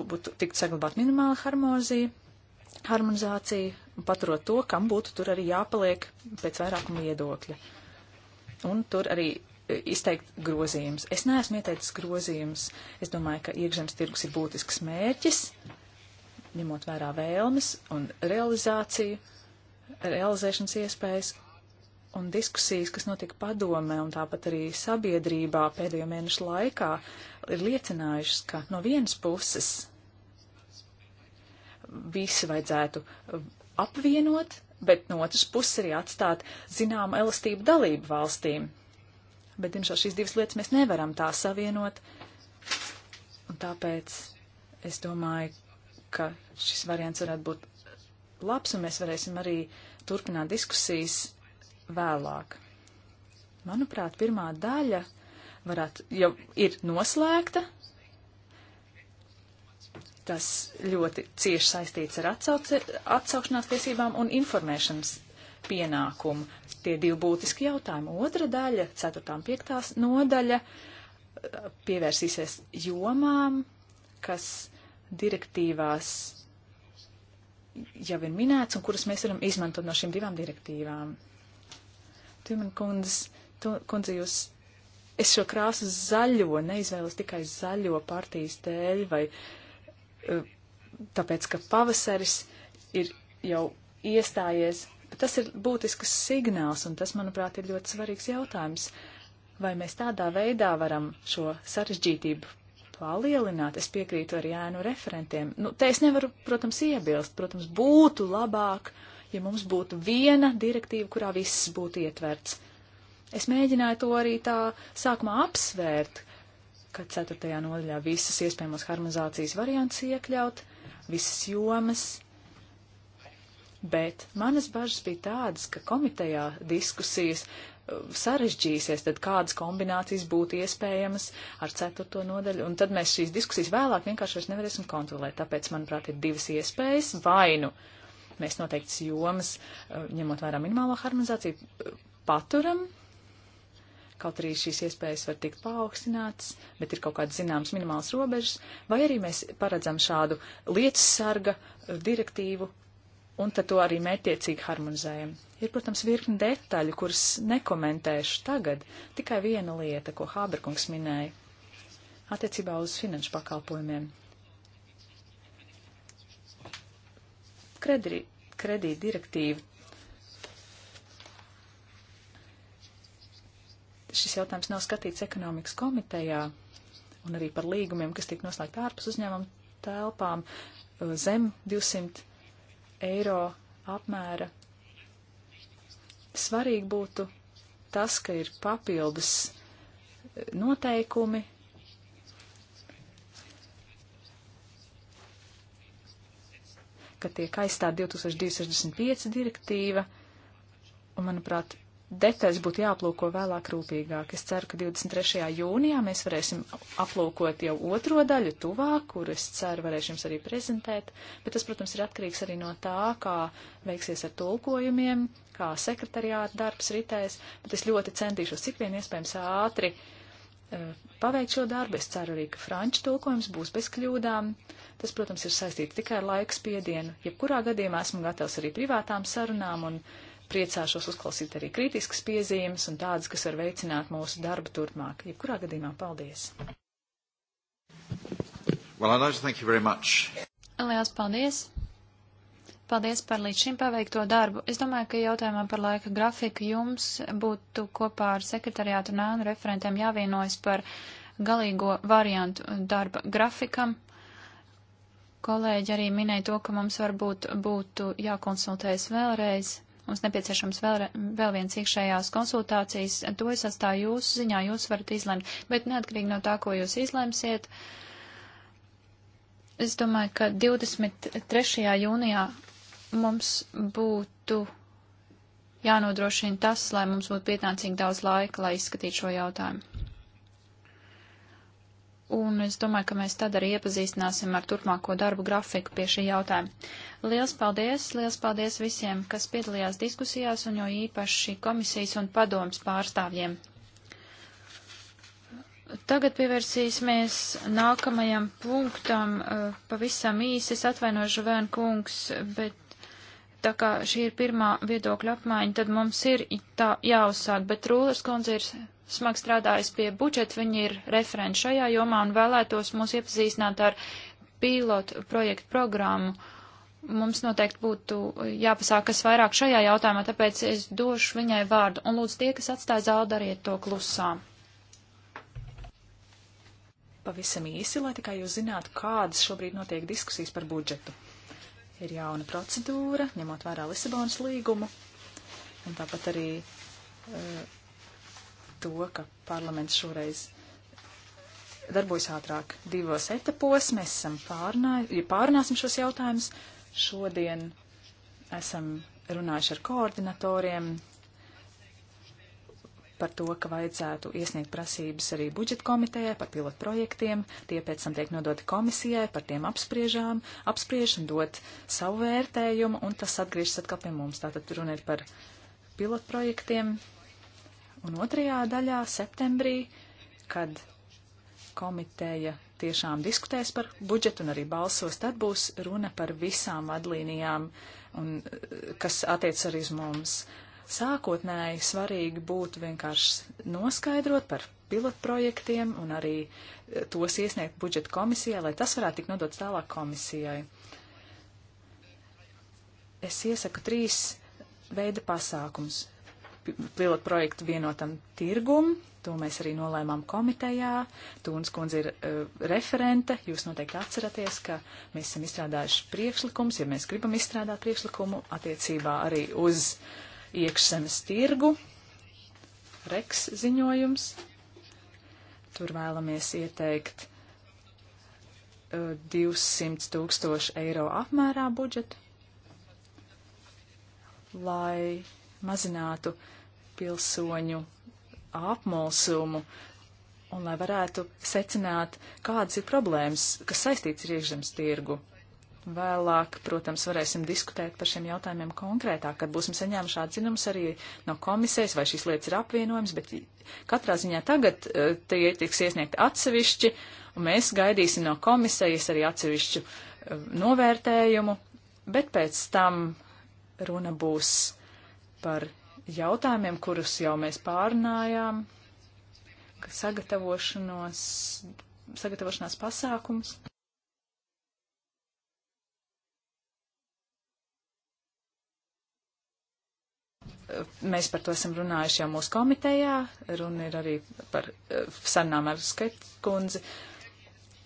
būtu tikt saglabāt minimāla harmonizija, harmonizācija, paturot to, kam būtu tur arī jāpaliek pēc vairākuma viedokļa. Un tur arī e, izteikt grozījums. Es neesmu ieteicis grozījums. Es domāju, ka iekšzemes tirgus ir būtisks mērķis, ņemot vērā vēlmes un realizāciju realizēšanas iespējas un diskusijas, kas notika padomē un tāpat arī sabiedrībā pēdējo mēnešu laikā, ir liecinājušas, ka no vienas puses visi vajadzētu apvienot, bet no otras puses arī atstāt zināmu elastību dalību valstīm. Bet, diemžēl, šīs divas lietas mēs nevaram tā savienot, un tāpēc es domāju, ka šis variants varētu būt labs, un mēs varēsim arī turpināt diskusijas vēlāk. Manuprāt, pirmā daļa varētu, jau ir noslēgta. Tas ļoti cieši saistīts ar atsauce, atsaukšanās tiesībām un informēšanas pienākumu. Tie divi būtiski jautājumi. Otra daļa, ceturtā un piektās nodaļa, pievērsīsies jomām, kas direktīvās jau ir minēts un kuras mēs varam izmantot no šīm divām direktīvām. Tūmen kundze, tu, kundze, jūs, es šo krāsu zaļo neizvēlos tikai zaļo partijas dēļ vai e, tāpēc, ka pavasaris ir jau iestājies, bet tas ir būtisks signāls un tas, manuprāt, ir ļoti svarīgs jautājums. Vai mēs tādā veidā varam šo sarežģītību palielināt. Es piekrītu arī ēnu referentiem. Nu, te es nevaru, protams, iebilst. Protams, būtu labāk, ja mums būtu viena direktīva, kurā viss būtu ietverts. Es mēģināju to arī tā sākumā apsvērt, ka ceturtajā nodaļā visas iespējamos harmonizācijas variants iekļaut, visas jomas. Bet manas bažas bija tādas, ka komitejā diskusijas uh, sarežģīsies, tad kādas kombinācijas būtu iespējamas ar ceturto nodaļu, un tad mēs šīs diskusijas vēlāk vienkārši vairs nevarēsim kontrolēt. Tāpēc, manuprāt, ir divas iespējas vainu. Mēs noteikts jomas, uh, ņemot vērā minimālo harmonizāciju, paturam, kaut arī šīs iespējas var tikt paaugstinātas, bet ir kaut kāds zināms minimāls robežas, vai arī mēs paredzam šādu lietas sarga uh, direktīvu un tad to arī mētiecīgi harmonizējam. Ir, protams, virkni detaļu, kuras nekomentēšu tagad, tikai viena lieta, ko Hāberkungs minēja, attiecībā uz finanšu pakalpojumiem. Kredri, kredīt direktīva. Šis jautājums nav skatīts ekonomikas komitejā un arī par līgumiem, kas tiek noslēgti ārpus uzņēmuma telpām eh, zem 200 eiro apmēra. Svarīgi būtu tas, ka ir papildus eh, noteikumi. ka tiek aizstāta 2265 direktīva, un, manuprāt, detaļas būtu jāaplūko vēlāk rūpīgāk. Es ceru, ka 23. jūnijā mēs varēsim aplūkot jau otro daļu tuvāk, kur es ceru varēšu jums arī prezentēt, bet tas, protams, ir atkarīgs arī no tā, kā veiksies ar tulkojumiem, kā sekretariāta darbs ritēs, bet es ļoti centīšos cik vien iespējams ātri eh, paveikt šo darbu. Es ceru arī, ka franču tulkojums būs bez kļūdām. Tas, protams, ir saistīts tikai ar laika spiedienu. Jebkurā gadījumā esmu gatavs arī privātām sarunām un uh, priecāšos uzklausīt arī kritiskas piezīmes un tādas, kas var veicināt mūsu darbu turpmāk. Jebkurā gadījumā paldies! Well, Lielas paldies! Paldies par līdz šim paveikto darbu. Es domāju, ka jautājumā par laika grafiku jums būtu kopā ar sekretariātu un ānu referentiem jāvienojas par galīgo variantu darba grafikam. Kolēģi arī minēja to, ka mums varbūt būtu jākonsultējas vēlreiz Mums nepieciešams vēl, vēl viens iekšējās konsultācijas. To es atstāju jūsu ziņā, jūs varat izlemt. Bet neatkarīgi no tā, ko jūs izlemsiet, es domāju, ka 23. jūnijā mums būtu jānodrošina tas, lai mums būtu pietnācīgi daudz laika, lai izskatītu šo jautājumu un es domāju, ka mēs tad arī iepazīstināsim ar turpmāko darbu grafiku pie šī jautājuma. Liels paldies, liels paldies visiem, kas piedalījās diskusijās, un jo īpaši komisijas un padomas pārstāvjiem. Tagad pievērsīsimies nākamajam punktam. Eh, pavisam īsi es atvainošu Vēn kungs, bet tā kā šī ir pirmā viedokļa apmaiņa, tad mums ir tā jāuzsāk, bet Rūlers kundze ir smagi strādājis pie budžeta, viņi ir referenti šajā jomā un vēlētos mūs iepazīstināt ar pilotu projektu programmu. Mums noteikti būtu jāpasāk kas vairāk šajā jautājumā, tāpēc es došu viņai vārdu. Un lūdzu, tie, kas atstāja zāli, dariet to klusā. Pavisam īsi, lai tikai jūs zinātu, kādas šobrīd notiek diskusijas par budžetu. Ir jauna procedūra, ņemot vērā Lisabonas līgumu, un tāpat arī uh, to, ka parlaments šoreiz darbojas ātrāk divos etapos. Mēs esam pārnāju, ja pārnāsim šos jautājumus. Šodien esam runājuši ar koordinatoriem par to, ka vajadzētu iesniegt prasības arī budžeta komitejai par pilotu projektiem. Tie pēc tam tiek nodoti komisijai, par tiem apspriežām, apspriež un dot savu vērtējumu, un tas atgriežas atkal pie mums. Tātad runa ir par pilotu projektiem, Un otrajā daļā, septembrī, kad komiteja tiešām diskutēs par budžetu un arī balsos, tad būs runa par visām vadlīnijām, un, kas attiec arī uz mums. Sākotnēji svarīgi būtu vienkārši noskaidrot par pilotprojektiem un arī eh, tos iesniegt budžeta komisijai, lai tas varētu tikt nodots tālāk komisijai. Es iesaku trīs veida pasākums pilotu projektu vienotam tirgum. To mēs arī nolēmām komitejā. Tūns kundze ir uh, referente. Jūs noteikti atceraties, ka mēs esam izstrādājuši priekšlikumus, ja mēs gribam izstrādāt priekšlikumu attiecībā arī uz iekšzemes tirgu. Reks ziņojums. Tur vēlamies ieteikt uh, e, 200 tūkstošu eiro apmērā budžetu, lai mazinātu pilsoņu apmulsumu un lai varētu secināt, kādas ir problēmas, kas saistīts ar iekšzemes tirgu. Vēlāk, protams, varēsim diskutēt par šiem jautājumiem konkrētāk, kad būsim saņēmuši atzinumus arī no komisijas, vai šīs lietas ir apvienojums, bet katrā ziņā tagad eh, tie tiks iesniegti atsevišķi, un mēs gaidīsim no komisijas arī atsevišķu eh, novērtējumu, bet pēc tam runa būs par jautājumiem, kurus jau mēs pārnājām, sagatavošanos, sagatavošanās pasākums. Mēs par to esam runājuši jau mūsu komitejā, runa ir arī par eh, sarunām ar Skaitkundzi. Uh,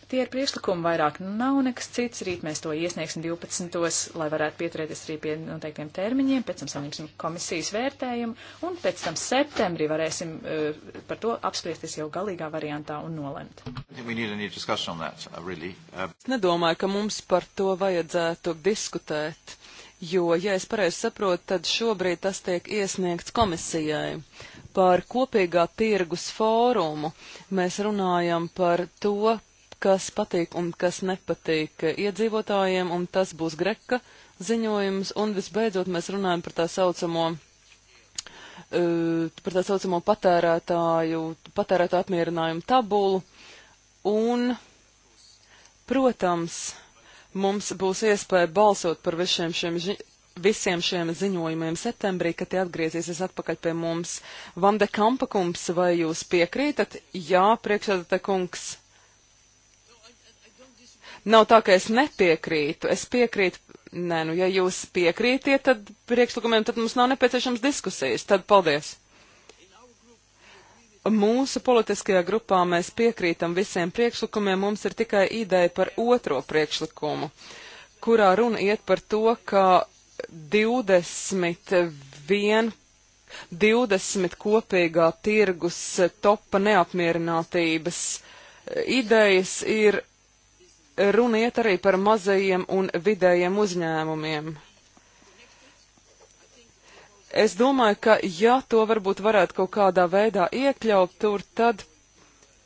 Tie ir priekšlikumi vairāk nu, nav nekas cits. Rīt mēs to iesniegsim 12. lai varētu pieturēties arī pie noteiktiem termiņiem, pēc tam saņemsim komisijas vērtējumu un pēc tam septembrī varēsim uh, par to apspriesties jau galīgā variantā un nolemt. That, uh, really. uh... Es nedomāju, ka mums par to vajadzētu diskutēt, jo, ja es pareizi saprotu, tad šobrīd tas tiek iesniegts komisijai par kopīgā tirgus fórumu. Mēs runājam par to, kas patīk un kas nepatīk iedzīvotājiem, un tas būs Greka ziņojums, un visbeidzot mēs runājam par tā saucamo eh, par tā saucamo patērētāju, patērētāju apmierinājumu tabulu, un, protams, mums būs iespēja balsot par visiem šiem, visiem šiem ziņojumiem septembrī, kad tie atgriezīsies atpakaļ pie mums. Vande Kampa kungs, vai jūs piekrītat? Jā, priekšsēdētā kungs. Nav tā, ka es nepiekrītu. Es piekrītu, nē, nu, ja jūs piekrītiet, tad priekšlikumiem, tad mums nav nepieciešams diskusijas. Tad paldies! Mūsu politiskajā grupā mēs piekrītam visiem priekšlikumiem, mums ir tikai ideja par otro priekšlikumu, kurā runa iet par to, ka 21 20 kopīgā tirgus topa neapmierinātības idejas ir runa iet arī par mazajiem un vidējiem uzņēmumiem. Es domāju, ka ja to varbūt varētu kaut kādā veidā iekļaut tur, tad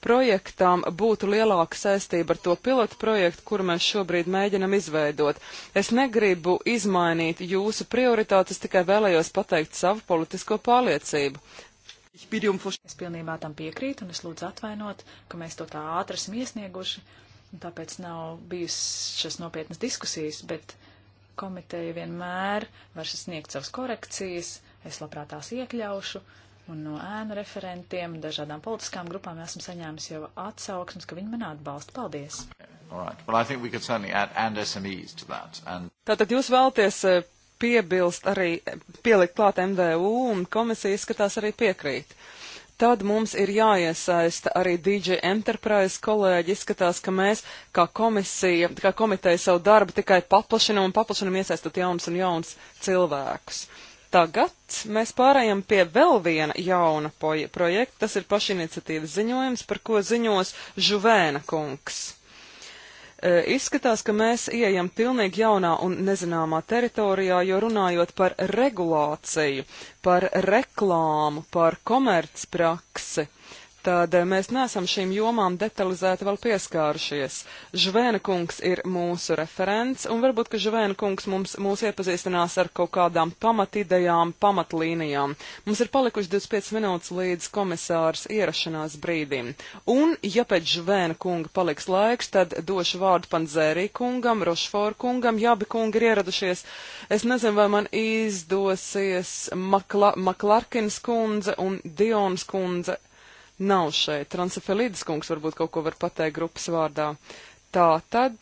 projektām būtu lielāka saistība ar to pilotu projektu, kuru mēs šobrīd mēģinam izveidot. Es negribu izmainīt jūsu prioritātes, tikai vēlējos pateikt savu politisko pārliecību. Es pilnībā tam piekrītu un es lūdzu atvainot, ka mēs to tā ātri esam iesnieguši. Uh, un tāpēc nav bijušas nopietnas diskusijas, bet komiteja vienmēr var sniegt savas korekcijas, es labprāt tās iekļaušu, un no ēnu referentiem, dažādām politiskām grupām esmu saņēmis jau atsauksmes, ka viņi man atbalsta. Paldies! Right. Well, and... Tātad jūs vēlties eh, piebilst arī, eh, pielikt klāt MVU, un komisija skatās arī piekrīt. Uh, Tad mums ir jāiesaista arī DJ Enterprise kolēģi. Izskatās, ka mēs kā komisija, kā komiteja savu darbu tikai paplašinam un paplašinam iesaistot jaunus un jaunus cilvēkus. Tagad mēs pārējām pie vēl viena jauna projekta. Tas ir pašiniciatīvas ziņojums, par ko ziņos Žuvēna kungs. E, izskatās, ka mēs ieejam pilnīgi jaunā un nezināmā teritorijā, jo runājot par regulāciju, par reklāmu, par komercpraksi, Tātad mēs neesam šīm jomām detalizēti vēl pieskārušies. Žvēna kungs ir mūsu referents, un varbūt, ka Žvēna kungs mums, mūs iepazīstinās ar kaut kādām pamatidejām, pamatlīnijām. Mums ir palikuši 25 minūtes līdz komisārs ierašanās brīdim. Un, ja pēc Žvēna kunga paliks laiks, tad došu vārdu Panzērī kungam, Rošfor kungam, jābi kungi ir ieradušies. Es nezinu, vai man izdosies Makla, Maklarkins kundze un Dions kundze nav šeit. Transefelīdis kungs varbūt kaut ko var pateikt grupas vārdā. Tā tad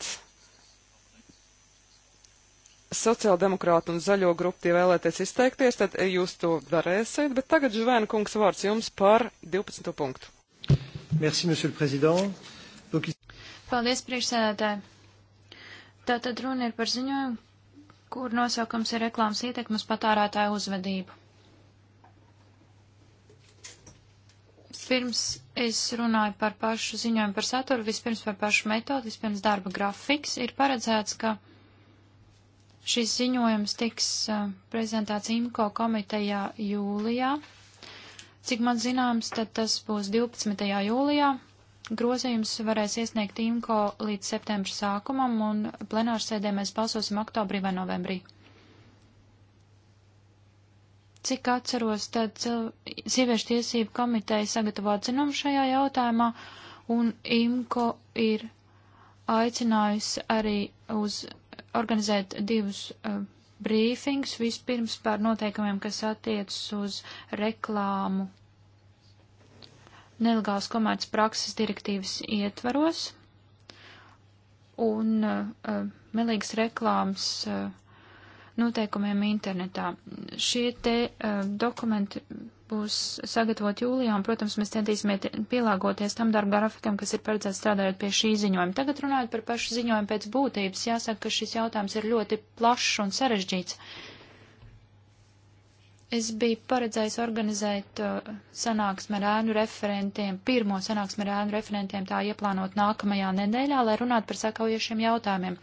sociāldemokrātu un zaļo grupu tie vēlēties izteikties, tad jūs to varēsiet, bet tagad Žvēna kungs vārds jums par 12. punktu. Merci, monsieur le président. Donc... Paldies, priekšsēdētāji. Tātad runa ir par ziņojumu, kur nosaukums ir reklāmas ietekmes patārētāju uzvedību. Pirms es runāju par pašu ziņojumu par saturu, vispirms par pašu metodu, vispirms darba grafiks, ir paredzēts, ka šis ziņojums tiks uh, prezentēts IMCO komitejā jūlijā. Cik man zināms, tad tas būs 12. jūlijā. Grozījums varēs iesniegt IMCO līdz septembra sākumam, un plenārsēdē mēs balsosim oktobrī vai novembrī. Cik atceros, tad uh, sieviešu tiesību komiteja sagatavo atzinumu šajā jautājumā, un IMCO ir aicinājusi arī uz organizēt divus uh, brīfings vispirms par noteikumiem, kas attiecas uz reklāmu nelegāls komerces prakses direktīvas ietvaros un uh, uh melīgas reklāmas uh, noteikumiem internetā. Šie te uh, dokumenti būs sagatavot jūlijā, un, protams, mēs centīsimies pielāgoties tam darba grafikam, kas ir paredzēts strādājot pie šī ziņojuma. Tagad runājot par pašu ziņojumu pēc būtības, jāsaka, ka šis jautājums ir ļoti plašs un sarežģīts. Uh, Es biju paredzējis organizēt uh, sanāksmi ar ēnu referentiem, pirmo sanāksmi ar ēnu referentiem tā ieplānot nākamajā nedēļā, lai runātu par sakojošiem jautājumiem.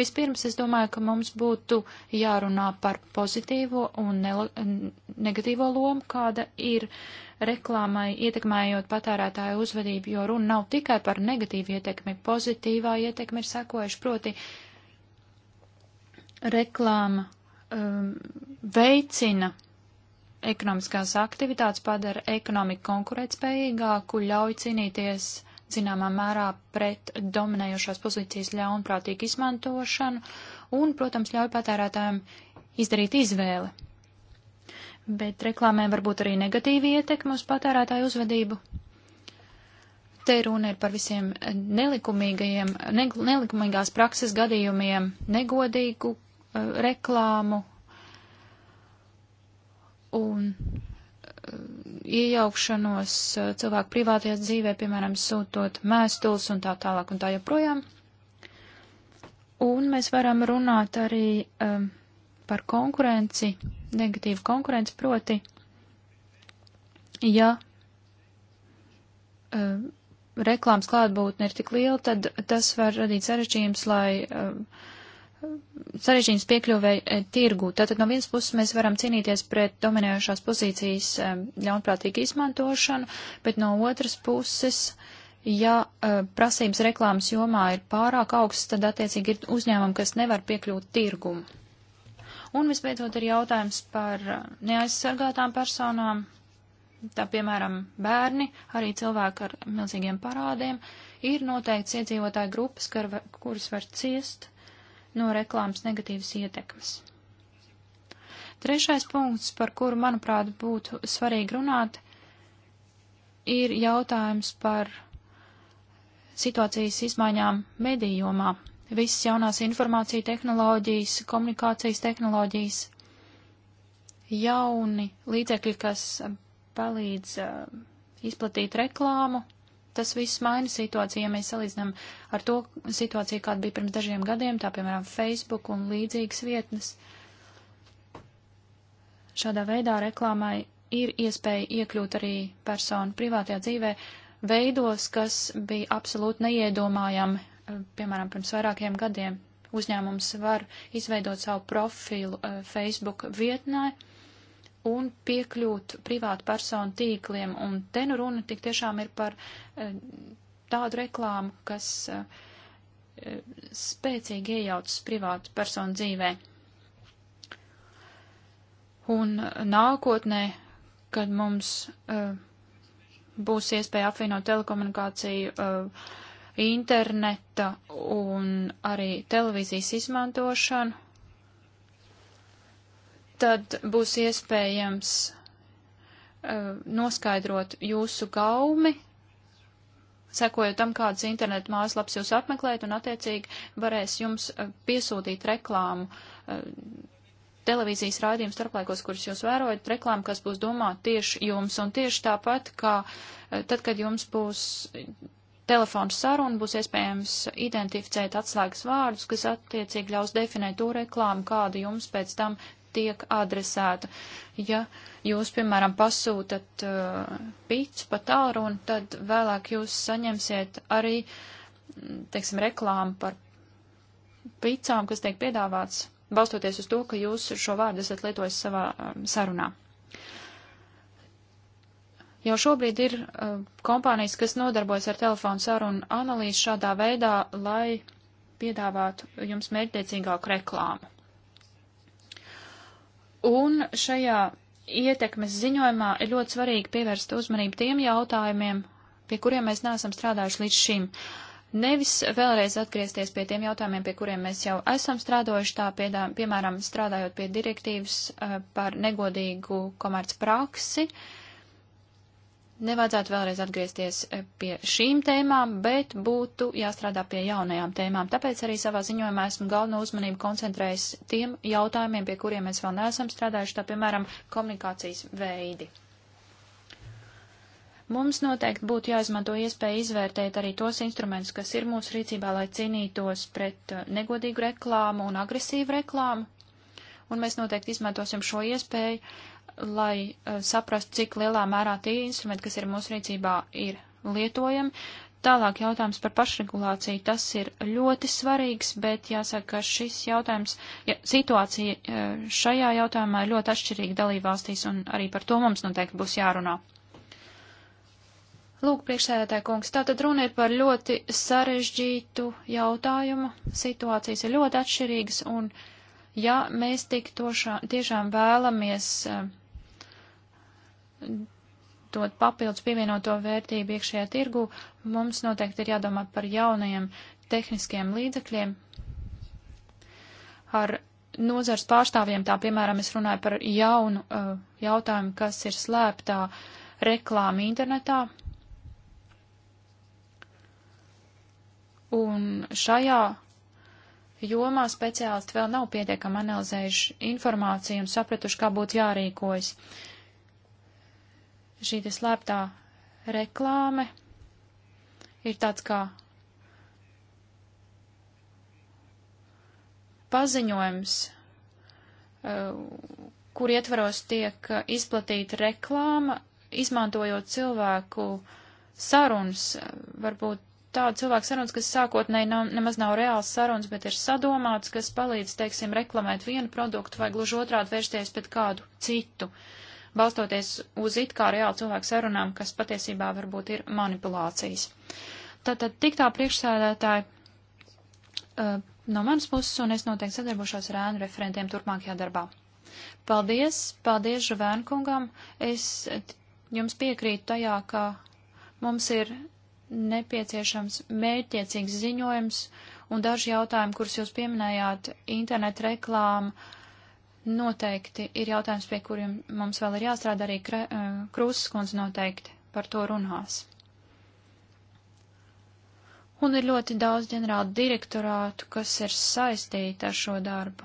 Vispirms es domāju, ka mums būtu jārunā par pozitīvo un negatīvo lomu, kāda ir reklāmai ietekmējot patērētāju uzvedību, jo runa nav tikai par negatīvu ietekmi, pozitīvā ietekme ir sakojuši, proti reklāma um, veicina ekonomiskās aktivitātes padara ekonomiku konkurētspējīgāku, ļauj cīnīties zināmā mērā pret dominējošās pozīcijas ļaunprātīgu izmantošanu un, protams, ļauj patērētājiem izdarīt izvēli. Bet reklāmēm var būt arī negatīva ietekme uz patērētāju uzvedību. Te runa ir par visiem nelikumīgajiem, ne, nelikumīgās prakses gadījumiem, negodīgu uh, reklāmu, un uh, iejaukšanos uh, cilvēku privātajā dzīvē, piemēram, sūtot mēstules un tā tālāk un tā joprojām. Un mēs varam runāt arī um, par konkurenci, negatīvu konkurenci, proti, ja um, reklāmas klātbūtne ir tik liela, tad tas var radīt sarežģījums, lai um, sarežģījums piekļuvē e, tirgu. Tātad no vienas puses mēs varam cīnīties pret dominējošās pozīcijas e, ļaunprātīgu izmantošanu, bet no otras puses, ja e, prasības reklāmas jomā ir pārāk augsts, tad attiecīgi ir uzņēmumi, kas nevar piekļūt tirgumu. Un visbeidzot ir jautājums par neaizsargātām personām, tā piemēram bērni, arī cilvēki ar milzīgiem parādiem, ir noteikts iedzīvotāju grupas, kuras var ciest no reklāmas negatīvas ietekmes. Trešais punkts, par kuru, manuprāt, būtu svarīgi runāt, ir jautājums par situācijas izmaiņām medijomā. Visas jaunās informācija tehnoloģijas, komunikācijas tehnoloģijas, jauni līdzekļi, kas palīdz uh, izplatīt reklāmu, tas viss maina situāciju, ja mēs salīdzinām ar to situāciju, kāda bija pirms dažiem gadiem, tā piemēram Facebook un līdzīgas vietnes. Šādā veidā reklāmai ir iespēja iekļūt arī personu privātajā dzīvē veidos, kas bija absolūti neiedomājami, eh, piemēram, pirms vairākiem gadiem. Uzņēmums var izveidot savu profilu eh, Facebook vietnē, un piekļūt privātu personu tīkliem. Un te nu runa tik tiešām ir par eh, tādu reklāmu, kas eh, spēcīgi iejaucas privātu personu dzīvē. Un nākotnē, kad mums eh, būs iespēja apvienot telekomunikāciju, interneta un arī televīzijas izmantošanu, tad būs iespējams uh, noskaidrot jūsu gaumi, sekojot tam, kādas internetu mājaslaps jūs apmeklējat, un attiecīgi varēs jums uh, piesūtīt reklāmu uh, televīzijas rādījumu starplaikos, kurus jūs vērojat, reklāmu, kas būs domāta tieši jums, un tieši tāpat, kā uh, tad, kad jums būs telefons saruna, būs iespējams identificēt atslēgas vārdus, kas attiecīgi ļaus definēt to reklāmu, kādu jums pēc tam tiek adresēta. Ja jūs, piemēram, pasūtat uh, pīts pa tālruni, tad vēlāk jūs saņemsiet arī, mm, teiksim, reklāmu par pīcām, kas tiek piedāvāts, balstoties uz to, ka jūs šo vārdu esat lietojis savā um, sarunā. Jau šobrīd ir uh, kompānijas, kas nodarbojas ar telefonu sarunu analīzi šādā veidā, lai piedāvātu jums mērķtiecīgāku reklāmu. Un šajā ietekmes ziņojumā ir ļoti svarīgi pievērst uzmanību tiem jautājumiem, pie kuriem mēs neesam strādājuši līdz šim. Nevis vēlreiz atgriezties pie tiem jautājumiem, pie kuriem mēs jau esam strādājuši, tā piedā, piemēram strādājot pie direktīvas uh, par negodīgu komerc praksi, uh, nevajadzētu vēlreiz atgriezties e, pie šīm tēmām, bet būtu jāstrādā pie jaunajām tēmām. Tāpēc arī savā ziņojumā esmu galveno uzmanību koncentrējis tiem jautājumiem, pie kuriem mēs vēl neesam strādājuši, tā piemēram komunikācijas veidi. Mums noteikti būtu jāizmanto iespēja izvērtēt arī tos instrumentus, kas ir mūsu rīcībā, lai cīnītos pret e, negodīgu reklāmu un agresīvu reklāmu. Un mēs noteikti izmantosim šo iespēju, lai eh, saprastu, cik lielā mērā tie instrumenti, kas ir mūsu rīcībā, ir lietojami. Tālāk jautājums par pašregulāciju. Tas ir ļoti svarīgs, bet jāsaka, ka šis jautājums, ja, situācija eh, šajā jautājumā ir ļoti atšķirīga dalībvalstīs, un arī par to mums noteikti būs jārunā. Lūk, priekšsēdētāji kungs, tātad runa ir par ļoti sarežģītu jautājumu. Situācijas ir ļoti atšķirīgas, un ja mēs tik tošā, tiešām vēlamies eh, dot papildus pievienoto vērtību iekšējā tirgu, mums noteikti ir jādomā par jaunajiem tehniskiem līdzekļiem. Ar nozars pārstāvjiem, tā piemēram, es runāju par jaunu uh, jautājumu, kas ir slēptā reklāma internetā. Un šajā jomā speciālisti vēl nav pietiekami analizējuši informāciju un sapratuši, kā būtu jārīkojas. Uh, šī te slēptā reklāme ir tāds kā paziņojums, uh, kur ietvaros tiek izplatīta reklāma, izmantojot cilvēku sarunas, varbūt tādu cilvēku sarunas, kas sākotnēji nemaz nav reāls sarunas, bet ir sadomāts, kas palīdz, teiksim, reklamēt vienu produktu vai gluži otrādi vērsties pret kādu citu. Uh, balstoties uz it kā reāli cilvēku sarunām, kas patiesībā varbūt ir manipulācijas. Tātad tik tā priekšsēdētāji uh, no manas puses, un es noteikti sadarbošos ar ēnu referentiem turpmākajā darbā. Paldies, paldies Žuvēnkungam. Es jums piekrītu tajā, ka mums ir nepieciešams mērķiecīgs ziņojums un daži jautājumi, kurus jūs pieminējāt, internet reklāma, noteikti ir jautājums, pie kuriem mums vēl ir jāstrādā arī eh, Krūzes kundze noteikti par to runās. Un ir ļoti daudz ģenerāla direktorātu, kas ir saistīti ar šo darbu.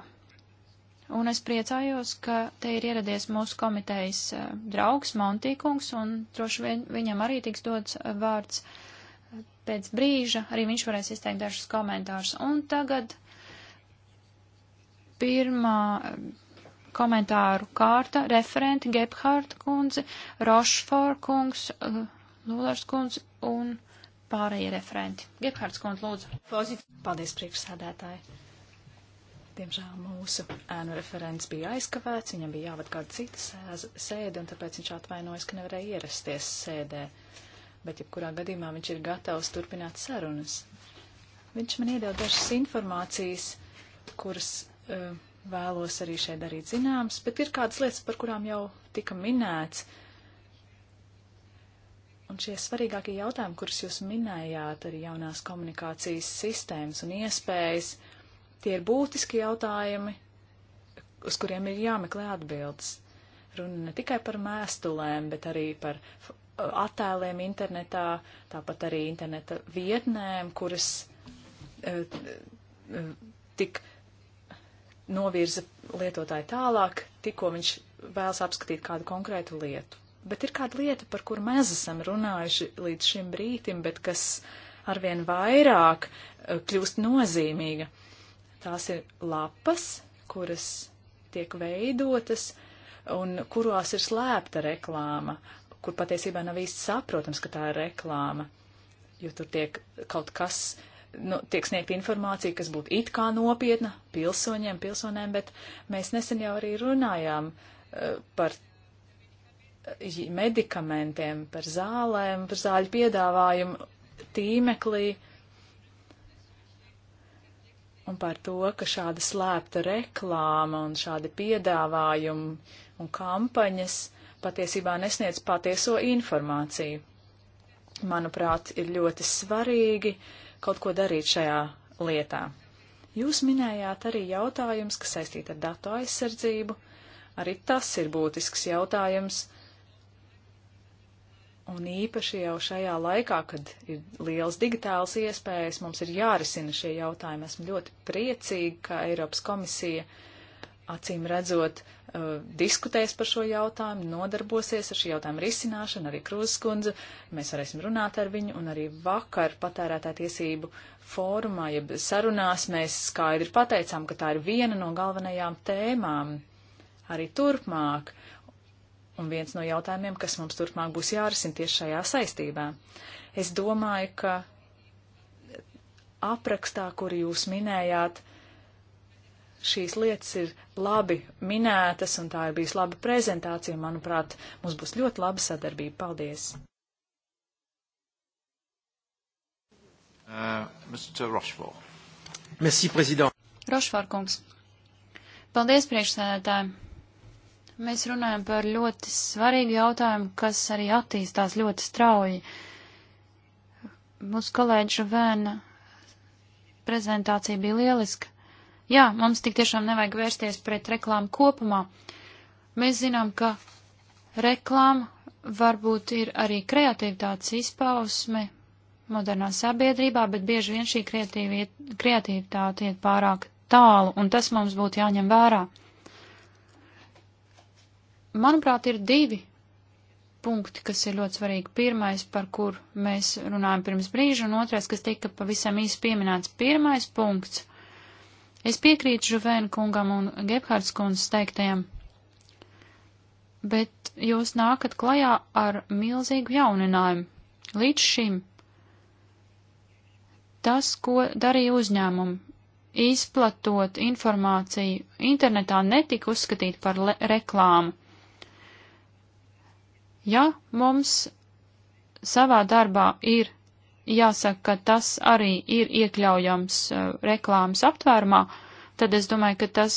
Un es priecājos, ka te ir ieradies mūsu komitejas eh, draugs Montīkungs, un droši vien viņam arī tiks dots eh, vārds pēc brīža, arī viņš varēs izteikt dažus komentārus. Un tagad pirmā komentāru kārta, referenti Gebhārta kundze, Rošfor kungs, eh, Lūlārs kundze un pārējie referenti. Gebhārts kundze, lūdzu. Pozit. Paldies, priekšsēdētāji. Diemžēl mūsu ēnu referents bija aizkavēts, viņam bija jāvada kāda cita sēde, un tāpēc viņš atvainojas, ka nevarēja ierasties sēdē. Bet, ja kurā gadījumā viņš ir gatavs turpināt sarunas, viņš man iedod dažas informācijas, kuras uh, vēlos arī šeit darīt zināms, bet ir kādas lietas, par kurām jau tika minēts. Un šie svarīgākie jautājumi, kurus jūs minējāt, arī jaunās komunikācijas sistēmas un iespējas, tie ir būtiski jautājumi, uz kuriem ir jāmeklē atbildes. Runa ne tikai par mēstulēm, bet arī par uh, attēliem internetā, tāpat arī interneta vietnēm, kuras uh, uh, tik novirza lietotāju tālāk, tikko viņš vēlas apskatīt kādu konkrētu lietu. Bet ir kāda lieta, par kuru mēs esam runājuši līdz šim brīdim, bet kas arvien vairāk eh, kļūst nozīmīga. Tās ir lapas, kuras tiek veidotas un kurās ir slēpta reklāma, kur patiesībā nav īsti saprotams, ka tā ir reklāma, jo tur tiek kaut kas uh, nu, tiek sniegta informācija, kas būtu it kā nopietna pilsoņiem, pilsonēm, bet mēs nesen jau arī runājām uh, par eh, medikamentiem, par zālēm, par zāļu piedāvājumu tīmeklī un par to, ka šāda slēpta reklāma un šādi piedāvājumi un kampaņas patiesībā nesniedz patieso informāciju. Manuprāt, ir ļoti svarīgi uh, kaut ko darīt šajā lietā. Jūs minējāt arī jautājums, kas saistīta ar datu aizsardzību. Arī tas ir būtisks jautājums. Un īpaši jau šajā laikā, kad ir liels digitāls iespējas, mums ir jārisina šie jautājumi. Esmu ļoti priecīga, ka Eiropas komisija uh, acīm redzot, uh, diskutēs par šo jautājumu, nodarbosies ar šī jautājuma risināšanu, arī Krūzes kundze, mēs varēsim runāt ar viņu, un arī vakar patērētā tiesību fórumā, jeb sarunās, mēs skaidri pateicām, ka tā ir viena no galvenajām tēmām arī turpmāk, un viens no jautājumiem, kas mums turpmāk būs jārisina tieši šajā saistībā. Es domāju, ka aprakstā, kur jūs minējāt, uh, šīs lietas ir labi minētas, un tā ir bijusi laba prezentācija. Manuprāt, mums būs ļoti laba sadarbība. Paldies! Uh, Merci, Rošvārkungs. Paldies, priekšsēdētāji. Mēs runājam par ļoti svarīgu jautājumu, kas arī attīstās ļoti strauji. Mūsu kolēģa Vēna prezentācija bija lieliska. Jā, mums tik tiešām nevajag vērsties pret reklāmu kopumā. Mēs zinām, ka reklāma varbūt ir arī kreativitātes izpausme modernā sabiedrībā, bet bieži vien šī kreativitāte iet pārāk tālu, un tas mums būtu jāņem vērā. Manuprāt, ir divi punkti, kas ir ļoti svarīgi. Pirmais, par kur mēs runājam pirms brīža, un otrais, kas tika pavisam īsi pieminēts. Pirmais punkts Es piekrītu Žuvēna kungam un Gebhards kundzes teiktajam, bet jūs nākat klajā ar milzīgu jauninājumu. Līdz šim tas, ko darīja uzņēmumi, izplatot informāciju internetā netika uzskatīt par reklāmu. Ja mums savā darbā ir jāsaka, ka tas arī ir iekļaujams uh, reklāmas aptvērumā, tad es domāju, ka tas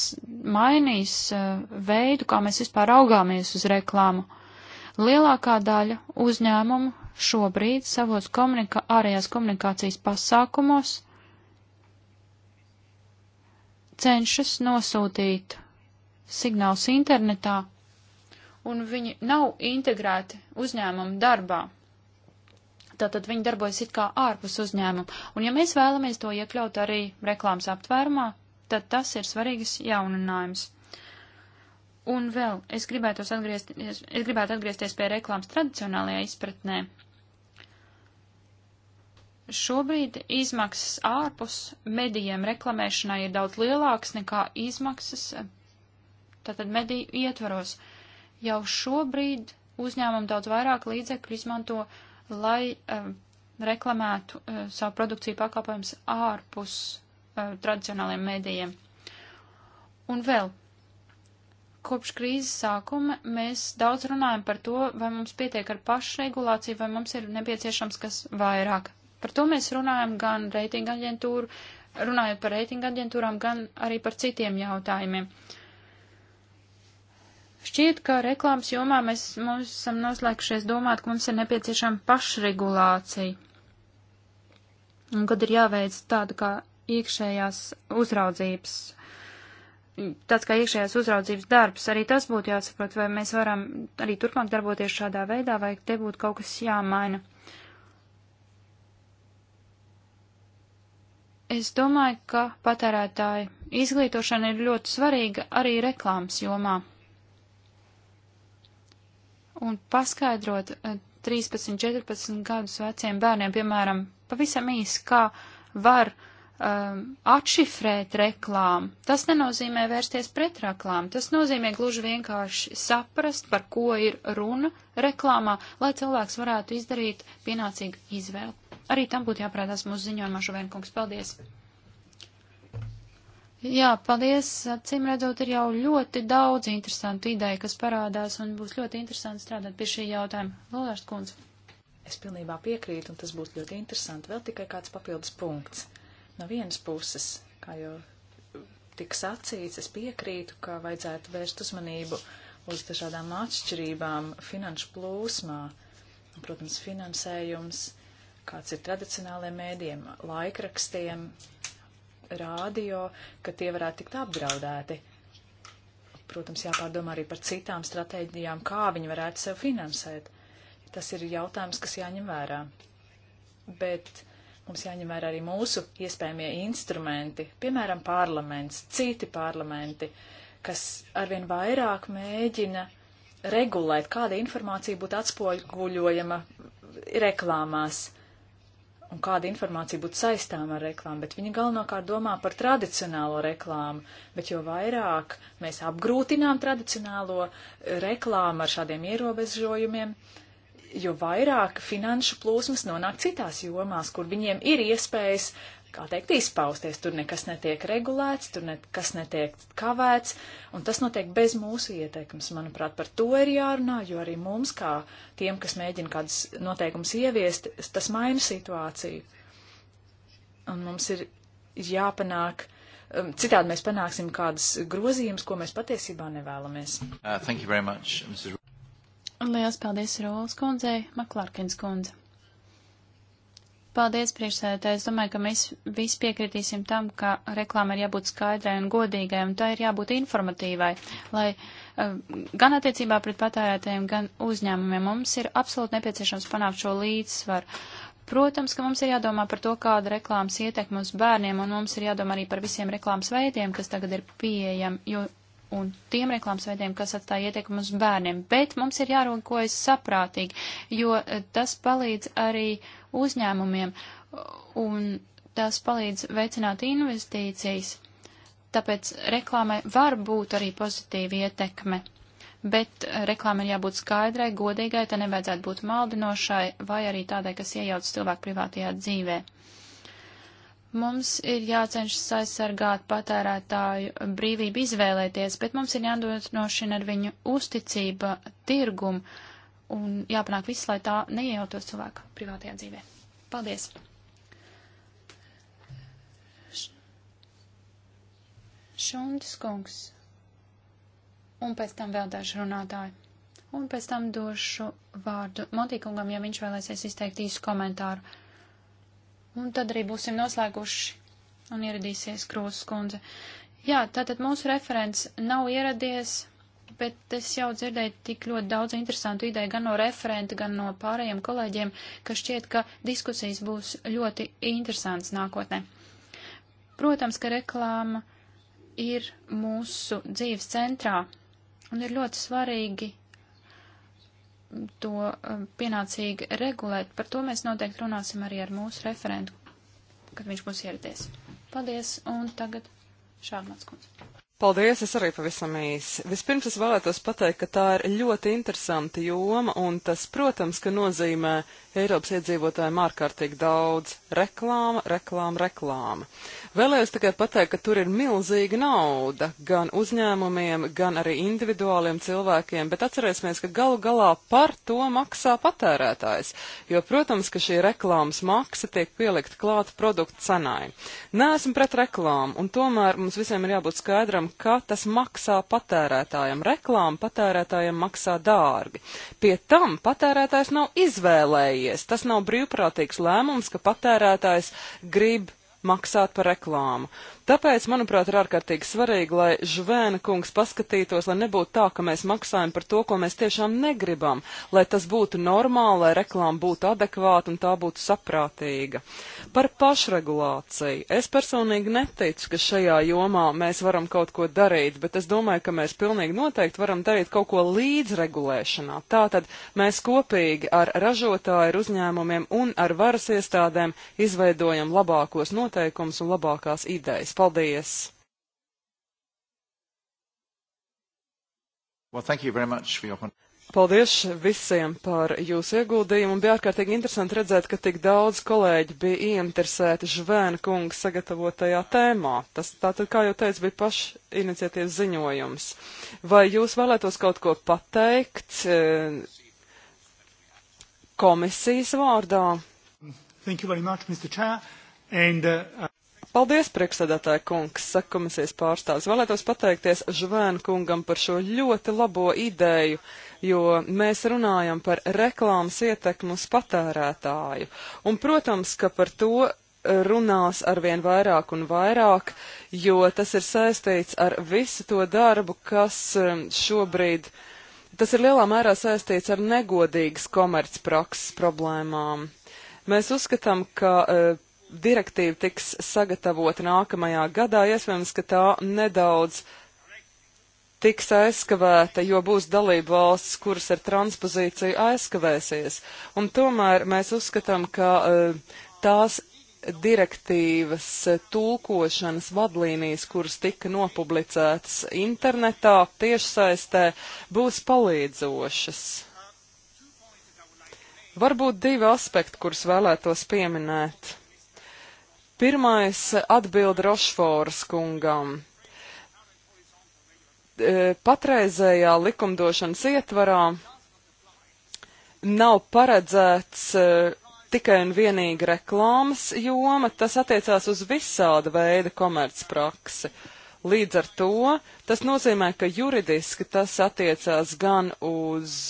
mainīs uh, veidu, kā mēs vispār augāmies uz reklāmu. Lielākā daļa uzņēmumu šobrīd savos komunika ārējās komunikācijas pasākumos cenšas nosūtīt signāls internetā, un viņi nav integrēti uzņēmumu darbā. Tātad viņi darbojas it kā ārpus uzņēmuma. Un ja mēs vēlamies to iekļaut arī reklāmas aptvērumā, tad tas ir svarīgs jauninājums. Un vēl es gribētu atgriezties, es gribētu atgriezties pie reklāmas tradicionālajā izpratnē. Šobrīd izmaksas ārpus medijiem reklamēšanai ir daudz lielākas nekā izmaksas tātad mediju ietvaros. Jau šobrīd uzņēmumi daudz vairāk līdzekļu izmanto uh, lai um, reklamētu uh, savu produkciju pakalpojums ārpus uh, tradicionāliem mēdījiem. Un vēl, kopš krīzes sākuma mēs daudz runājam par to, vai mums pietiek ar pašregulāciju, vai mums ir nepieciešams kas vairāk. Par to mēs runājam gan reitinga aģentūru, runājot par reitinga aģentūrām, gan arī par citiem jautājumiem. Uh, Šķiet, ka reklāmas jomā mēs, mēs esam noslēgušies domāt, ka mums ir nepieciešama pašregulācija. Un kad ir jāveic tāda kā iekšējās uzraudzības, tāds kā iekšējās uzraudzības darbs, arī tas būtu jāsaprot, vai mēs varam arī turpmāk darboties šādā veidā, vai te būtu kaut kas jāmaina. Es domāju, ka patērētāju izglītošana ir ļoti svarīga arī reklāmas jomā un paskaidrot 13, eh, 14 gadus veciem bērniem, piemēram, pavisam īsi, kā var um, atšifrēt reklāmu. Tas nenozīmē vērsties pret reklāmu, tas nozīmē gluži vienkārši saprast, par ko ir runa reklāmā, lai cilvēks varētu izdarīt pienācīgu izvēli. Arī tam būtu jāprātās mūsu ziņojumā šovēnkungs. Paldies! Jā, paldies. Acīm redzot, ir jau ļoti daudz interesantu ideju, kas parādās, un būs ļoti interesanti strādāt pie šī jautājuma. Lūdzu, kundze. Es pilnībā piekrītu, un tas būtu ļoti interesanti. Vēl tikai kāds papildus punkts. No vienas puses, kā jau tika sacīts, es piekrītu, ka vajadzētu vērst uzmanību uz dažādām atšķirībām finanšu plūsmā. Un, protams, finansējums, kāds ir tradicionālajiem mēdiem, laikrakstiem, rādio, ka tie varētu tikt apdraudēti. Protams, jāpārdomā arī par citām stratēģijām, kā viņi varētu sev finansēt. Tas ir jautājums, kas jāņem vērā. Bet mums jāņem vērā arī mūsu iespējamie instrumenti, piemēram, parlaments, citi parlamenti, kas arvien vairāk mēģina regulēt, kāda informācija būtu atspoguļojama reklāmās un kāda informācija būtu saistām ar reklāmu, bet viņi galvenokārt domā par tradicionālo reklāmu, bet jo vairāk mēs apgrūtinām tradicionālo reklāmu ar šādiem ierobežojumiem, jo vairāk finanšu plūsmas nonāk citās jomās, kur viņiem ir iespējas kā teikt, izpausties. Tur nekas netiek regulēts, tur nekas netiek kavēts, un tas notiek bez mūsu ieteikums. Manuprāt, par to ir jārunā, jo arī mums, kā tiem, kas mēģina kādas noteikumus ieviest, tas maina situāciju. Un mums ir jāpanāk, um, citādi mēs panāksim kādas grozījumus, ko mēs patiesībā nevēlamies. Uh, much, Lielas paldies Rūlas kundzei, Maklārkins kundzei. Paldies, priekšsēdētāji. Es domāju, ka mēs visi piekritīsim tam, ka reklāma ir jābūt skaidrai un godīgai, un tā ir jābūt informatīvai, lai eh, gan attiecībā pret patērētājiem, gan uzņēmumiem mums ir absolūti nepieciešams panākt šo līdzsvaru. Protams, ka mums ir jādomā par to, kāda reklāmas ietekme uz bērniem, un mums ir jādomā arī par visiem reklāmas veidiem, kas tagad ir pieejami, jo un tiem reklāmas veidiem, kas atstāja ietekmi uz bērniem. Bet mums ir jārūkojas saprātīgi, jo e, tas palīdz arī uzņēmumiem un tas palīdz veicināt investīcijas. Tāpēc reklāmai var būt arī pozitīva ietekme. Bet reklāmai ir jābūt skaidrai, godīgai, tā nevajadzētu būt maldinošai vai arī tādai, kas iejauc cilvēku privātajā dzīvē. Mums ir jācenšas aizsargāt patērētāju brīvību izvēlēties, bet mums ir jānodrošina ar viņu uzticība tirgumu un jāpanāk viss, lai tā neiejautos cilvēku privātajā dzīvē. Paldies! Šundis kungs, un pēc tam vēl daži runātāji. Un pēc tam došu vārdu Motīkungam, ja viņš vēlēsies izteikt īsu komentāru un tad arī būsim noslēguši un ieradīsies Krūzes kundze. Jā, tātad mūsu referents nav ieradies, bet es jau dzirdēju tik ļoti daudz interesantu ideju gan no referenta, gan no pārējiem kolēģiem, ka šķiet, ka diskusijas būs ļoti interesants nākotnē. Protams, ka reklāma ir mūsu dzīves centrā, un ir ļoti svarīgi to um, pienācīgi regulēt. Par to mēs noteikti runāsim arī ar mūsu referentu, kad viņš būs ieradies. Paldies, un tagad Šārmats kundze. Paldies, es arī pavisam īsi. Vispirms es vēlētos pateikt, ka tā ir ļoti interesanta joma, un tas, protams, ka nozīmē Eiropas iedzīvotājiem ārkārtīgi daudz reklāma, reklāma, reklāma. Vēlējos tikai pateikt, ka tur ir milzīga nauda gan uzņēmumiem, gan arī individuāliem cilvēkiem, bet atcerēsimies, ka galu galā par to maksā patērētājs, jo, protams, ka šī reklāmas maksa tiek pielikt klāt produktu cenai. Nē, esmu pret reklāmu, un tomēr mums visiem ir jābūt skaidram, zinām, ka tas maksā patērētājiem. Reklāma patērētājiem maksā dārgi. Pie tam patērētājs nav izvēlējies. Tas nav brīvprātīgs lēmums, ka patērētājs grib maksāt par reklāmu. Tāpēc, manuprāt, ir ārkārtīgi svarīgi, lai žvēna kungs paskatītos, lai nebūtu tā, ka mēs maksājam par to, ko mēs tiešām negribam, lai tas būtu normāli, lai reklāma būtu adekvāta un tā būtu saprātīga. Par pašregulāciju. Es personīgi neticu, ka šajā jomā mēs varam kaut ko darīt, bet es domāju, ka mēs pilnīgi noteikti varam darīt kaut ko līdzregulēšanā. Tātad mēs kopīgi ar ražotāju, ar uzņēmumiem un ar varas iestādēm izveidojam labākos noteikumus un labākās idejas. Paldies! Well, thank you very much for your... Paldies visiem par jūsu ieguldījumu. Bija ārkārtīgi interesanti redzēt, ka tik daudz kolēģi bija ieinteresēti Žvēna kunga sagatavotajā tēmā. Tas, tātad, kā jau teicu, bija paša iniciatīvas ziņojums. Vai jūs vēlētos kaut ko pateikt eh, komisijas vārdā? Thank you very much, Mr. Chair. And, uh, Paldies, priekšsēdētāja kungs, saka komisijas pārstāvis. Vēlētos pateikties Žvēn kungam par šo ļoti labo ideju, jo mēs runājam par reklāmas ietekmu uz patērētāju. Un, protams, ka par to runās arvien vairāk un vairāk, jo tas ir saistīts ar visu to darbu, kas um, šobrīd. Tas ir lielā mērā saistīts ar negodīgas komercprakses problēmām. Mēs uzskatām, ka uh, direktīva tiks sagatavota nākamajā gadā, iespējams, ka tā nedaudz tiks aizskavēta, jo būs dalību valsts, kuras ar transpozīciju aizskavēsies. Un tomēr mēs uzskatām, ka eh, tās direktīvas eh, tulkošanas vadlīnijas, kuras tika nopublicētas internetā tiešsaistē, būs palīdzošas. Varbūt divi aspekti, kurus vēlētos pieminēt. Pirmais atbild Rošforas kungam. E, patreizējā likumdošanas ietvarā nav paredzēts e, tikai un vienīgi reklāmas joma, tas attiecās uz visāda veida komercpraksi. Līdz ar to tas nozīmē, ka juridiski tas attiecās gan uz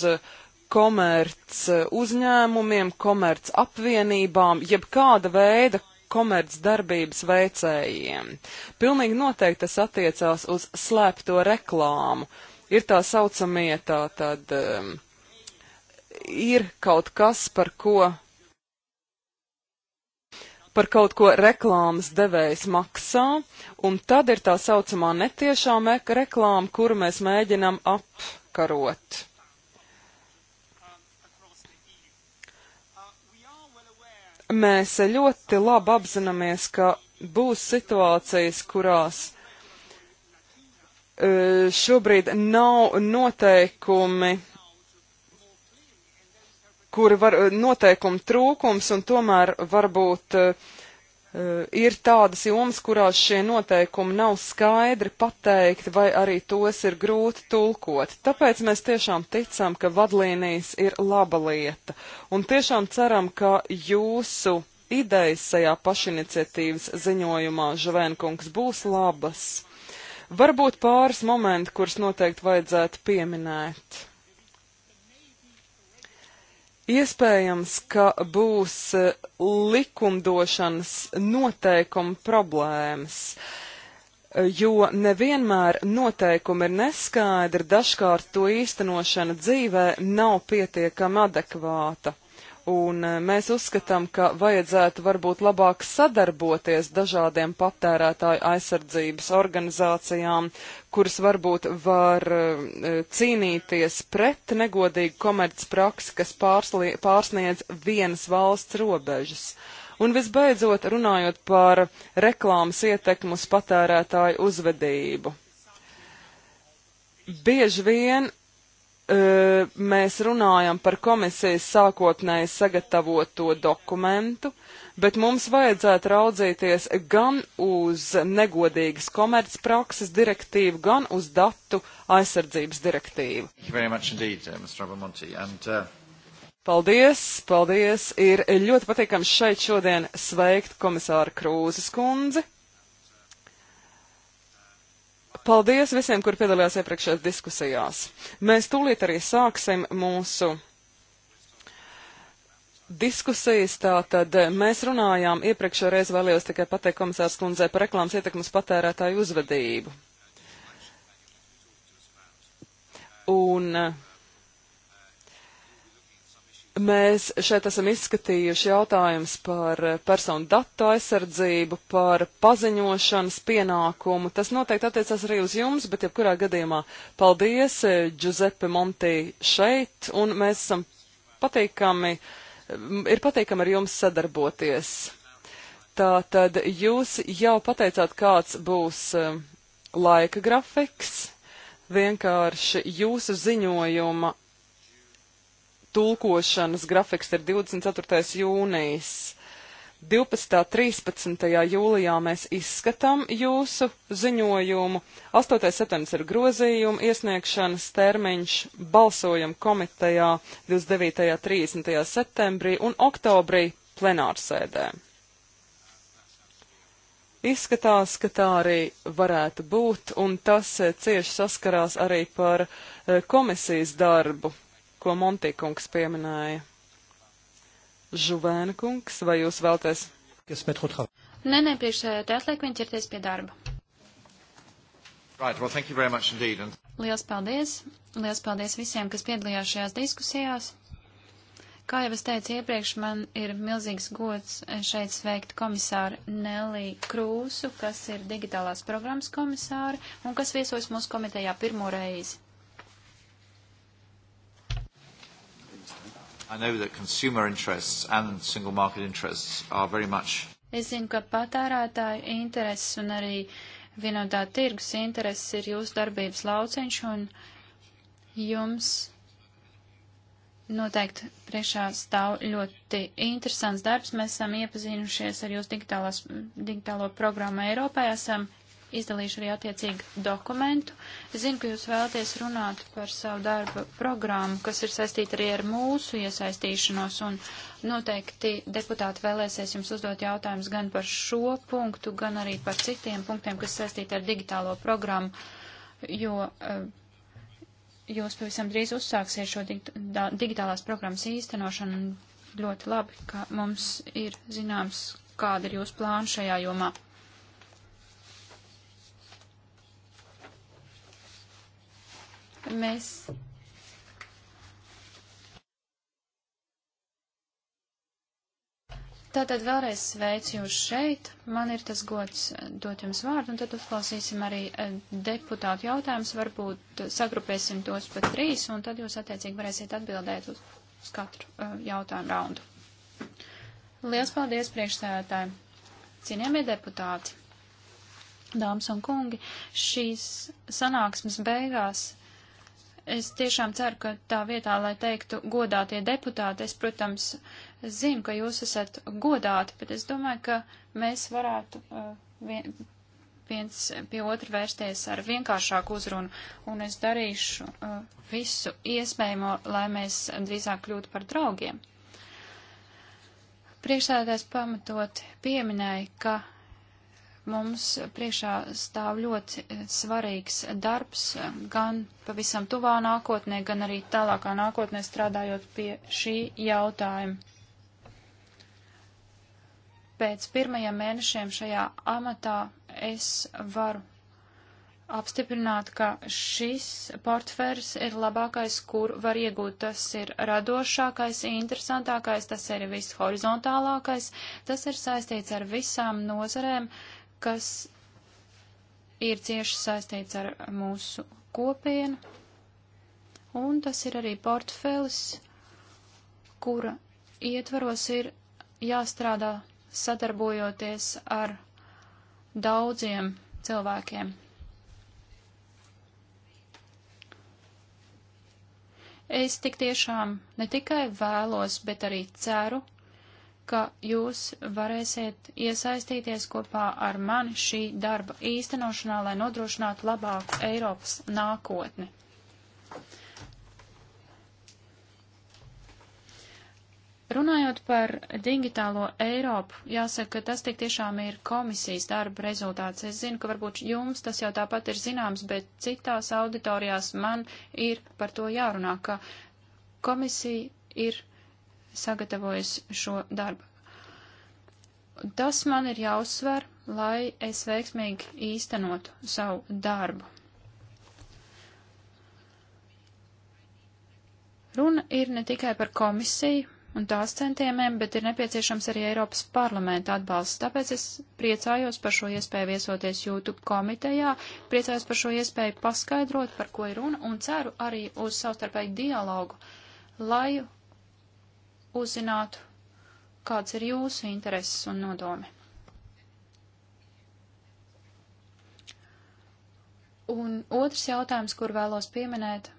komerc uzņēmumiem, komerc apvienībām, jeb kāda veida komercdarbības veicējiem. Pilnīgi noteikti tas attiecās uz slēpto reklāmu. Ir tā saucamie tā tad, um, ir kaut kas, par ko, par kaut ko reklāmas devējs maksā, un tad ir tā saucamā netiešā reklāma, kuru mēs mēģinam apkarot. mēs ļoti labi apzināmies, ka būs situācijas, kurās e, šobrīd nav noteikumi, kuri var e, noteikumi trūkums, un tomēr varbūt uh, Eh, ir tādas jomas, kurās šie noteikumi nav skaidri pateikti, vai arī tos ir grūti tulkot. Tāpēc mēs tiešām ticam, ka vadlīnijas ir laba lieta, un tiešām ceram, ka jūsu idejas šajā pašiniciatīvas ziņojumā, Žavēnkungs, būs labas. Varbūt pāris momenti, kurus noteikti vajadzētu pieminēt. Iespējams, ka būs e, likumdošanas noteikuma problēmas, e, jo nevienmēr noteikumi ir neskaidri, dažkārt to īstenošana dzīvē nav pietiekami adekvāta un e, mēs uzskatām, ka vajadzētu varbūt labāk sadarboties dažādiem patērētāju aizsardzības organizācijām, kuras varbūt var e, e, cīnīties pret negodīgu komercpraksi, kas pārslie, pārsniedz vienas valsts robežas. Un visbeidzot, runājot par reklāmas ietekmu uz patērētāju uzvedību. Bieži vien mēs runājam par komisijas sākotnēji sagatavoto dokumentu, bet mums vajadzētu raudzīties gan uz negodīgas komercprakses direktīvu, gan uz datu aizsardzības direktīvu. Indeed, uh, And, uh... Paldies, paldies. Ir ļoti patīkami šeit šodien sveikt komisāru Krūzes kundzi. Paldies visiem, kur piedalījās iepriekšējās diskusijās. Mēs tūlīt arī sāksim mūsu diskusijas. Tātad mēs runājām iepriekšējo reizi vēlējos tikai pateikt komisārs kundzē par reklāmas ietekmes patērētāju uzvedību. Un uh, Mēs šeit esam izskatījuši jautājums par personu datu aizsardzību, par paziņošanas pienākumu. Tas noteikti attiecas arī uz jums, bet jebkurā gadījumā paldies Giuseppe Monti šeit, un mēs esam patīkami, ir patīkami ar jums sadarboties. Tā tad jūs jau pateicāt, kāds būs eh, laika grafiks, vienkārši jūsu ziņojuma tulkošanas grafiks ir 24. jūnijas. 12. 13. jūlijā mēs izskatām jūsu ziņojumu, 8. septembris ir grozījuma iesniegšanas termiņš, balsojam komitejā 29. 30. septembrī un oktobrī plenārsēdē. Izskatās, ka tā arī varētu būt, un tas eh, cieši saskarās arī par eh, komisijas darbu ko Montīkungs pieminēja. Žuvēna kungs, vai jūs vēlties? Nē, nē, priekšsēdētāji, atliek viņu ķerties pie darba. Right, well, thank you very much indeed. And... Liels paldies! Liels paldies visiem, kas piedalījās šajās diskusijās. Kā jau es teicu iepriekš, man ir milzīgs gods šeit sveikt komisāru Nelī Krūsu, kas ir digitālās programmas komisāra un kas viesojas mūsu komitejā pirmo reizi. I know that consumer interests and single market interests are very much. Es zinu, ka patērētāju intereses un arī vienotā tirgus intereses ir jūsu darbības lauciņš un jums noteikti priekšā stāv ļoti interesants darbs. Mēs esam iepazinušies ar jūsu digitālo programmu Eiropā, esam izdalīšu arī attiecīgu dokumentu. Es zinu, ka jūs vēlaties runāt par savu darba programmu, kas ir saistīta arī ar mūsu iesaistīšanos, un noteikti deputāti vēlēsies jums uzdot jautājumus gan par šo punktu, gan arī par citiem punktiem, kas saistīti ar digitālo programmu, jo eh, jūs pavisam drīz uzsāksiet šo digitālās programmas īstenošanu, un ļoti labi, ka mums ir zināms, kāda ir jūsu plāna šajā jomā. Mēs Tātad vēlreiz sveicu jūs šeit. Man ir tas gods dot jums vārdu, un tad uzklausīsim arī eh, deputātu jautājumus. Varbūt sagrupēsim tos pa trīs, un tad jūs attiecīgi varēsiet atbildēt uz, uz katru uh, jautājumu raundu. Lielas paldies priekšstādātājiem, cienījamie deputāti, dāmas un kungi. Šīs sanāksmes beigās Es tiešām ceru, ka tā vietā, lai teiktu godātie deputāti, es, protams, zinu, ka jūs esat godāti, bet es domāju, ka mēs varētu uh, vien, viens pie otra vērsties ar vienkāršāku uzrunu, un es darīšu uh, visu iespējamo, lai mēs drīzāk kļūtu par draugiem. Priekšsēdētājs pamatot pieminēja, ka Mums priekšā stāv ļoti eh, svarīgs darbs, eh, gan pavisam tuvā nākotnē, gan arī tālākā nākotnē strādājot pie šī jautājuma. Pēc pirmajiem mēnešiem šajā amatā es varu apstiprināt, ka šis portfērs ir labākais, kur var iegūt. Tas ir radošākais, interesantākais, tas ir vishorizontālākais, tas ir saistīts ar visām nozarēm, kas ir cieši saistīts ar mūsu kopienu, un tas ir arī portfēlis, kura ietvaros ir jāstrādā sadarbojoties ar daudziem cilvēkiem. Es tik tiešām ne tikai vēlos, bet arī ceru, ka jūs varēsiet iesaistīties kopā ar mani šī darba īstenošanā, lai nodrošinātu labāku Eiropas nākotni. Runājot par digitālo Eiropu, jāsaka, ka tas tik tiešām ir komisijas darba rezultāts. Es zinu, ka varbūt jums tas jau tāpat ir zināms, bet citās auditorijās man ir par to jārunā, ka komisija ir sagatavojis šo darbu. Tas man ir jāuzsver, lai es veiksmīgi īstenotu savu darbu. Runa ir ne tikai par komisiju un tās centiemiem, bet ir nepieciešams arī Eiropas parlamenta atbalsts. Tāpēc es priecājos par šo iespēju viesoties YouTube komitejā, priecājos par šo iespēju paskaidrot, par ko ir runa, un ceru arī uz savstarpēju dialogu, lai uzzinātu, kāds ir jūsu intereses un nodomi. Un otrs jautājums, kur vēlos pieminēt,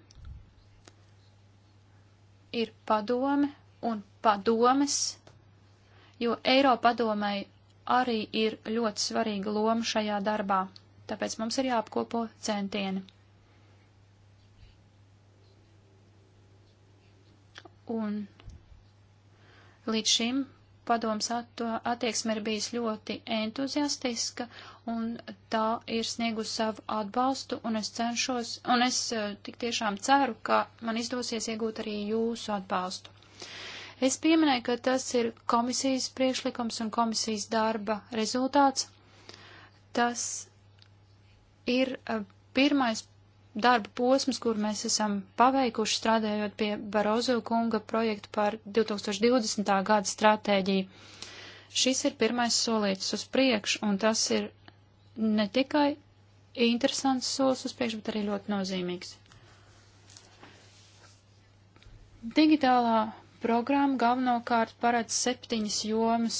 ir padome un padomes, jo Eiropadomai arī ir ļoti svarīga loma šajā darbā, tāpēc mums ir jāapkopo centieni. Un Līdz šim padoms at, attieksme ir bijis ļoti entuziastiska, un tā ir sniegusi savu atbalstu, un es cenšos, un es eh, tik tiešām ceru, ka man izdosies iegūt arī jūsu atbalstu. Es pieminēju, ka tas ir komisijas priekšlikums un komisijas darba rezultāts. Tas ir eh, pirmais darba posms, kur mēs esam paveikuši strādājot pie Barozo kunga projekta par 2020. gada stratēģiju. Šis ir pirmais solīts uz priekšu, un tas ir ne tikai interesants solis uz priekšu, bet arī ļoti nozīmīgs. Digitālā programma galvenokārt paredz septiņas jomas.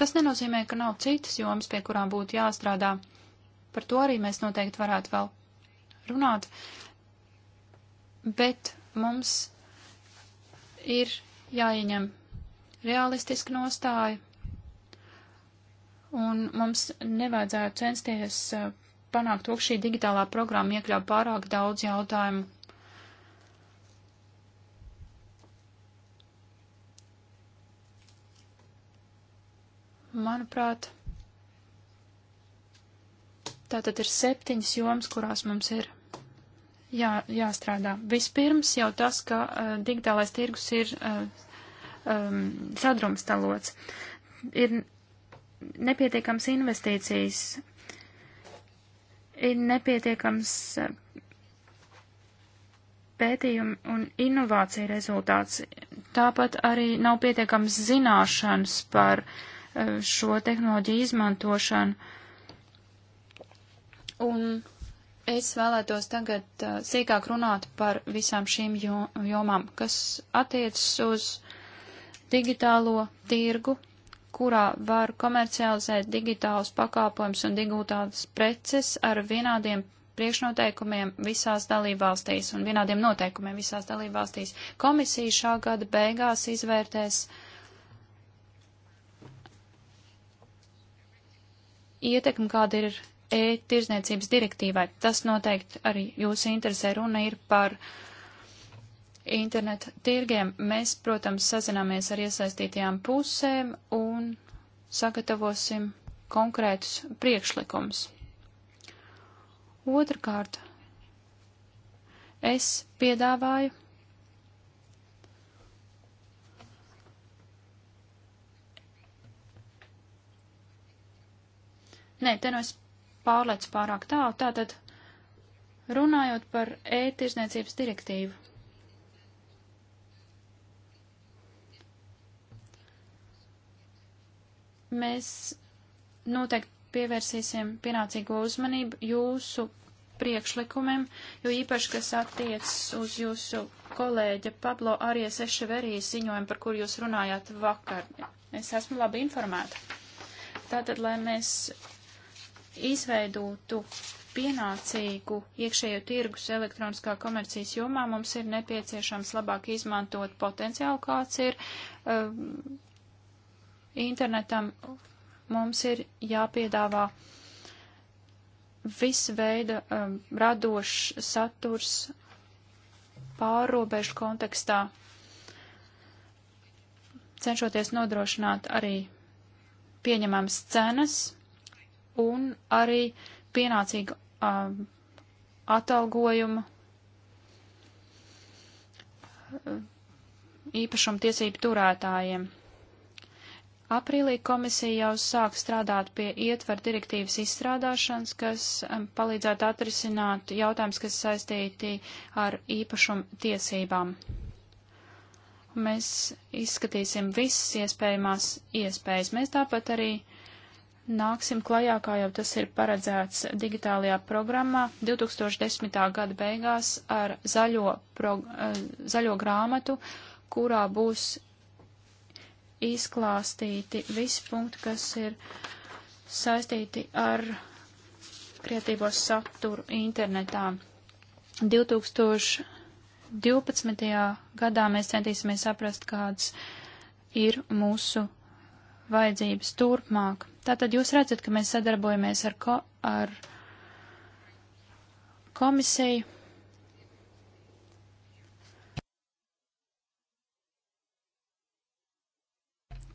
Tas nenozīmē, ka nav citas jomas, pie kurām būtu jāstrādā. Par to arī mēs noteikti varētu vēl runāt, bet mums ir jāieņem realistiska nostāja, un mums nevajadzētu censties eh, panākt to, ka šī digitālā programma iekļauj pārāk daudz jautājumu. Manuprāt, Tātad ir septiņas jomas, kurās mums ir jā, jāstrādā. Vispirms jau tas, ka uh, digitālais tirgus ir uh, um, sadrumstalots. Ir nepietiekams investīcijas, ir nepietiekams eh, pētījumu un inovāciju rezultāts. Tāpat arī nav pietiekams zināšanas par šo tehnoloģiju izmantošanu. Un es vēlētos tagad uh, sīkāk runāt par visām šīm jomām, kas attiecas uz digitālo tirgu, kurā var komercializēt digitālus pakāpojumus un digitālas preces ar vienādiem priekšnoteikumiem visās dalībvalstīs un vienādiem noteikumiem visās dalībvalstīs. Komisija šā gada beigās izvērtēs ietekmi, kāda ir e-tirzniecības direktīvai. Tas noteikti arī jūs interesē. Runa ir par internetu tirgiem. Mēs, protams, sazināmies ar iesaistītajām pusēm un sagatavosim konkrētus priekšlikumus. Otrakārt, es piedāvāju Nē, te no nu es pārlec pārāk tālu. Tātad, runājot par ētirzniecības e direktīvu. Mēs noteikti pievērsīsim pienācīgo uzmanību jūsu priekšlikumiem, jo īpaši, kas attiec uz jūsu kolēģa Pablo Arijas Eševerijas ziņojumu, par kur jūs runājāt vakar. Es esmu labi informēta. Tātad, lai mēs izveidotu pienācīgu iekšējo tirgus elektroniskā komercijas jomā, mums ir nepieciešams labāk izmantot potenciālu, kāds ir uh, internetam. Mums ir jāpiedāvā visveida um, radošs saturs pārobežu kontekstā, cenšoties nodrošināt arī pieņemams cenas un arī pienācīgu um, uh, atalgojumu īpašumu tiesību turētājiem. Aprīlī komisija jau sāk strādāt pie ietver direktīvas izstrādāšanas, kas um, palīdzētu atrisināt jautājumus, kas saistīti ar īpašumu tiesībām. Mēs izskatīsim visas iespējamās iespējas. Mēs tāpat arī nāksim klajā, kā jau tas ir paredzēts digitālajā programmā, 2010. gada beigās ar zaļo, prog, eh, zaļo grāmatu, kurā būs izklāstīti visi punkti, kas ir saistīti ar kreatīvo saturu internetā. 2012. gadā mēs centīsimies saprast, kāds ir mūsu vajadzības turpmāk. Tātad jūs redzat, ka mēs sadarbojamies ar, ko, ar komisiju.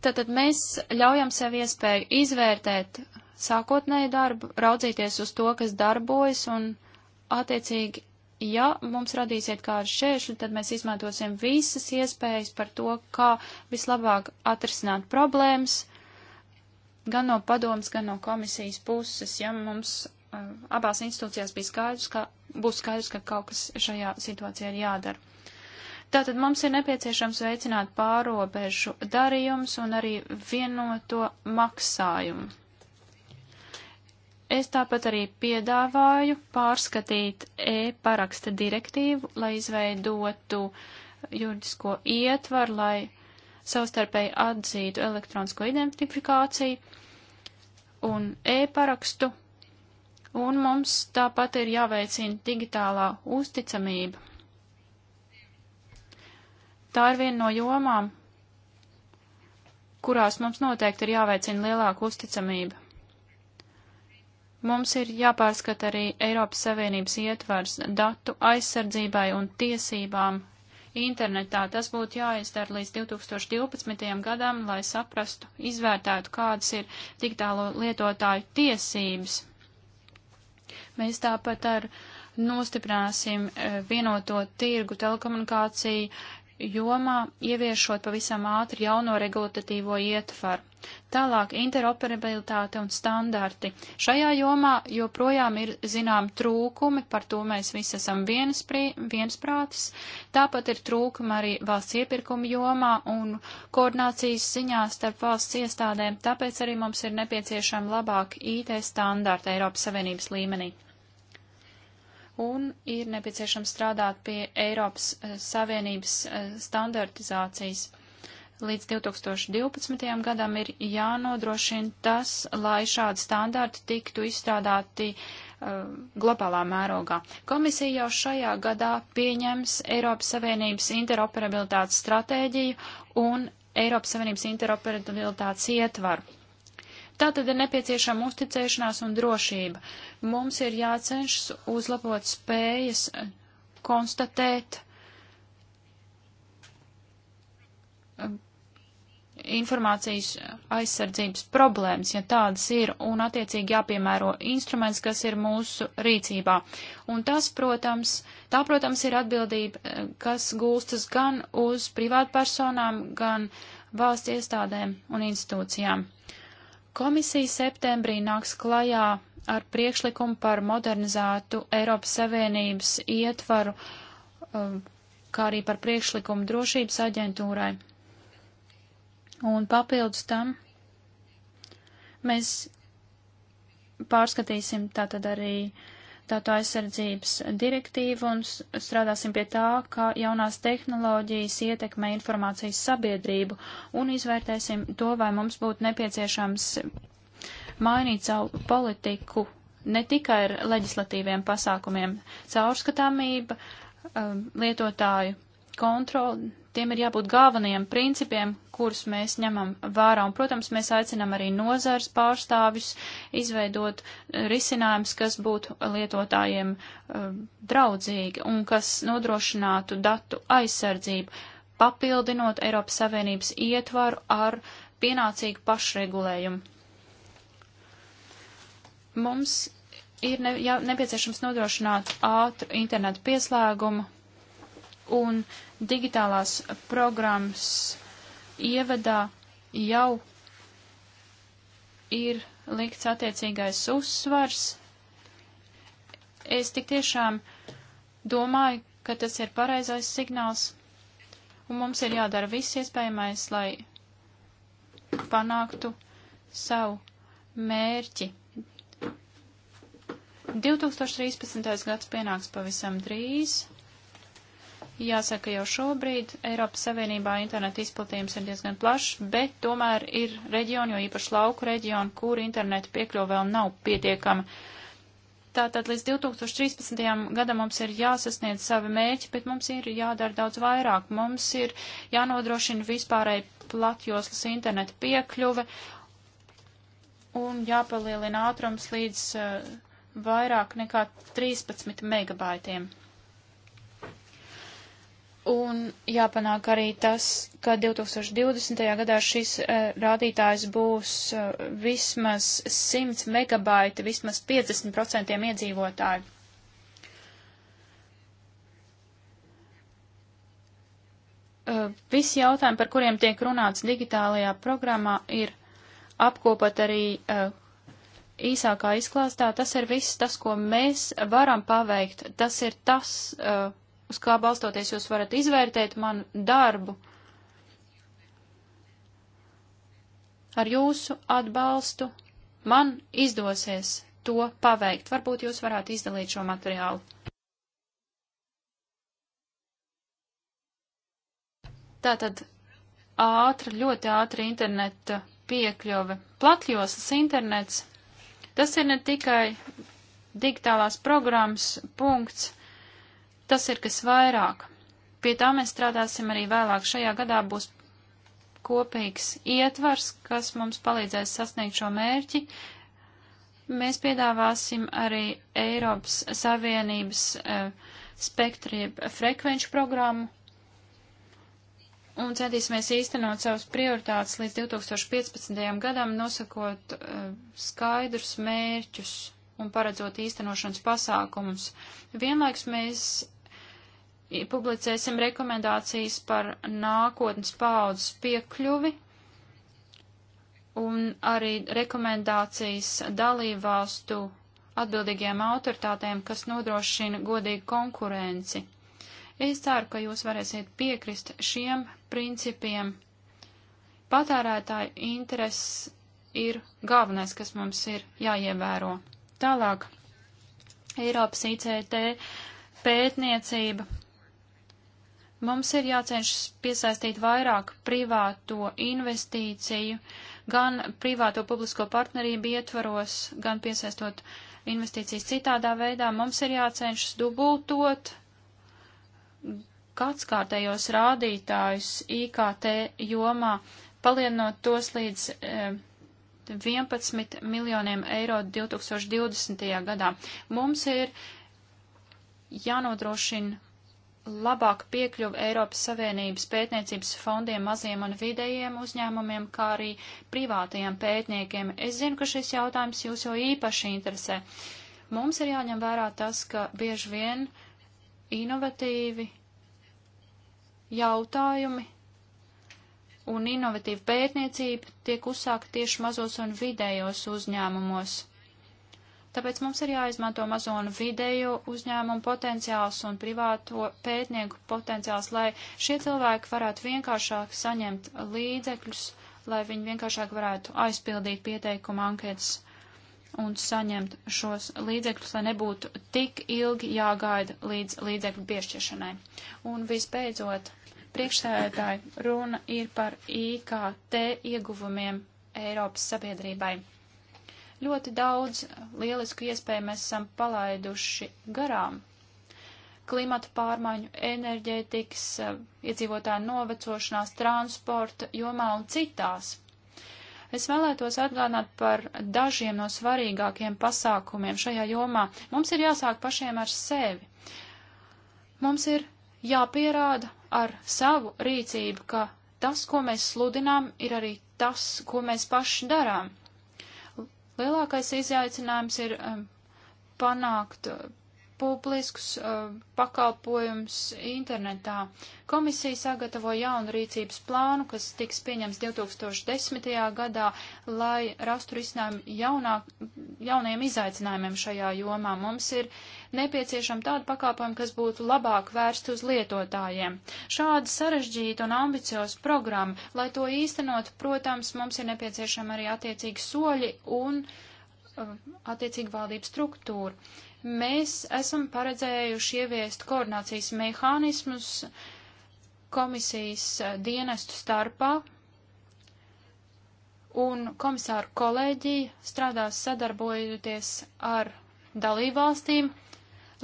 Tātad mēs ļaujam sev iespēju izvērtēt sākotnēju darbu, raudzīties uz to, kas darbojas un attiecīgi ja mums radīsiet kādu šķēršļu, tad mēs izmantosim visas iespējas par to, kā vislabāk atrisināt problēmas, gan no padomas, gan no komisijas puses, ja mums uh, abās institūcijās bija skaidrs, ka būs skaidrs, ka kaut kas šajā situācijā ir jādara. Tātad mums ir nepieciešams veicināt pārobežu darījums un arī vienoto maksājumu. Es tāpat arī piedāvāju pārskatīt e-paraksta direktīvu, lai izveidotu juridisko ietvaru, lai savstarpēji atzītu elektronisko identifikāciju un e-parakstu, un mums tāpat ir jāveicina digitālā uzticamība. Tā ir viena no jomām, kurās mums noteikti ir jāveicina lielāka uzticamība. Mums ir jāpārskata arī Eiropas Savienības ietvars datu aizsardzībai un tiesībām internetā. Tas būtu jāizdara līdz 2012. gadam, lai saprastu, izvērtētu, kādas ir digitālo lietotāju tiesības. Mēs tāpat ar nostiprināsim eh, vienoto tirgu telekomunikāciju jomā, ieviešot pavisam ātri jauno regulatīvo ietvaru. Tālāk interoperabilitāte un standarti. Šajā jomā joprojām ir zinām trūkumi, par to mēs visi esam viensprātis. Tāpat ir trūkumi arī valsts iepirkuma jomā un koordinācijas ziņā starp valsts iestādēm, tāpēc arī mums ir nepieciešama labāk IT standarta Eiropas Savienības līmenī un ir nepieciešams strādāt pie Eiropas eh, Savienības eh, standartizācijas. Līdz 2012. gadam ir jānodrošina tas, lai šādi standarti tiktu izstrādāti uh, globālā mērogā. Komisija jau šajā gadā pieņems Eiropas Savienības interoperabilitātes stratēģiju un Eiropas Savienības interoperabilitātes ietvaru. Tā tad ir nepieciešama uzticēšanās un drošība. Mums ir jācenšas uzlabot spējas konstatēt um, informācijas aizsardzības problēmas, ja tādas ir, un attiecīgi jāpiemēro instruments, kas ir mūsu rīcībā. Un tas, protams, tā, protams, ir atbildība, eh, kas gūstas gan uz privātpersonām, gan valsts iestādēm un institūcijām. Komisija septembrī nāks klajā ar priekšlikumu par modernizētu Eiropas Savienības ietvaru, um, kā arī par priekšlikumu drošības aģentūrai. Un papildus tam mēs pārskatīsim tātad arī uh, datu aizsardzības direktīvu un strādāsim pie tā, kā jaunās tehnoloģijas ietekmē informācijas sabiedrību un izvērtēsim to, vai mums būtu nepieciešams mainīt savu politiku ne tikai ar leģislatīviem pasākumiem. Caurskatāmība, um, lietotāju kontroli, tiem ir jābūt galvenajiem principiem, kurus mēs ņemam vērā. Un, protams, mēs aicinām arī nozars pārstāvis izveidot eh, risinājums, kas būtu lietotājiem uh, draudzīgi un kas nodrošinātu datu aizsardzību, papildinot Eiropas Savienības ietvaru ar pienācīgu pašregulējumu. Mums ir ne, jā, nepieciešams nodrošināt ātru internetu pieslēgumu un digitālās programmas ievadā jau ir likts attiecīgais uzsvars. Es tik tiešām domāju, ka tas ir pareizais signāls, un mums ir jādara viss iespējamais, lai panāktu savu mērķi. 2013. gads pienāks pavisam drīz. Jāsaka, jau šobrīd Eiropas Savienībā interneta izplatījums ir diezgan plašs, bet tomēr ir reģioni, jo īpaši lauku reģioni, kur interneta piekļuva vēl nav pietiekama. Tātad līdz 2013. gadam mums ir jāsasniedz savi mērķi, bet mums ir jādara daudz vairāk. Mums ir jānodrošina vispārēji platjoslas interneta piekļuve un jāpalielina ātrums līdz uh, vairāk nekā 13 megabaitiem. Un jāpanāk arī tas, ka 2020. gadā šis eh, rādītājs būs eh, vismaz 100 megabaiti, vismaz 50% iedzīvotāju. Eh, visi jautājumi, par kuriem tiek runāts digitālajā programmā, ir apkopot arī īsākā izklāstā. Tas ir viss tas, ko mēs varam paveikt. Tas ir tas, uh, uz kā balstoties jūs varat izvērtēt manu darbu. Ar jūsu atbalstu man izdosies to paveikt. Varbūt jūs varētu izdalīt šo materiālu. Tātad ātra, ļoti ātra interneta piekļuve. Platjoslas internets, tas ir ne tikai digitālās programmas punkts, Tas ir kas vairāk. Pie tā mēs strādāsim arī vēlāk. Šajā gadā būs kopīgs ietvars, kas mums palīdzēs sasniegt šo mērķi. Mēs piedāvāsim arī Eiropas Savienības uh, eh, spektriem frekvenču programmu un centīsimies īstenot savus prioritātes līdz 2015. gadam, nosakot uh, skaidrus mērķus un paredzot īstenošanas pasākumus. Vienlaiks mēs publicēsim rekomendācijas par nākotnes paudzes piekļuvi un arī rekomendācijas dalībvalstu atbildīgiem autoritātēm, kas nodrošina godīgu konkurenci. Es ceru, ka jūs varēsiet piekrist šiem principiem. Patērētāju intereses ir galvenais, kas mums ir jāievēro. Tālāk. Eiropas ICT pētniecība Mums ir jācenšas piesaistīt vairāk privāto investīciju, gan privāto publisko partnerību ietvaros, gan piesaistot investīcijas citādā veidā. Mums ir jācenšas dubultot kāds kārtējos rādītājus IKT jomā, palienot tos līdz. E, eh, 11 miljoniem eiro 2020. gadā. Mums ir jānodrošina labāku piekļuvu Eiropas Savienības pētniecības fondiem maziem un vidējiem uzņēmumiem, kā arī privātajiem pētniekiem. Es zinu, ka šis jautājums jūs jau īpaši interesē. Mums ir jāņem vērā tas, ka bieži vien inovatīvi jautājumi un inovatīva pētniecība tiek uzsākta tieši mazos un vidējos uzņēmumos. Tāpēc mums ir jāizmanto mazo un vidējo uzņēmumu potenciāls un privāto pētnieku potenciāls, lai šie cilvēki varētu vienkāršāk saņemt līdzekļus, lai viņi vienkāršāk varētu aizpildīt pieteikumu anketas un saņemt šos līdzekļus, lai nebūtu tik ilgi jāgaida līdz līdzekļu piešķiršanai. Un visbeidzot, priekšsēdētāji runa ir par IKT ieguvumiem Eiropas sabiedrībai. Ļoti daudz lielisku iespēju mēs esam palaiduši garām. Klimata pārmaiņu, enerģētikas, eh, iedzīvotāju novecošanās, transporta jomā un citās. Es vēlētos atgādināt par dažiem no svarīgākiem pasākumiem šajā jomā. Mums ir jāsāk pašiem ar sevi. Mums ir jāpierāda ar savu rīcību, ka tas, ko mēs sludinām, ir arī tas, ko mēs paši darām. Lielākais izaicinājums ir um, panākt uh, publiskus uh, pakalpojumus internetā. Komisija sagatavo jaunu rīcības plānu, kas tiks pieņems 2010. gadā, lai rastu risinājumu jaunā, jauniem izaicinājumiem šajā jomā. Mums ir nepieciešama tāda pakalpojuma, kas būtu labāk vērst uz lietotājiem. Šāda sarežģīta un ambicioza programma, lai to īstenot, protams, mums ir nepieciešama arī attiecīgi soļi un uh, attiecīgi valdības struktūra. Mēs esam paredzējuši ieviest koordinācijas mehānismus komisijas eh, dienestu starpā, un komisāru kolēģija strādās sadarbojoties ar dalībvalstīm,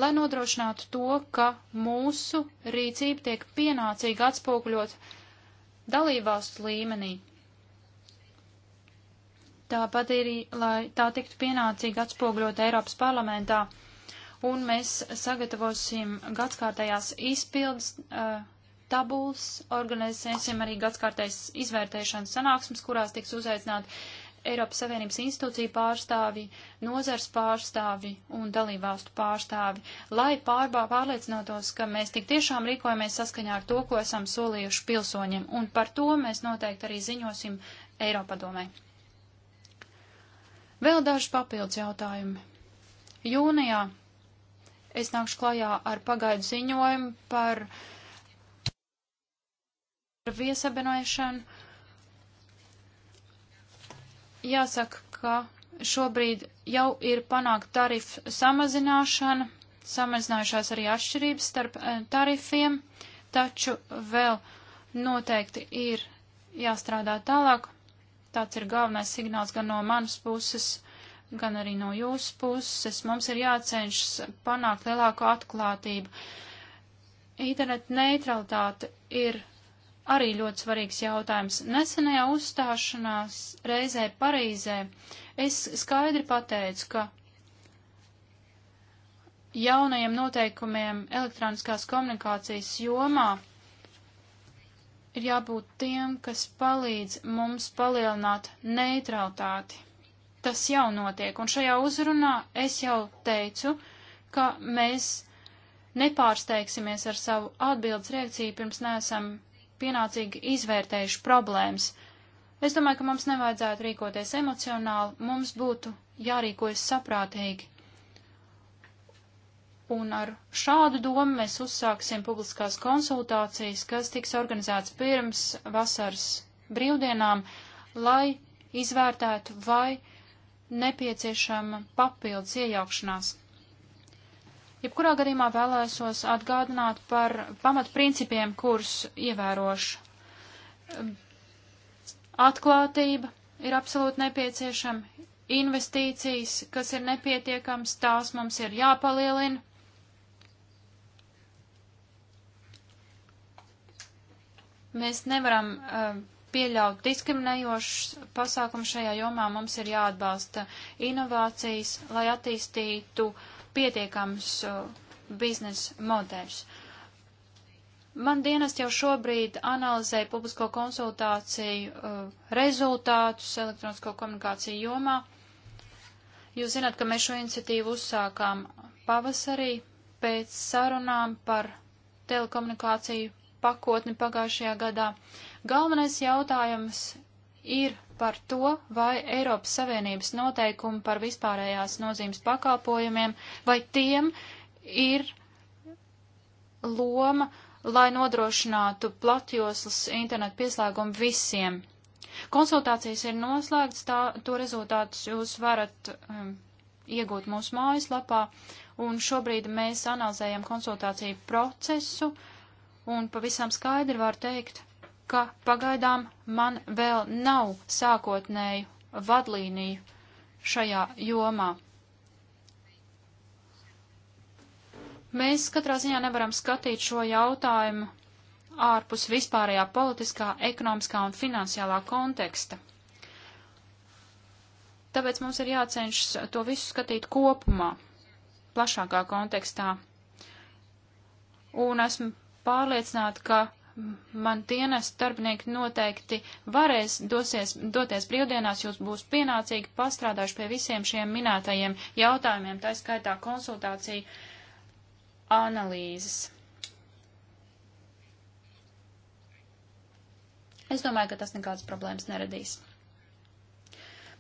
lai nodrošinātu to, ka mūsu rīcība tiek pienācīgi atspoguļot dalībvalstu līmenī. Tāpat ir, lai tā tiktu pienācīgi atspoguļot Eiropas parlamentā un mēs sagatavosim gadskārtējās izpildes uh, tabulas, organizēsim arī gadskārtējas izvērtēšanas sanāksmes, kurās tiks uzaicināti Eiropas Savienības institūciju pārstāvi, nozars pārstāvi un dalībvalstu pārstāvi, lai pārbā pārliecinotos, ka mēs tik tiešām rīkojamies saskaņā ar to, ko esam solījuši pilsoņiem, un par to mēs noteikti arī ziņosim Eiropadomē. Vēl daži papildus jautājumi. Jūnijā es nākšu klajā ar pagaidu ziņojumu par viesabinošanu. Jāsaka, ka šobrīd jau ir panākt tarifu samazināšana, samazinājušās arī atšķirības starp eh, tarifiem, taču vēl noteikti ir jāstrādā tālāk. Tāds ir galvenais signāls gan no manas puses gan arī no jūsu puses. Mums ir jācenšas panākt lielāku atklātību. Internet neutralitāte ir arī ļoti svarīgs jautājums. Nesenajā uzstāšanās reizē Parīzē es skaidri pateicu, ka jaunajiem noteikumiem elektroniskās komunikācijas jomā ir jābūt tiem, kas palīdz mums palielināt neutralitāti tas jau notiek. Un šajā uzrunā es jau teicu, ka mēs nepārsteigsimies ar savu atbildes reakciju, pirms neesam pienācīgi izvērtējuši problēmas. Es domāju, ka mums nevajadzētu rīkoties emocionāli, mums būtu jārīkojas saprātīgi. Un ar šādu domu mēs uzsāksim publiskās konsultācijas, kas tiks organizēts pirms vasaras brīvdienām, lai izvērtētu, vai nepieciešama papildus iejaukšanās. Jebkurā gadījumā vēlēsos atgādināt par pamatprincipiem, kurus ievērošu. Atklātība ir absolūti nepieciešama, investīcijas, kas ir nepietiekams, tās mums ir jāpalielina. Mēs nevaram uh, pieļaut diskriminējošs pasākums šajā jomā, mums ir jāatbalsta inovācijas, lai attīstītu pietiekams uh, biznesa modeļus. Man dienas jau šobrīd analizē publisko konsultāciju uh, rezultātus elektronisko komunikāciju jomā. Jūs zināt, ka mēs šo iniciatīvu uzsākām pavasarī pēc sarunām par telekomunikāciju pakotni pagājušajā gadā. Uh, Galvenais jautājums ir par to, vai Eiropas Savienības noteikumi par vispārējās nozīmes pakalpojumiem, vai tiem ir loma, lai nodrošinātu platjoslas internetu pieslēgumu visiem. Konsultācijas ir noslēgts, tā, to rezultātus jūs varat um, iegūt mūsu mājaslapā, un šobrīd mēs analizējam konsultāciju procesu, un pavisam skaidri var teikt, ka pagaidām man vēl nav sākotnēju vadlīniju šajā jomā. Mēs katrā ziņā nevaram skatīt šo jautājumu ārpus vispārējā politiskā, ekonomiskā un finansiālā konteksta. Tāpēc mums ir jācenšas to visu skatīt kopumā, plašākā kontekstā. Un esmu pārliecināta, ka man dienas darbinieki noteikti varēs dosies, doties brīvdienās, jūs būs pienācīgi pastrādājuši pie visiem šiem minētajiem jautājumiem, tā skaitā konsultāciju analīzes. Es domāju, ka tas nekādas problēmas neradīs.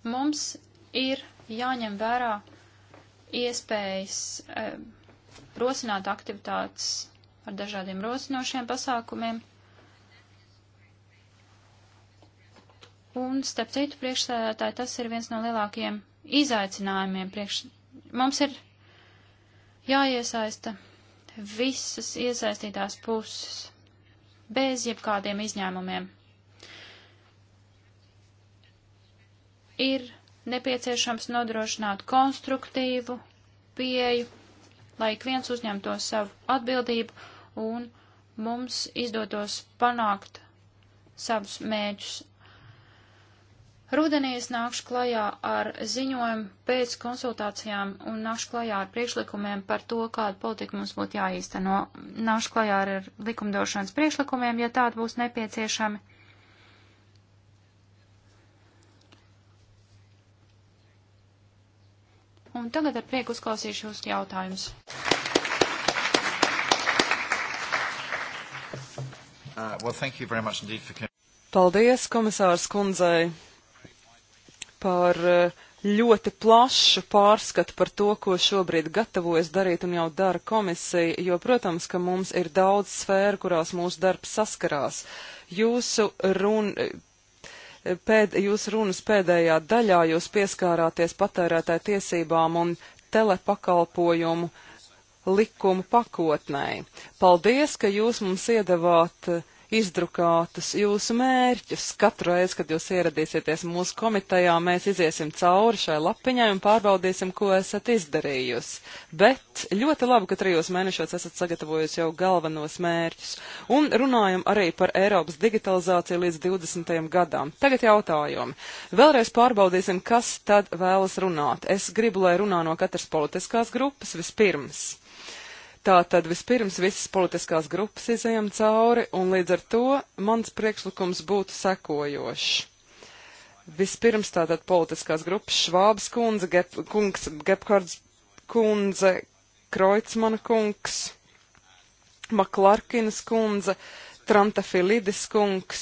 Mums ir jāņem vērā iespējas eh, rosināt aktivitātes ar dažādiem rosinošiem pasākumiem. Un, starp citu, priekšsēdētāji, tas ir viens no lielākajiem izaicinājumiem. Priekš... Mums ir jāiesaista visas iesaistītās puses, bez jebkādiem izņēmumiem. Ir nepieciešams nodrošināt konstruktīvu pieeju, lai ik viens uzņemtos savu atbildību un mums izdotos panākt savus mēģus. Rudenī es nākšu klajā ar ziņojumu pēc konsultācijām un nākšu klajā ar priekšlikumiem par to, kādu politiku mums būtu jāīsteno. Nākšu klajā ar likumdošanas priekšlikumiem, ja tādi būs nepieciešami. Un tagad ar prieku uzklausīšu jūsu jautājumus. Uh, well, thank you very much indeed for... Paldies komisārs kundzei par uh, ļoti plašu pārskatu par to, ko šobrīd gatavojas darīt un jau dara komisija, jo, protams, ka mums ir daudz sfēru, kurās mūsu darbs saskarās. Jūsu run, pēd, jūs runas pēdējā daļā jūs pieskārāties patērētāju tiesībām un telepakalpojumu likumu pakotnē. Paldies, ka jūs mums iedavāt izdrukātus jūsu mērķus. Katru reizi, kad jūs ieradīsieties mūsu komitejā, mēs iziesim cauri šai lapiņai un pārbaudīsim, ko esat izdarījusi. Bet ļoti labi, ka trijos mēnešos esat sagatavojusi jau galvenos mērķus. Un runājam arī par Eiropas digitalizāciju līdz 20. gadam. Tagad jautājumi. Vēlreiz pārbaudīsim, kas tad vēlas runāt. Es gribu, lai runā no katras politiskās grupas vispirms. Tā tad vispirms visas politiskās grupas izējām cauri, un līdz ar to mans priekšlikums būtu sekojošs. Vispirms tātad politiskās grupas Švābs kundze, Gep, kungs, Gephards kundze, Kreutzmana kungs, Maklārkinas kundze, Trantafilidis kungs.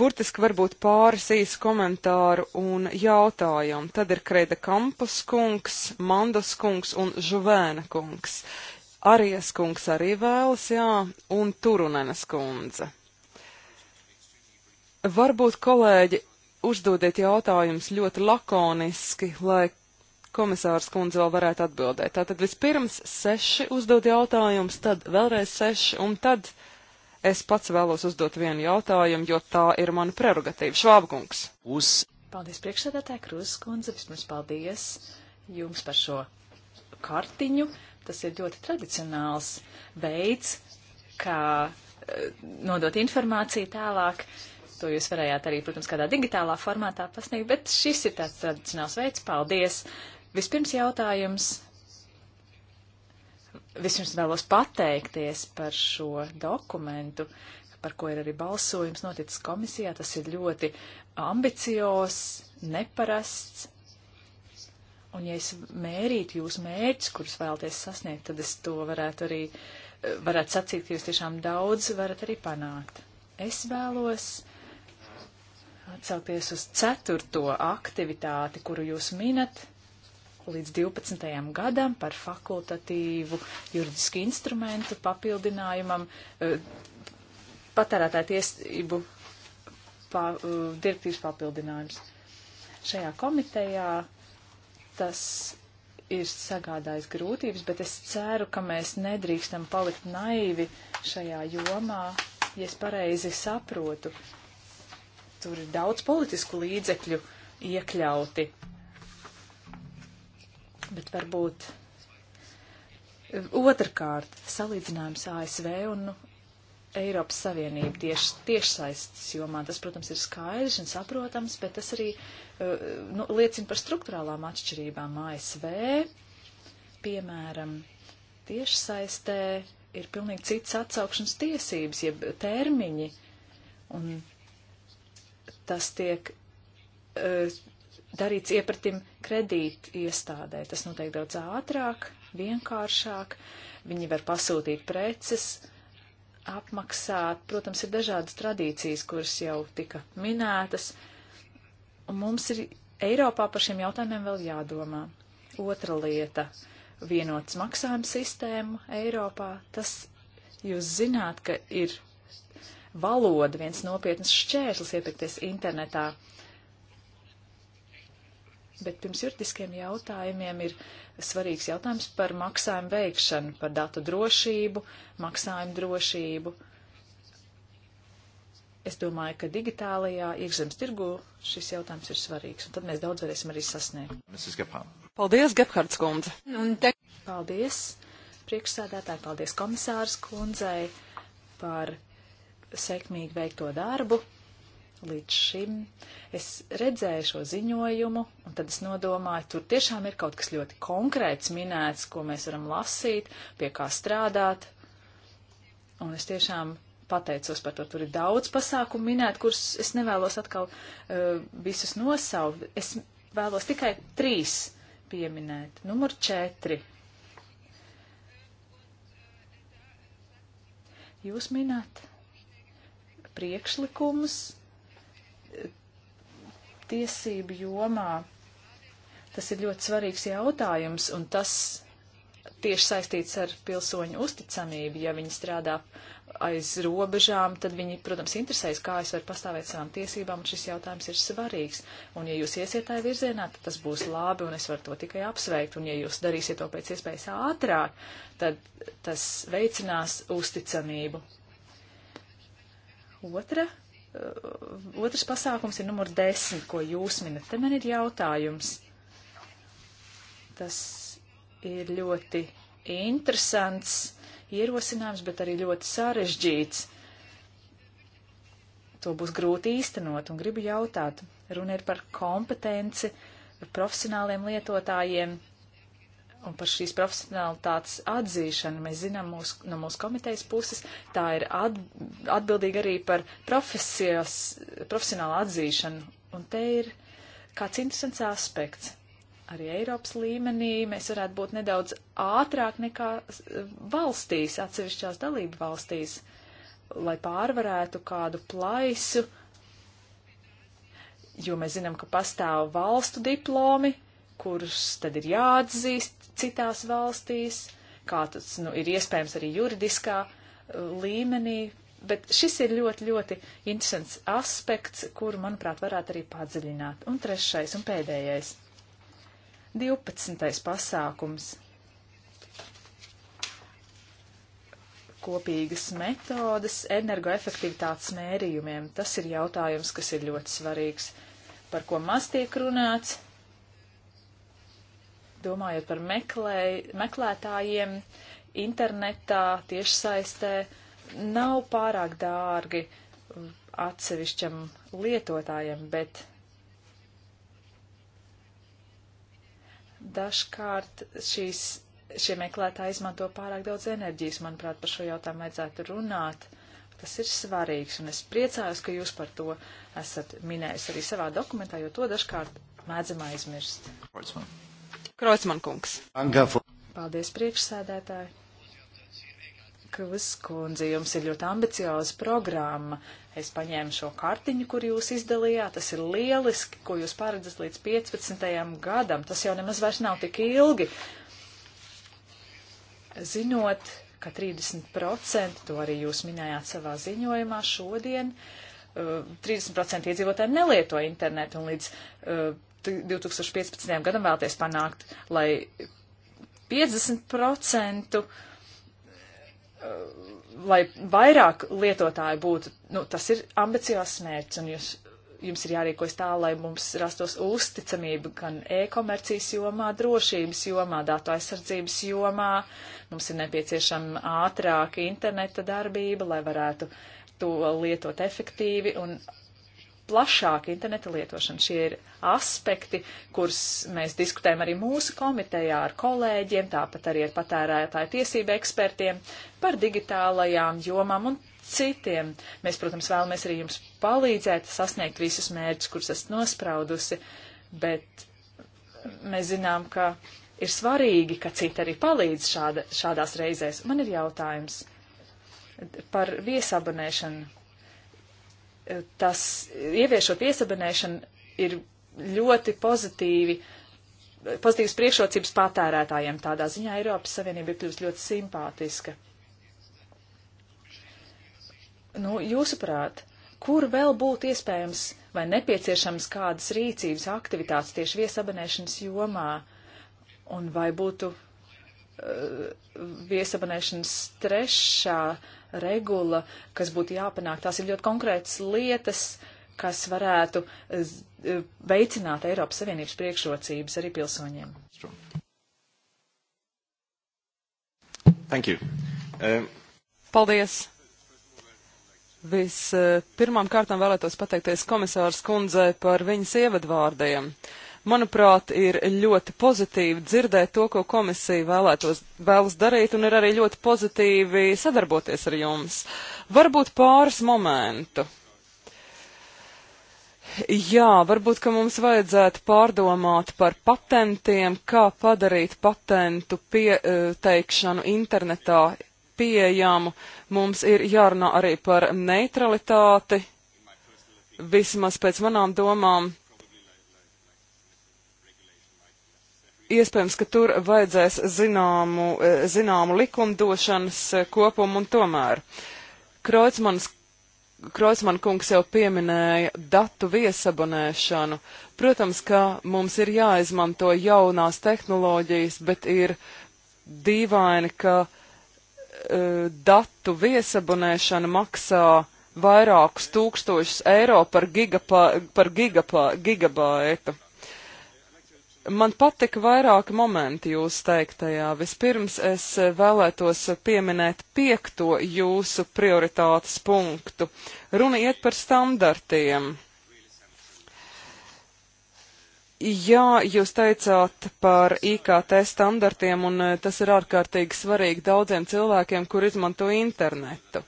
Burtiski varbūt pāris īsu komentāru un jautājumu. Tad ir Kreida Kampus kungs, Mandas kungs un Žuvēna kungs. Arijas kungs arī vēlas, jā, un Turunenes kundze. Varbūt, kolēģi, uzdodiet jautājumus ļoti lakoniski, lai komisārs kundze vēl varētu atbildēt. Tātad vispirms seši uzdod jautājumus, tad vēlreiz seši, un tad es pats vēlos uzdot vienu jautājumu, jo tā ir mana prerogatīva. Švābkungs. Uz. Paldies priekšsēdētāji Krūzes kundze, vismaz paldies jums par šo kartiņu. Tas ir ļoti tradicionāls veids, kā eh, nodot informāciju tālāk. To jūs varējāt arī, protams, kādā digitālā formātā pasniegt, bet šis ir tāds tradicionāls veids. Paldies! Vispirms jautājums. Vispirms vēlos pateikties par šo dokumentu, par ko ir arī balsojums noticis komisijā. Tas ir ļoti ambiciozs, neparasts Un ja es mērītu jūsu mērķus, kurus vēlaties sasniegt, tad es to varētu arī, varētu sacīt, ka jūs tiešām daudz varat arī panākt. Es vēlos atsaukties uz ceturto aktivitāti, kuru jūs minat līdz 12. gadam par fakultatīvu juridisku instrumentu papildinājumam eh, patērētāju tiesību pa, eh, direktīvas papildinājums. Šajā komitejā uh, tas ir sagādājis grūtības, bet es ceru, ka mēs nedrīkstam palikt naivi šajā jomā, ja es pareizi saprotu. Tur ir daudz politisku līdzekļu iekļauti. Bet varbūt otrkārt salīdzinājums ASV un Eiropas Savienību tieši tiešsaistes jomā. Tas, protams, ir skaidrs un saprotams, bet tas arī Eh, nu, liecina par struktūrālām atšķirībām ASV. Piemēram, tiešsaistē ir pilnīgi cits atsaukšanas tiesības, jeb termiņi, un tas tiek uh, darīts iepratim kredīt iestādē. Tas notiek daudz ātrāk, vienkāršāk, viņi var pasūtīt preces, apmaksāt. Protams, ir dažādas tradīcijas, kuras jau tika minētas. Uh, mums ir Eiropā par šiem jautājumiem vēl jādomā. Otra lieta - vienots maksājuma sistēma Eiropā. Tas jūs zināt, ka ir valoda viens nopietnas šķērslis iepirkties internetā. Bet pirms juridiskiem jautājumiem ir svarīgs jautājums par maksājumu veikšanu, par datu drošību, maksājumu drošību. Uh, Es domāju, ka digitālajā iekšzemes tirgu šis jautājums ir svarīgs, un tad mēs daudz varēsim arī sasniegt. Paldies, Gephards kundze! Nu, un te... Paldies, priekšsādātāji, paldies komisārs kundzei par sekmīgi veikto darbu līdz šim. Es redzēju šo ziņojumu, un tad es nodomāju, tur tiešām ir kaut kas ļoti konkrēts minēts, ko mēs varam lasīt, pie kā strādāt. Un es tiešām pateicos par to. Tur ir daudz pasākumu minēt, kurus es nevēlos atkal uh, visus nosaukt. Es vēlos tikai trīs pieminēt. Numur četri. Jūs minat priekšlikumus uh, tiesību jomā. Tas ir ļoti svarīgs jautājums, un tas tieši saistīts ar pilsoņu uzticamību, ja viņi strādā aiz robežām, tad viņi, protams, interesēs, kā es varu pastāvēt savām tiesībām, un šis jautājums ir svarīgs. Un ja jūs iesiet tā virzienā, tad tas būs labi, un es varu to tikai apsveikt. Un ja jūs darīsiet to pēc iespējas ātrāk, tad tas veicinās uzticamību. Otra, uh, otrs pasākums ir numur desmit, ko jūs minat. Te man ir jautājums. Tas ir ļoti interesants ierosinājums, bet arī ļoti sarežģīts. To būs grūti īstenot, un gribu jautāt, runa ir par kompetenci, par profesionāliem lietotājiem un par šīs profesionalitātes atzīšanu. Mēs zinām mūs, no mūsu komitejas puses, tā ir at, atbildīga arī par profesionālu atzīšanu, un te ir kāds interesants aspekts arī Eiropas līmenī mēs varētu būt nedaudz ātrāk nekā valstīs, atsevišķās dalību valstīs, lai pārvarētu kādu plaisu, jo mēs zinām, ka pastāv valstu diplomi, kurus tad ir jāatzīst citās valstīs, kā tas nu, ir iespējams arī juridiskā uh, līmenī. Bet šis ir ļoti, ļoti interesants aspekts, kuru, manuprāt, varētu arī padziļināt. Un trešais un pēdējais 12. pasākums. Kopīgas metodas energoefektivitātes mērījumiem. Tas ir jautājums, kas ir ļoti svarīgs, par ko maz tiek runāts. Domājot par meklē, meklētājiem, internetā, tiešsaistē, nav pārāk dārgi atsevišķam lietotājam, bet Dažkārt šīs, šie meklētāji izmanto pārāk daudz enerģijas, manuprāt, par šo jautājumu vajadzētu runāt. Tas ir svarīgs, un es priecājos, ka jūs par to esat minējis arī savā dokumentā, jo to dažkārt mēdzam aizmirst. Kreutzmann kungs. Paldies, priekšsēdētāji. Kavas kundze, jums ir ļoti ambicioza programma. Es paņēmu šo kartiņu, kur jūs izdalījāt. Tas ir lieliski, ko jūs paredzat līdz 15. gadam. Tas jau nemaz vairs nav tik ilgi. Zinot, ka 30%, to arī jūs minējāt savā ziņojumā šodien, 30% uh, iedzīvotāji nelieto internetu un līdz 2015. Uh, gadam vēlties panākt, lai 50% Uh, lai vairāk lietotāji būtu, nu, tas ir ambiciozs mērķis, un jūs, jums ir jārīkojas tā, lai mums rastos uzticamība gan e-komercijas jomā, drošības jomā, datu aizsardzības jomā. Mums ir nepieciešama ātrāka interneta darbība, lai varētu to lietot efektīvi un plašāka interneta lietošana. Šie ir aspekti, kurus mēs diskutējam arī mūsu komitejā ar kolēģiem, tāpat arī ar patērētāju tiesību ekspertiem par digitālajām jomām un citiem. Mēs, protams, vēlamies arī jums palīdzēt sasniegt visus mērķus, kurus esat nospraudusi, bet mēs zinām, ka ir svarīgi, ka citi arī palīdz šāda, šādās reizēs. Man ir jautājums par viesabonēšanu tas ieviešot iesabinēšanu ir ļoti pozitīvi, pozitīvas priekšrocības patērētājiem. Tādā ziņā Eiropas Savienība ir kļūst ļoti simpātiska. Nu, jūsuprāt, kur vēl būtu iespējams vai nepieciešams kādas rīcības aktivitātes tieši viesabinēšanas jomā? Un vai būtu Uh, viesabanēšanas trešā regula, kas būtu jāpanāk. Tās ir ļoti konkrētas lietas, kas varētu uh, veicināt Eiropas Savienības priekšrocības arī pilsoņiem. Thank you. Um... Paldies! Vispirmām kārtām vēlētos pateikties komisārs kundzei par viņas ievadvārdiem. Uh, Manuprāt, ir ļoti pozitīvi dzirdēt to, ko komisija vēlētos, vēlas darīt, un ir arī ļoti pozitīvi sadarboties ar jums. Varbūt pāris momentu. Jā, varbūt, ka mums vajadzētu pārdomāt par patentiem, kā padarīt patentu pieteikšanu eh, internetā pieejamu. Mums ir jārunā arī par neutralitāti, vismaz pēc manām domām. iespējams, ka tur vajadzēs zināmu, e, zināmu likumdošanas e, kopumu un tomēr. Kreutzmanis Kreutzmann kungs jau pieminēja datu viesabonēšanu. Protams, ka mums ir jāizmanto jaunās tehnoloģijas, bet ir dīvaini, ka uh, datu viesabonēšana maksā vairākus tūkstošus eiro par, gigapa, par gigapa, gigabaitu. Man patika vairāki momenti jūs teiktajā. Vispirms es eh, vēlētos pieminēt piekto jūsu prioritātes punktu. Runa iet par standartiem. Jā, jūs teicāt par IKT standartiem, un eh, tas ir ārkārtīgi svarīgi daudziem cilvēkiem, kur izmanto internetu.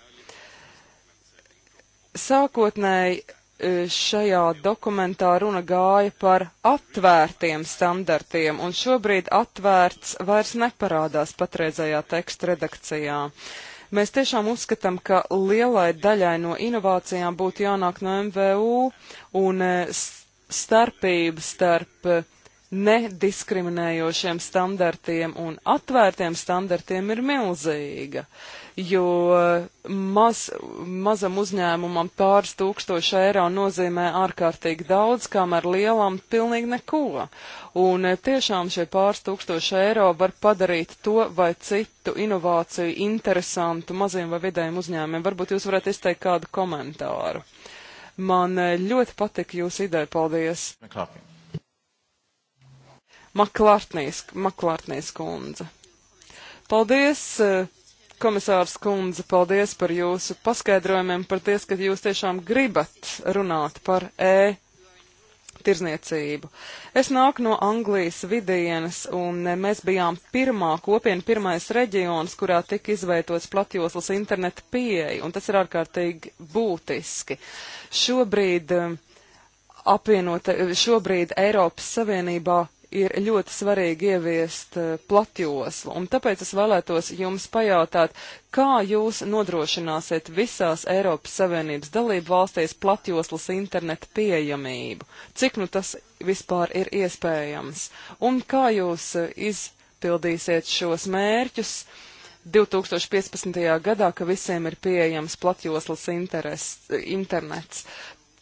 Sākotnēji E, šajā dokumentā runa gāja par atvērtiem standartiem, un šobrīd atvērts vairs neparādās patreizējā teksta redakcijā. Mēs tiešām uzskatām, ka lielai daļai no inovācijām būtu jānāk no MVU, un e, starpība starp nediskriminējošiem standartiem un atvērtiem standartiem ir milzīga, jo maz, mazam uzņēmumam pāris tūkstoši eiro nozīmē ārkārtīgi daudz, kamēr lielam pilnīgi neko. Un tiešām šie pāris tūkstoši eiro var padarīt to vai citu inovāciju interesantu maziem vai vidējiem uzņēmumiem. Varbūt jūs varētu izteikt kādu komentāru. Man ļoti patika jūsu ideja. Paldies! McLaughlin. Maklārtnīs, Maklārtnīs kundze. Paldies, eh, komisārs kundze, paldies par jūsu paskaidrojumiem, par ties, ka jūs tiešām gribat runāt par E tirzniecību. Es nāku no Anglijas vidienas, un eh, mēs bijām pirmā kopiena, pirmais reģions, kurā tika izveidots platjoslas interneta pieeja, un tas ir ārkārtīgi būtiski. Šobrīd, eh, apvienot, šobrīd Eiropas Savienībā ir ļoti svarīgi ieviest eh, platjoslu, un tāpēc es vēlētos jums pajautāt, kā jūs nodrošināsiet visās Eiropas Savienības dalību valstīs platjoslas interneta pieejamību, cik nu tas vispār ir iespējams, un kā jūs eh, izpildīsiet šos mērķus 2015. gadā, ka visiem ir pieejams platjoslas interesi, eh, internets.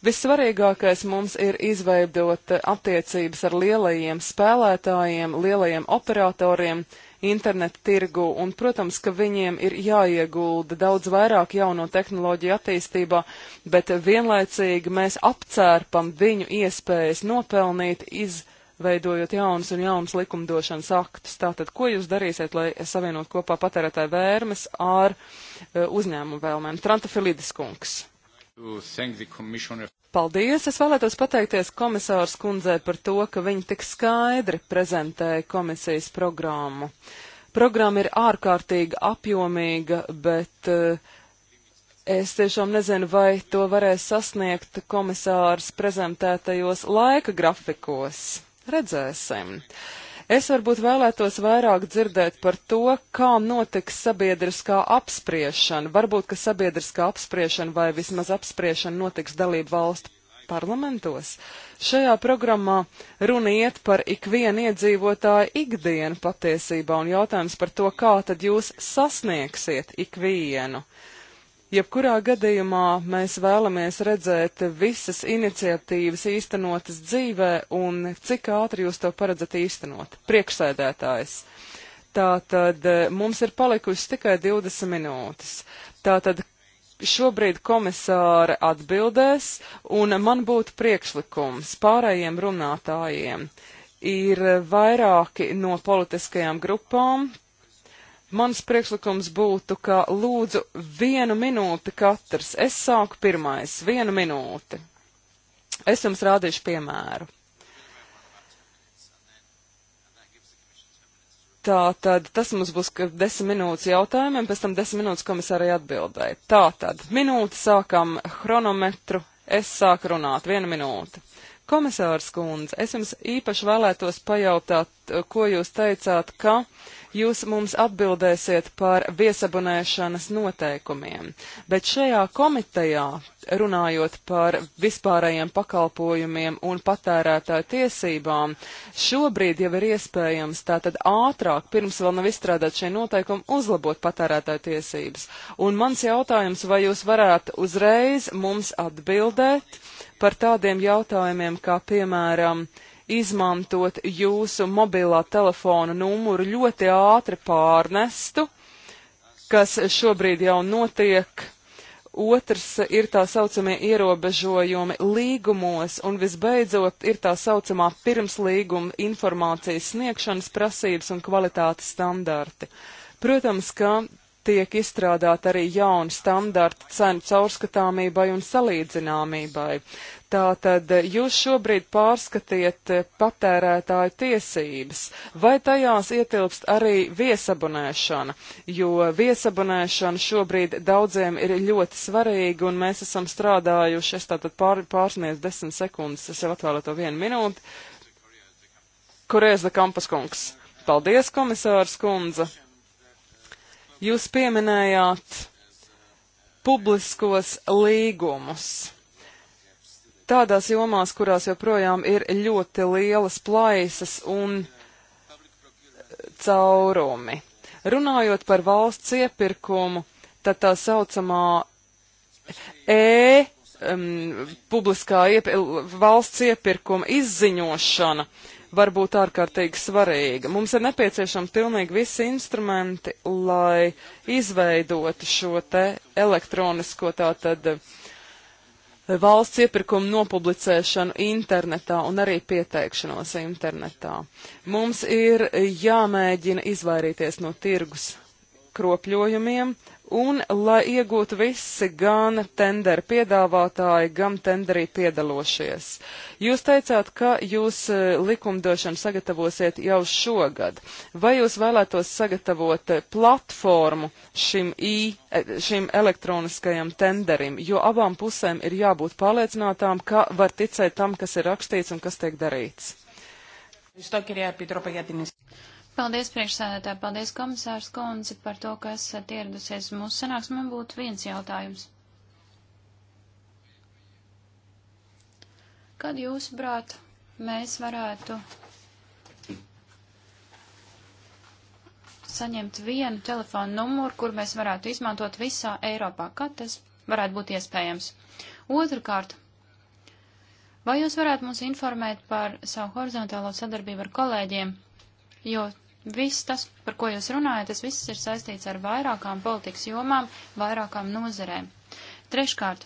Vissvarīgākais mums ir izveidot eh, attiecības ar lielajiem spēlētājiem, lielajiem operatoriem internetu tirgu, un, protams, ka viņiem ir jāiegulda daudz vairāk jauno tehnoloģiju attīstībā, bet vienlaicīgi mēs apcērpam viņu iespējas nopelnīt izveidojot jaunas un jaunas likumdošanas aktus. Tātad, ko jūs darīsiet, lai savienot kopā patērētāju vērmes ar uh, uzņēmumu vēlmēm? Trantafilidis kungs. Paldies! Es vēlētos pateikties komisārs kundzē par to, ka viņa tik skaidri prezentēja komisijas programmu. Programma ir ārkārtīgi apjomīga, bet eh, es tiešām nezinu, vai to varēs sasniegt komisārs prezentētajos laika grafikos. Redzēsim. Uh, Es varbūt vēlētos vairāk dzirdēt par to, kā notiks sabiedriskā apspriešana. Varbūt, ka sabiedriskā apspriešana vai vismaz apspriešana notiks dalību valstu parlamentos. Šajā programmā runa iet par ikvienu iedzīvotāju ikdienu patiesībā un jautājums par to, kā tad jūs sasniegsiet ikvienu. Uh, Jebkurā gadījumā mēs vēlamies redzēt visas iniciatīvas īstenotas dzīvē un cik ātri jūs to paredzat īstenot. Priekšsēdētājs. Tātad e, mums ir palikusi tikai 20 minūtes. Tātad šobrīd komisāre atbildēs un man būtu priekšlikums pārējiem runātājiem ir vairāki no politiskajām grupām, Mans priekšlikums būtu, ka lūdzu vienu minūti katrs. Es sāku pirmais, vienu minūti. Es jums rādīšu piemēru. Tā tad tas mums būs desmit minūtes jautājumiem, pēc tam desmit minūtes komisārai atbildēja. Tā tad minūti sākam chronometru, es sāku runāt, viena minūte. Komisārs kundze, es jums īpaši vēlētos pajautāt, ko jūs teicāt, ka jūs mums atbildēsiet par viesabunēšanas noteikumiem, bet šajā komitejā, runājot par vispārējiem pakalpojumiem un patērētāju tiesībām, šobrīd jau ir iespējams tātad ātrāk, pirms vēl nav izstrādāt šie noteikumi, uzlabot patērētāju tiesības. Un mans jautājums, vai jūs varētu uzreiz mums atbildēt par tādiem jautājumiem, kā piemēram, izmantot jūsu mobilā telefona numuru ļoti ātri pārnestu, kas šobrīd jau notiek. Otrs ir tā saucamie ierobežojumi līgumos, un visbeidzot ir tā saucamā pirmslīguma informācijas sniegšanas prasības un kvalitātes standarti. Protams, ka tiek izstrādāt arī jauni standarti cenu caurskatāmībai un salīdzināmībai. Tātad jūs šobrīd pārskatiet eh, patērētāju tiesības, vai tajās ietilpst arī viesabunēšana, jo viesabunēšana šobrīd daudziem ir ļoti svarīga, un mēs esam strādājuši, es tātad pār, pārsniedz desmit sekundes, es jau atvēlēju to vienu minūti. Kurēza Kampaskungs. Paldies, komisārs Kundze! Jūs pieminējāt publiskos līgumus. Tādās jomās, kurās joprojām ir ļoti lielas plaisas un caurumi. Runājot par valsts iepirkumu, tad tā saucamā E um, publiskā iep valsts iepirkuma izziņošana var būt ārkārtīgi svarīga. Mums ir nepieciešams pilnīgi visi instrumenti, lai izveidotu šo te elektronisko tātad eh, valsts iepirkumu nopublicēšanu internetā un arī pieteikšanos internetā. Mums ir jāmēģina izvairīties no tirgus kropļojumiem, un lai iegūtu visi gan tenderi piedāvātāji, gan tenderī piedalošies. Jūs teicāt, ka jūs e, likumdošanu sagatavosiet jau šogad. Vai jūs vēlētos sagatavot e, platformu šim, i, e, šim elektroniskajam tenderim, jo abām pusēm ir jābūt pārliecinātām, ka var ticēt tam, kas ir rakstīts un kas tiek darīts? Paldies, priekšsēdētāji, paldies, komisārs Konzi, par to, ka esat ieradusies mūsu sanāksmē. Man būtu viens jautājums. Kad jūs, brāt, mēs varētu saņemt vienu telefonu numuru, kur mēs varētu izmantot visā Eiropā? Kad tas varētu būt iespējams? Otrakārt, vai jūs varētu mums informēt par savu horizontālo sadarbību ar kolēģiem? Jo Viss tas, par ko jūs runājat, tas viss ir saistīts ar vairākām politikas jomām, vairākām nozerēm. Treškārt,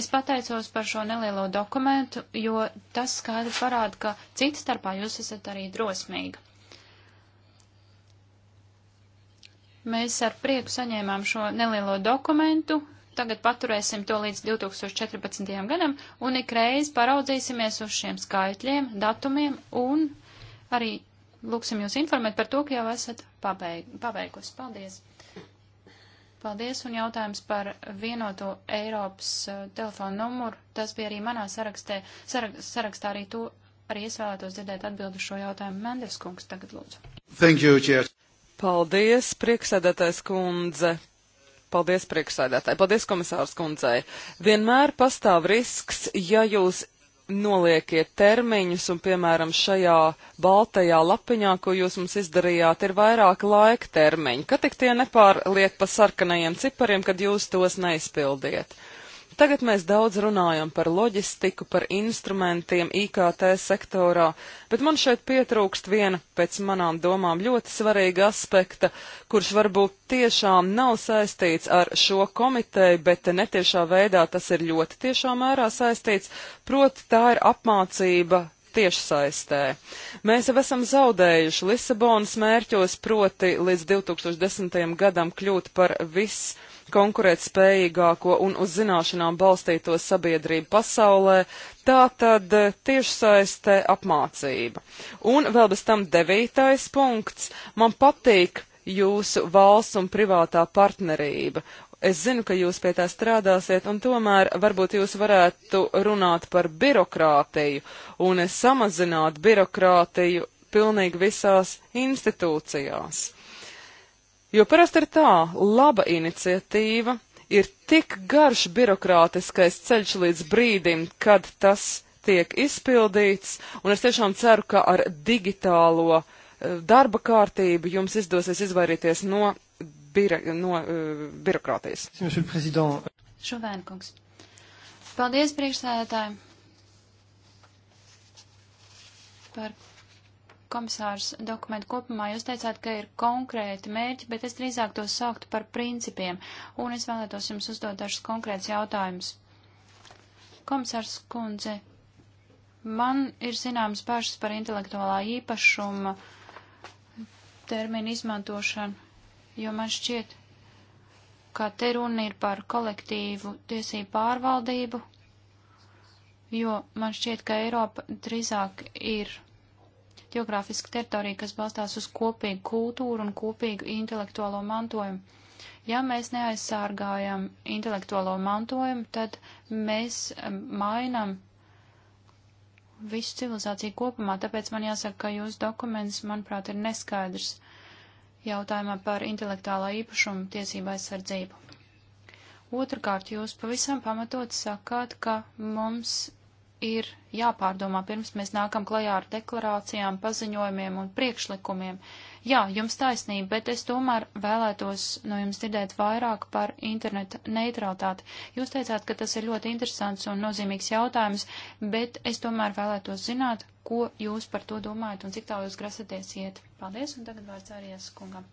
es pateicos par šo nelielo dokumentu, jo tas skaidri parāda, ka citas starpā jūs esat arī drosmīga. Mēs ar prieku saņēmām šo nelielo dokumentu. Tagad paturēsim to līdz 2014. gadam un ikreiz paraudzīsimies uz šiem skaitļiem, datumiem un arī lūksim jūs informēt par to, ka jau esat pabeig pabeigusi. Paldies! Paldies, un jautājums par vienoto Eiropas uh, telefonu numuru. Tas bija arī manā sarakstē, sarak, sarakstā arī to, arī es vēlētos dzirdēt atbildu šo jautājumu. Mendes kungs tagad lūdzu. Thank you, chair. Paldies, prieksēdētais kundze. Paldies, priekšsēdētāji. Paldies, komisārs kundzei. Vienmēr pastāv risks, ja jūs noliekiet termiņus, un, piemēram, šajā baltajā lapiņā, ko jūs mums izdarījāt, ir vairāki laika termiņi. Kad tik tie nepārliek pa sarkanajiem cipariem, kad jūs tos neizpildiet? Tagad mēs daudz runājam par loģistiku, par instrumentiem IKT sektorā, bet man šeit pietrūkst viena pēc manām domām ļoti svarīga aspekta, kurš varbūt tiešām nav saistīts ar šo komiteju, bet netiešā veidā tas ir ļoti tiešā mērā saistīts, proti tā ir apmācība tiešsaistē. Mēs jau esam zaudējuši Lisabonas mērķos, proti līdz 2010. gadam kļūt par viss konkurētspējīgāko un uz zināšanām balstīto sabiedrību pasaulē, tā tad eh, tiešsaiste apmācība. Un vēl bez tam devītais punkts. Man patīk jūsu valsts un privātā partnerība. Es zinu, ka jūs pie tā strādāsiet, un tomēr varbūt jūs varētu runāt par birokrātiju un samazināt birokrātiju pilnīgi visās institūcijās. Jo parasti ir tā, laba iniciatīva ir tik garš birokrātiskais ceļš līdz brīdim, kad tas tiek izpildīts, un es tiešām ceru, ka ar digitālo eh, darba kārtību jums izdosies izvairīties no, bira, no uh, birokrātijas. Šuvēnkungs. Paldies priekšsēdētājiem par komisārs dokumentu kopumā jūs teicāt, ka ir konkrēti mērķi, bet es drīzāk tos sauktu par principiem, un es vēlētos jums uzdot dažus konkrētus jautājumus. Komisārs Kundze, man ir zināmas bažas par intelektuālā īpašuma terminu izmantošanu, jo man šķiet, ka te runa ir par kolektīvu tiesību pārvaldību, jo man šķiet, ka Eiropa drīzāk ir geogrāfiska teritorija, kas balstās uz kopīgu kultūru un kopīgu intelektuālo mantojumu. Ja mēs neaizsārgājam intelektuālo mantojumu, tad mēs mainam visu civilizāciju kopumā, tāpēc man jāsaka, ka jūsu dokuments, manuprāt, ir neskaidrs jautājumā par intelektuālā īpašuma tiesību aizsardzību. Otrakārt, jūs pavisam pamatot sakāt, ka mums ir jāpārdomā, pirms mēs nākam klajā ar deklarācijām, paziņojumiem un priekšlikumiem. Jā, jums taisnība, bet es tomēr vēlētos no jums dzirdēt vairāk par interneta neutralitāti. Jūs teicāt, ka tas ir ļoti interesants un nozīmīgs jautājums, bet es tomēr vēlētos zināt, ko jūs par to domājat un cik tālu jūs grasaties iet. Paldies, un tagad vārds arī es kungam.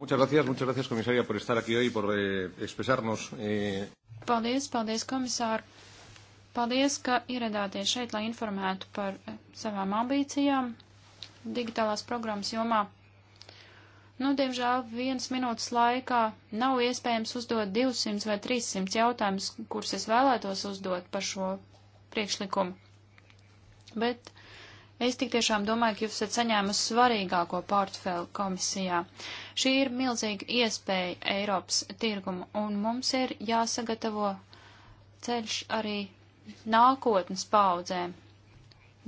Muchas gracias, muchas gracias, komisārija, por estar aquí hoy, por eh, expresarnos. Eh... Paldies, paldies, komisāri Paldies, ka ieradāties šeit, lai informētu par savām ambīcijām digitālās programmas jomā. Nu, diemžēl vienas minūtes laikā nav iespējams uzdot 200 vai 300 jautājumus, kurus es vēlētos uzdot par šo priekšlikumu. Bet es tik tiešām domāju, ka jūs esat saņēmusi svarīgāko portfeli komisijā. Šī ir milzīga iespēja Eiropas tirgumu, un mums ir jāsagatavo ceļš arī nākotnes paudzēm.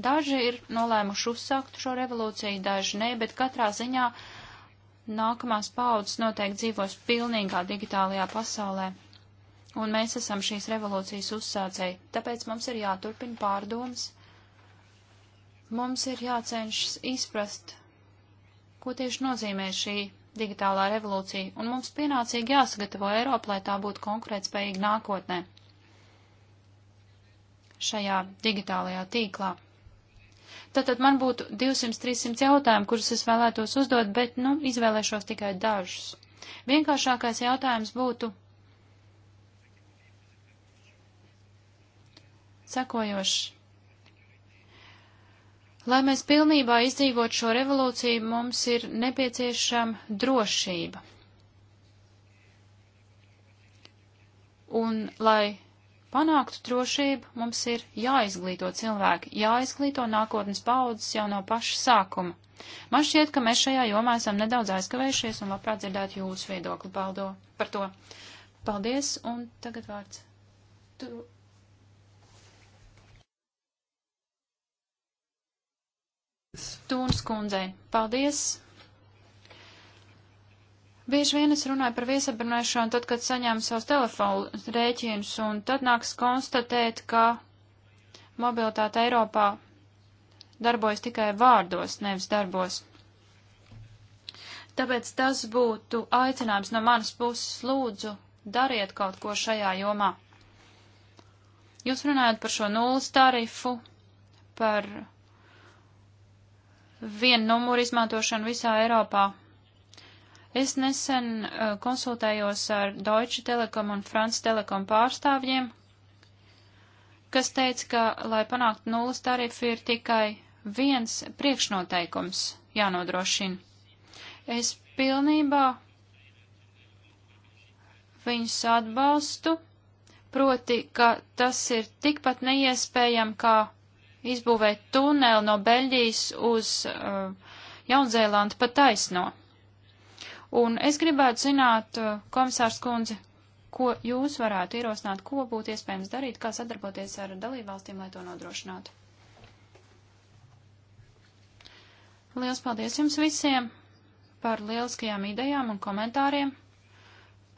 Daži ir nolēmuši uzsākt šo revolūciju, daži ne, bet katrā ziņā nākamās paudzes noteikti dzīvos pilnīgā digitālajā pasaulē. Un mēs esam šīs revolūcijas uzsācēji, tāpēc mums ir jāturpina pārdomas. Mums ir jācenšas izprast, ko tieši nozīmē šī digitālā revolūcija, un mums pienācīgi jāsagatavo Eiropa, lai tā būtu konkurētspējīga nākotnē šajā digitālajā tīklā. Tātad man būtu 200-300 jautājumu, kurus es vēlētos uzdot, bet, nu, izvēlēšos tikai dažus. Vienkāršākais jautājums būtu sekojošs. Lai mēs pilnībā izdzīvotu šo revolūciju, mums ir nepieciešama drošība. Un, lai panāktu drošību, mums ir jāizglīto cilvēki, jāizglīto nākotnes paudzes jau no paša sākuma. Man šķiet, ka mēs šajā jomā esam nedaudz aizkavējušies un labprāt dzirdētu jūsu viedokli paldo, par to. Paldies, un tagad vārds. Tu... Tūns kundzei, paldies! Bieži vien es runāju par viesabunēšanu tad, kad saņēmu savus telefonu rēķinus, un tad nāks konstatēt, ka mobilitāte Eiropā darbojas tikai vārdos, nevis darbos. Tāpēc tas būtu aicinājums no manas puses lūdzu, dariet kaut ko šajā jomā. Jūs runājat par šo nulles tarifu, par vienu numuru izmantošanu visā Eiropā. Es nesen uh, konsultējos ar Deutsche Telekom un France Telekom pārstāvjiem, kas teica, ka, lai panāktu nulles tarifu, ir tikai viens priekšnoteikums jānodrošina. Es pilnībā viņus atbalstu, proti, ka tas ir tikpat neiespējami, kā izbūvēt tuneli no Beļģijas uz uh, Jaunzēlandu pa taisno. Un es gribētu zināt, uh, komisārs kundze, ko jūs varētu ierosināt, ko būtu iespējams darīt, kā sadarboties ar dalībvalstīm, lai to nodrošinātu. Liels paldies jums visiem par lieliskajām idejām un komentāriem.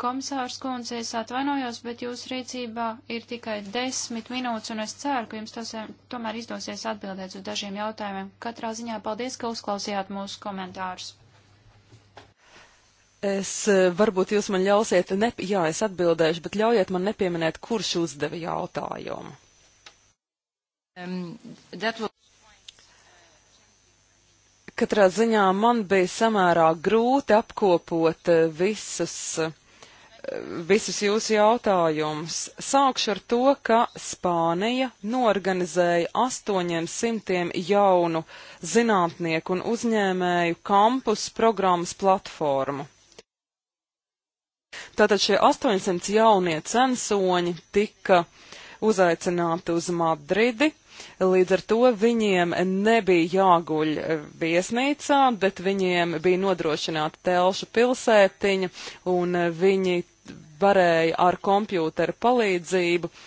Komisārs kundze, es atvainojos, bet jūsu rīcībā ir tikai desmit minūtes, un es ceru, ka jums tos, eh, tomēr izdosies atbildēt uz dažiem jautājumiem. Katrā ziņā paldies, ka uzklausījāt mūsu komentārus. Es e, varbūt jūs man ļausiet, ne, jā, es atbildēšu, bet ļaujiet man nepieminēt, kurš uzdeva jautājumu. Um, will... Katrā ziņā man bija samērā grūti apkopot e, visus, e, visus jūsu jautājumus. Sākšu ar to, ka Spānija norganizēja 800 jaunu zinātnieku un uzņēmēju kampus programmas platformu Tātad šie 800 jaunie censoņi tika uzaicināti uz Madridi. Līdz ar to viņiem nebija jāguļ eh, viesnīcā, bet viņiem bija nodrošināta telšu pilsētiņa, un eh, viņi varēja ar kompjūteru palīdzību uh,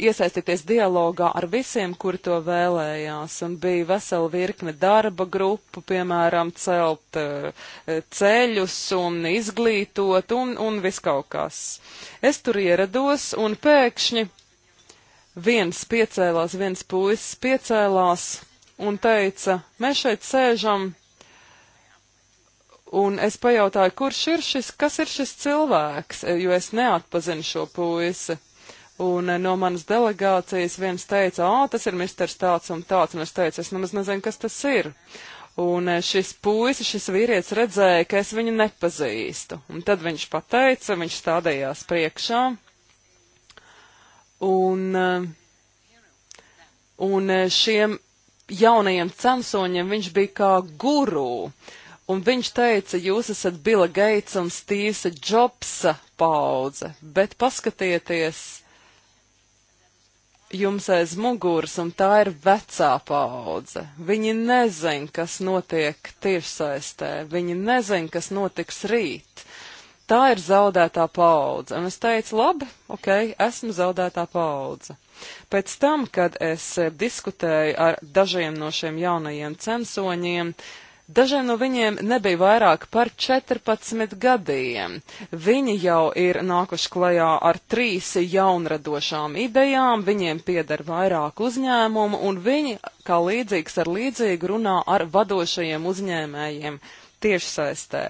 iesaistīties dialogā ar visiem, kuri to vēlējās, un bija vesela virkne darba grupu, piemēram, celt eh, ceļus un izglītot un, un viskaut kas. Es tur ierados un pēkšņi viens piecēlās, viens puisis piecēlās un teica, mēs šeit sēžam, un es pajautāju, kurš ir šis, kas ir šis cilvēks, jo es neatpazinu šo puisi. Un eh, no manas delegācijas viens teica, ā, tas ir misters tāds un tāds, un es teicu, es nemaz nezinu, kas tas ir. Un eh, šis puisis, šis vīrietis redzēja, ka es viņu nepazīstu. Un tad viņš pateica, viņš stādījās priekšā. Un, eh, un šiem jaunajiem censoņiem viņš bija kā gurū. Un viņš teica, jūs esat Bila Geitsa un Stīsa Džobsa paudze, bet paskatieties, jums aiz muguras, un tā ir vecā paudze. Viņi nezin, kas notiek tiešsaistē, viņi nezin, kas notiks rīt. Tā ir zaudētā paudze, un es teicu, labi, ok, esmu zaudētā paudze. Pēc tam, kad es eh, diskutēju ar dažiem no šiem jaunajiem censoņiem, uh, Dažiem no viņiem nebija vairāk par 14 gadiem. Viņi jau ir nākuši klajā ar trīs jaunradošām idejām, viņiem pieder vairāk uzņēmumu, un viņi, kā līdzīgs ar līdzīgu, runā ar vadošajiem uzņēmējiem tiešsaistē.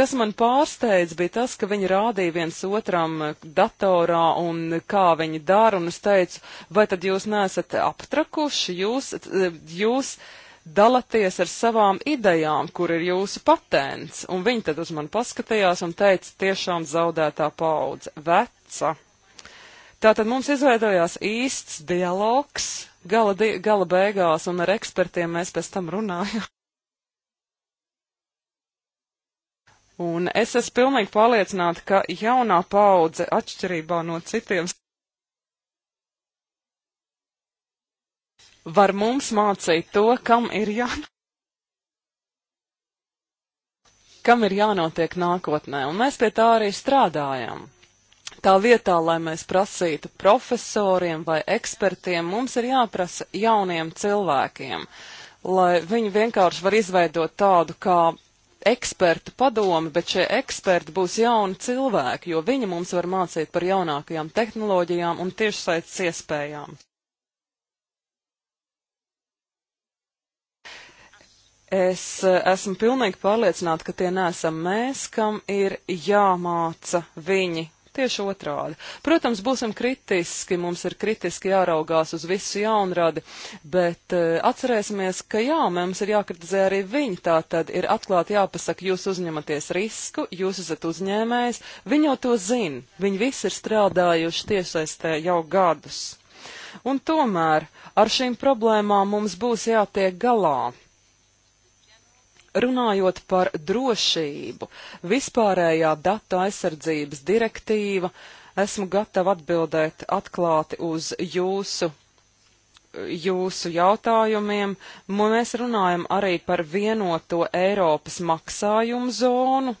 Kas man pārsteidz, bija tas, ka viņi rādīja viens otram datorā un kā viņi dara, un es teicu, vai tad jūs neesat aptrakuši, jūs, eh, jūs dalaties ar savām idejām, kur ir jūsu patents. Un viņi tad uz mani paskatījās un teica, tiešām zaudētā paudze, veca. Tātad mums izveidojās īsts dialogs gala, di gala beigās, un ar ekspertiem mēs pēc tam runājām. Un es esmu pilnīgi pārliecināta, ka jaunā paudze atšķirībā no citiem var mums mācīt to, kam ir jānotiek. Kam ir jānotiek nākotnē, un mēs pie tā arī strādājam. Tā vietā, lai mēs prasītu profesoriem vai ekspertiem, mums ir jāprasa jauniem cilvēkiem, lai viņi vienkārši var izveidot tādu kā ekspertu padomi, bet šie eksperti būs jauni cilvēki, jo viņi mums var mācīt par jaunākajām tehnoloģijām un tiešsaistes iespējām. Es eh, esmu pilnīgi pārliecināta, ka tie nesam mēs, kam ir jāmāca viņi. Tieši otrādi. Protams, būsim kritiski, mums ir kritiski jāraugās uz visu jaunradi, bet uh, atcerēsimies, ka jā, mums ir jākritizē arī viņi, tā tad ir atklāti jāpasaka, jūs uzņematies risku, jūs esat uzņēmējs, viņi jau to zina, viņi visi ir strādājuši tiešsaistē jau gadus. Un tomēr ar šīm problēmām mums būs jātiek galā Runājot par drošību, vispārējā datu aizsardzības direktīva, esmu gatava atbildēt atklāti uz jūsu, jūsu jautājumiem. Mēs runājam arī par vienoto Eiropas maksājumu zonu,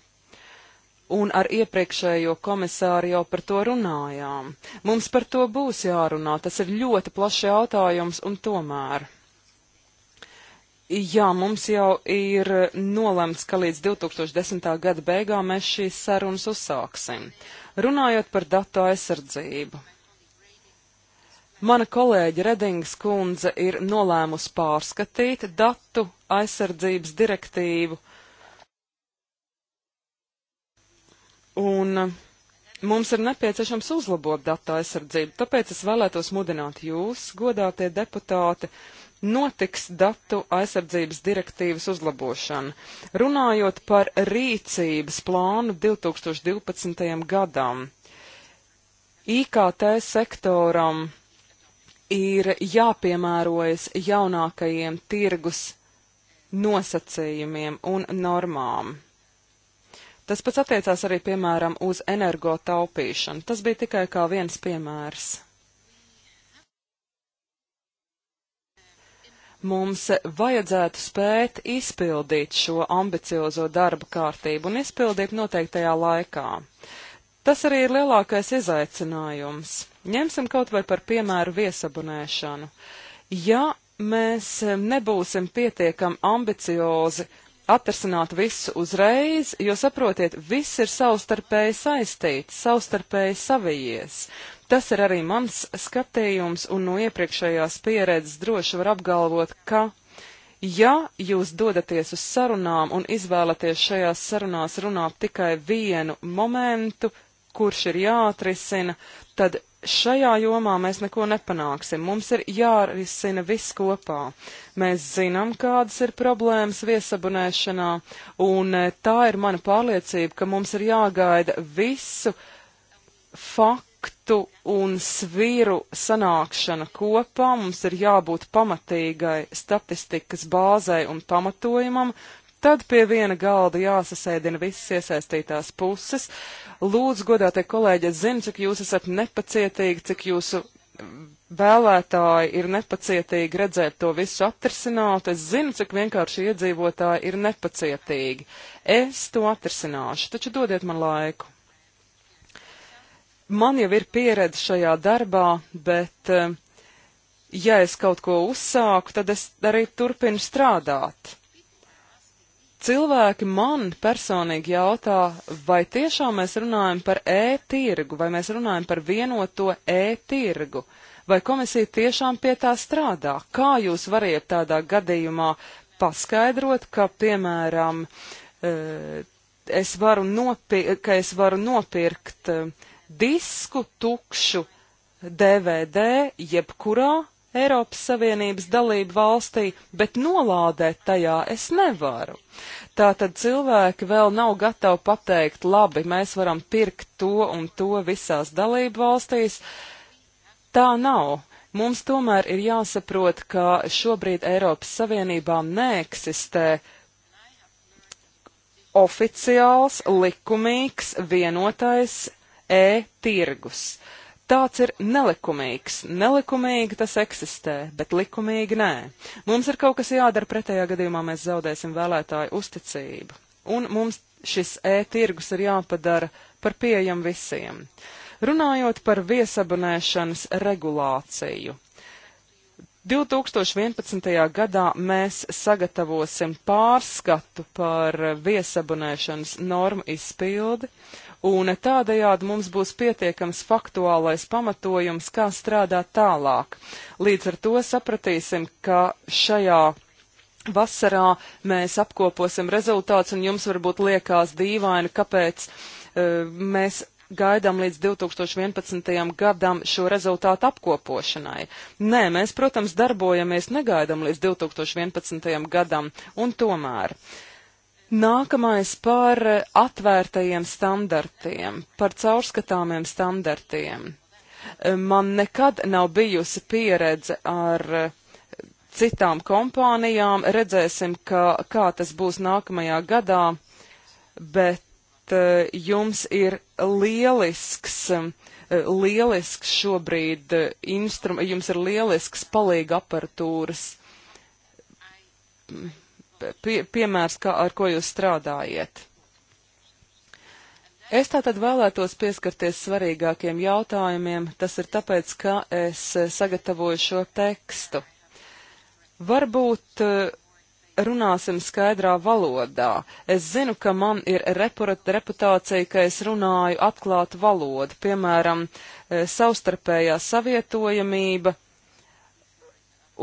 un ar iepriekšējo komisāru jau par to runājām. Mums par to būs jārunā, tas ir ļoti plašs jautājums, un tomēr Jā, mums jau ir nolemts, ka līdz 2010. gada beigām mēs šīs sarunas uzsāksim. Runājot par datu aizsardzību. Mana kolēģa Redings kundze ir nolēmusi pārskatīt datu aizsardzības direktīvu. Un mums ir nepieciešams uzlabot datu aizsardzību, tāpēc es vēlētos mudināt jūs, godātie deputāti, uh, notiks datu aizsardzības direktīvas uzlabošana. Runājot par rīcības plānu 2012. gadam, IKT sektoram ir jāpiemērojas jaunākajiem tirgus nosacījumiem un normām. Tas pats attiecās arī, piemēram, uz energotaupīšanu. Tas bija tikai kā viens piemērs. mums vajadzētu spēt izpildīt šo ambiciozo darba kārtību un izpildīt noteiktajā laikā. Tas arī ir lielākais izaicinājums. Ņemsim kaut vai par piemēru viesabunēšanu. Ja mēs nebūsim pietiekami ambiciozi atrasināt visu uzreiz, jo saprotiet, viss ir savstarpēji saistīts, savstarpēji savijies. Tas ir arī mans skatījums, un no iepriekšējās pieredzes droši var apgalvot, ka, ja jūs dodaties uz sarunām un izvēlaties šajās sarunās runāt tikai vienu momentu, kurš ir jāatrisina, tad šajā jomā mēs neko nepanāksim. Mums ir jārisina viss kopā. Mēs zinām, kādas ir problēmas viesabunēšanā, un eh, tā ir mana pārliecība, ka mums ir jāgaida visu faktu faktu un svīru sanākšana kopā mums ir jābūt pamatīgai statistikas bāzai un pamatojumam, tad pie viena galda jāsasēdina visas iesaistītās puses. Lūdzu, godātie kolēģi, es zinu, cik jūs esat nepacietīgi, cik jūsu vēlētāji ir nepacietīgi redzēt to visu atrisināt. Es zinu, cik vienkārši iedzīvotāji ir nepacietīgi. Es to atrisināšu, taču dodiet man laiku man jau ir pieredze šajā darbā, bet, eh, ja es kaut ko uzsāku, tad es arī turpinu strādāt. Cilvēki man personīgi jautā, vai tiešām mēs runājam par e-tirgu, vai mēs runājam par vienoto e-tirgu, vai komisija tiešām pie tā strādā. Kā jūs variet tādā gadījumā paskaidrot, ka, piemēram, eh, es varu, nopir ka es varu nopirkt eh, disku tukšu DVD jebkurā Eiropas Savienības dalību valstī, bet nolādēt tajā es nevaru. Tātad cilvēki vēl nav gatavi pateikt, labi, mēs varam pirkt to un to visās dalību valstīs. Tā nav. Mums tomēr ir jāsaprot, ka šobrīd Eiropas Savienībā neeksistē oficiāls, likumīgs, vienotais e-tirgus. Tāds ir nelikumīgs. Nelikumīgi tas eksistē, bet likumīgi nē. Mums ir kaut kas jādara, pretējā gadījumā mēs zaudēsim vēlētāju uzticību. Un mums šis e-tirgus ir jāpadara par pieejamu visiem. Runājot par viesabunēšanas regulāciju. 2011. gadā mēs sagatavosim pārskatu par viesabunēšanas normu izpildi. Uh, un tādējādi mums būs pietiekams faktuālais pamatojums, kā strādāt tālāk. Līdz ar to sapratīsim, ka šajā vasarā mēs apkoposim rezultātus, un jums varbūt liekas dīvaini, kāpēc uh, mēs gaidām līdz 2011. gadam šo rezultātu apkopošanai. Nē, mēs, protams, darbojamies negaidam līdz 2011. gadam, un tomēr. Uh, Nākamais par eh, atvērtajiem standartiem, par caurskatāmiem standartiem. Eh, man nekad nav bijusi pieredze ar eh, citām kompānijām. Redzēsim, ka, kā tas būs nākamajā gadā, bet jums ir lielisks, lielisks šobrīd instruments, jums ir lielisks palīga aparatūras pie, piemērs, kā, ar ko jūs strādājiet. Es tātad vēlētos pieskarties svarīgākiem jautājumiem, tas ir tāpēc, ka es sagatavoju šo tekstu. Varbūt eh, runāsim skaidrā valodā. Es zinu, ka man ir reputācija, ka es runāju atklātu valodu, piemēram, eh, savstarpējā savietojamība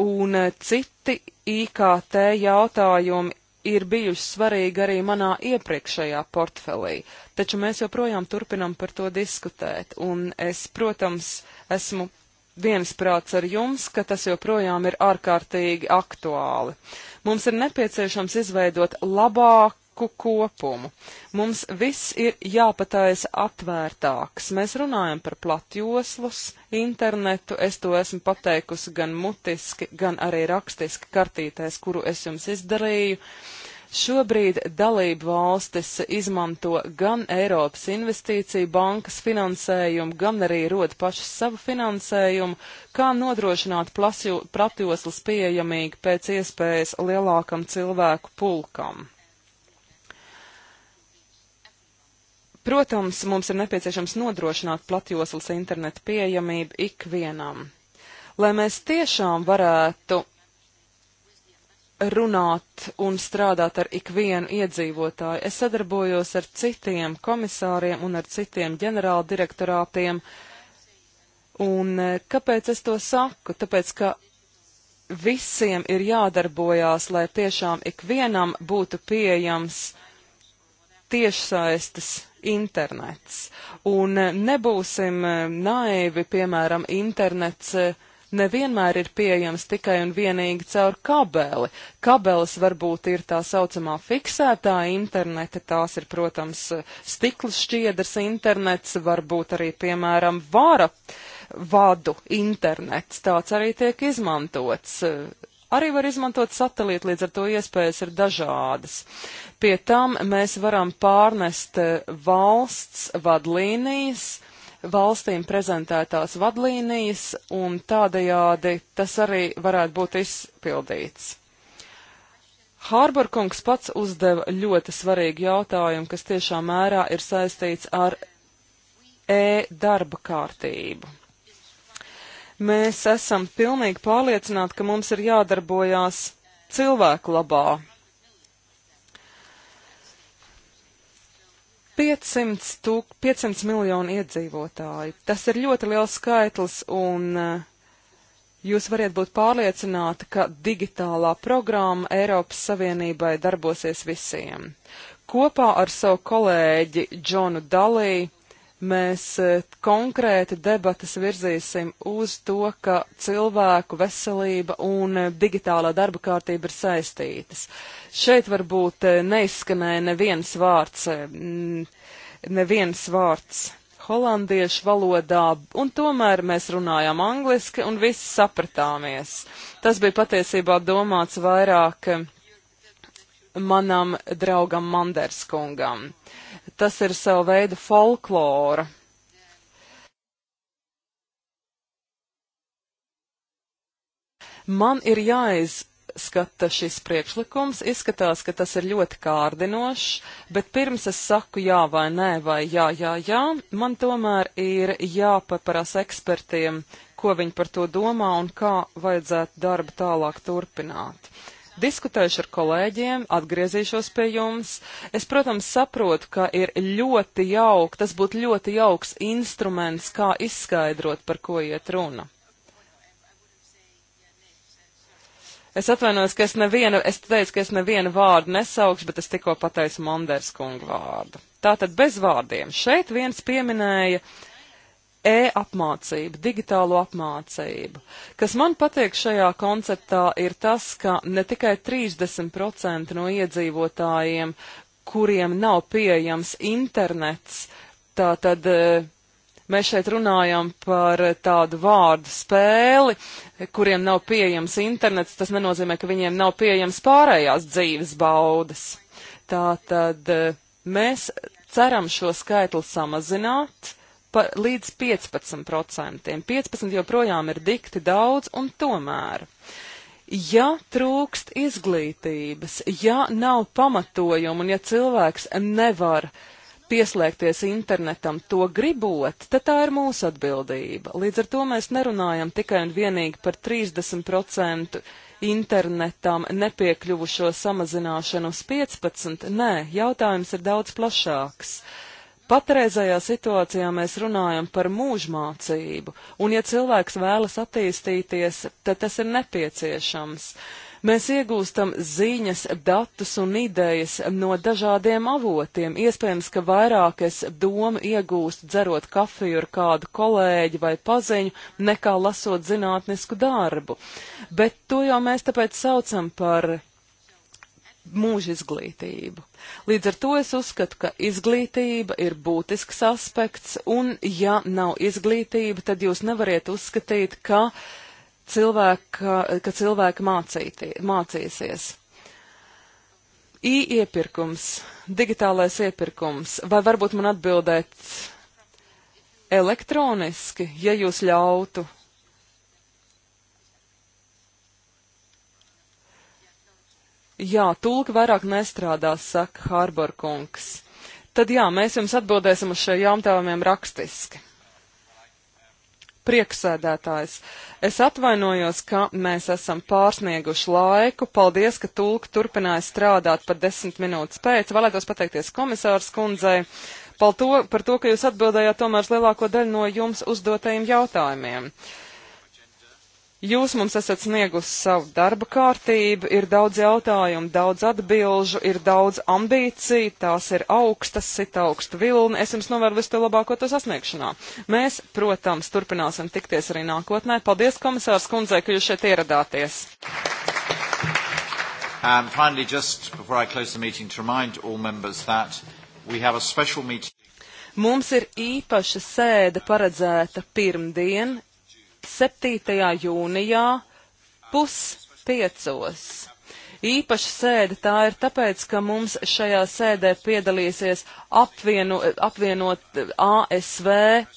un eh, citu Citi IKT jautājumi ir bijuši svarīgi arī manā iepriekšējā portfelī, taču mēs joprojām turpinam par to diskutēt, un es, protams, esmu viensprāts ar jums, ka tas joprojām ir ārkārtīgi aktuāli. Mums ir nepieciešams izveidot labāk kopumu. Mums viss ir jāpataisa atvērtāks. Mēs runājam par platjoslus, internetu, es to esmu pateikusi gan mutiski, gan arī rakstiski kartītēs, kuru es jums izdarīju. Uh, Šobrīd dalību valstis izmanto gan Eiropas investīciju bankas finansējumu, gan arī rod pašu savu finansējumu, kā nodrošināt pratjoslas pieejamīgi pēc iespējas lielākam cilvēku pulkam. Protams, mums ir nepieciešams nodrošināt platjoslas internetu pieejamību ikvienam. Lai mēs tiešām varētu runāt un strādāt ar ikvienu iedzīvotāju. Es sadarbojos ar citiem komisāriem un ar citiem ģenerāla direktorātiem. Un e, kāpēc es to saku? Tāpēc, ka visiem ir jādarbojās, lai tiešām ikvienam būtu pieejams tiešsaistes internets. Un e, nebūsim e, naivi, piemēram, internets nevienmēr ir pieejams tikai un vienīgi caur kabeli. Kabeles varbūt ir tā saucamā fiksētā interneta, tās ir, protams, stikls šķiedrs internets, varbūt arī, piemēram, vara vadu internets, tāds arī tiek izmantots. Arī var izmantot satelītu, līdz ar to iespējas ir dažādas. Pie tam mēs varam pārnest valsts vadlīnijas, valstīm prezentētās vadlīnijas, un tādējādi tas arī varētu būt izpildīts. Hārbarkungs pats uzdeva ļoti svarīgu jautājumu, kas tiešā mērā ir saistīts ar e-darba kārtību. Mēs esam pilnīgi pārliecināti, ka mums ir jādarbojās cilvēku labā, 500, tūk, 500 miljonu iedzīvotāju. Tas ir ļoti liels skaitlis, un eh, jūs varat būt pārliecināti, ka digitālā programma Eiropas Savienībai darbosies visiem. Kopā ar savu kolēģi Džonu Dalī mēs e, konkrēti debatas virzīsim uz to, ka cilvēku veselība un e, digitālā darba kārtība ir saistītas. Šeit varbūt e, neizskanēja neviens vārds, neviens vārds holandiešu valodā, un tomēr mēs runājām angliski un visi sapratāmies. Tas bija patiesībā domāts vairāk manam draugam Manderskungam. Uh, Tas ir sava veida folklora. Man ir jāiz skata šis priekšlikums, izskatās, ka tas ir ļoti kārdinošs, bet pirms es saku jā vai nē vai jā, jā, jā, man tomēr ir jāpaparās ekspertiem, ko viņi par to domā un kā vajadzētu darbu tālāk turpināt diskutējuši ar kolēģiem, atgriezīšos pie jums. Es, protams, saprotu, ka ir ļoti jauk, tas būtu ļoti jauks instruments, kā izskaidrot, par ko iet runa. Es atvainojos, ka es nevienu, es teicu, ka es nevienu vārdu nesaukšu, bet es tikko pateicu Manders kungu vārdu. Tātad bez vārdiem. Šeit viens pieminēja uh, e-apmācību, digitālo apmācību. Kas man patīk šajā konceptā ir tas, ka ne tikai 30% no iedzīvotājiem, kuriem nav pieejams internets, tā tad e, mēs šeit runājam par tādu vārdu spēli, kuriem nav pieejams internets, tas nenozīmē, ka viņiem nav pieejams pārējās dzīves baudas. Tā tad e, mēs ceram šo skaitli samazināt, pa, līdz 15%. 15% joprojām ir dikti daudz, un tomēr, ja trūkst izglītības, ja nav pamatojumu un ja cilvēks nevar pieslēgties internetam to gribot, tad tā ir mūsu atbildība. Līdz ar to mēs nerunājam tikai un vienīgi par 30% internetam nepiekļuvušo samazināšanu uz 15, nē, jautājums ir daudz plašāks. Uh, Patreizajā situācijā mēs runājam par mūžmācību, un ja cilvēks vēlas attīstīties, tad tas ir nepieciešams. Mēs iegūstam ziņas, datus un idejas no dažādiem avotiem. Iespējams, ka vairāk es domu iegūstu dzerot kafiju ar kādu kolēģi vai paziņu, nekā lasot zinātnisku darbu. Bet to jau mēs tāpēc saucam par mūža izglītību. Līdz ar to es uzskatu, ka izglītība ir būtisks aspekts, un ja nav izglītība, tad jūs nevariet uzskatīt, ka cilvēka, ka cilvēka mācītī, mācīsies. I-iepirkums, digitālais iepirkums, vai varbūt man atbildēt elektroniski, ja jūs ļautu Jā, tulki vairāk nestrādās, saka Hārborkungs. Tad jā, mēs jums atbildēsim uz šiem jautājumiem rakstiski. Prieksēdētājs, es atvainojos, ka mēs esam pārsnieguši laiku. Paldies, ka tulki turpināja strādāt par desmit minūtes pēc. Vēlētos pateikties komisārs kundzei par to, par to, ka jūs atbildējāt tomēr lielāko daļu no jums uzdotajiem jautājumiem. Uh, Jūs mums esat sniegusi savu darba kārtību, ir daudz jautājumu, daudz atbilžu, ir daudz ambīciju, tās ir augstas, sit augstu vilni. Es jums novēlu visu to labāko to sasniegšanā. Mēs, protams, turpināsim tikties arī nākotnē. Paldies, komisārs Kundzei, ka jūs šeit ieradāties. And finally, just before I close the meeting, to remind all members that we have a special meeting. Mums ir īpaša sēde paredzēta pirmdien, 7. jūnijā puspiecos. Īpaša sēde tā ir tāpēc, ka mums šajā sēdē piedalīsies apvieno, apvienot ASV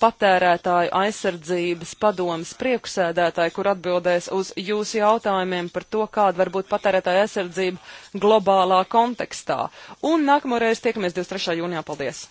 patērētāju aizsardzības padomas priekšsēdētāji, kur atbildēs uz jūsu jautājumiem par to, kāda var būt patērētāja aizsardzība globālā kontekstā. Un nākamoreiz tiekamies 23. jūnijā. Paldies!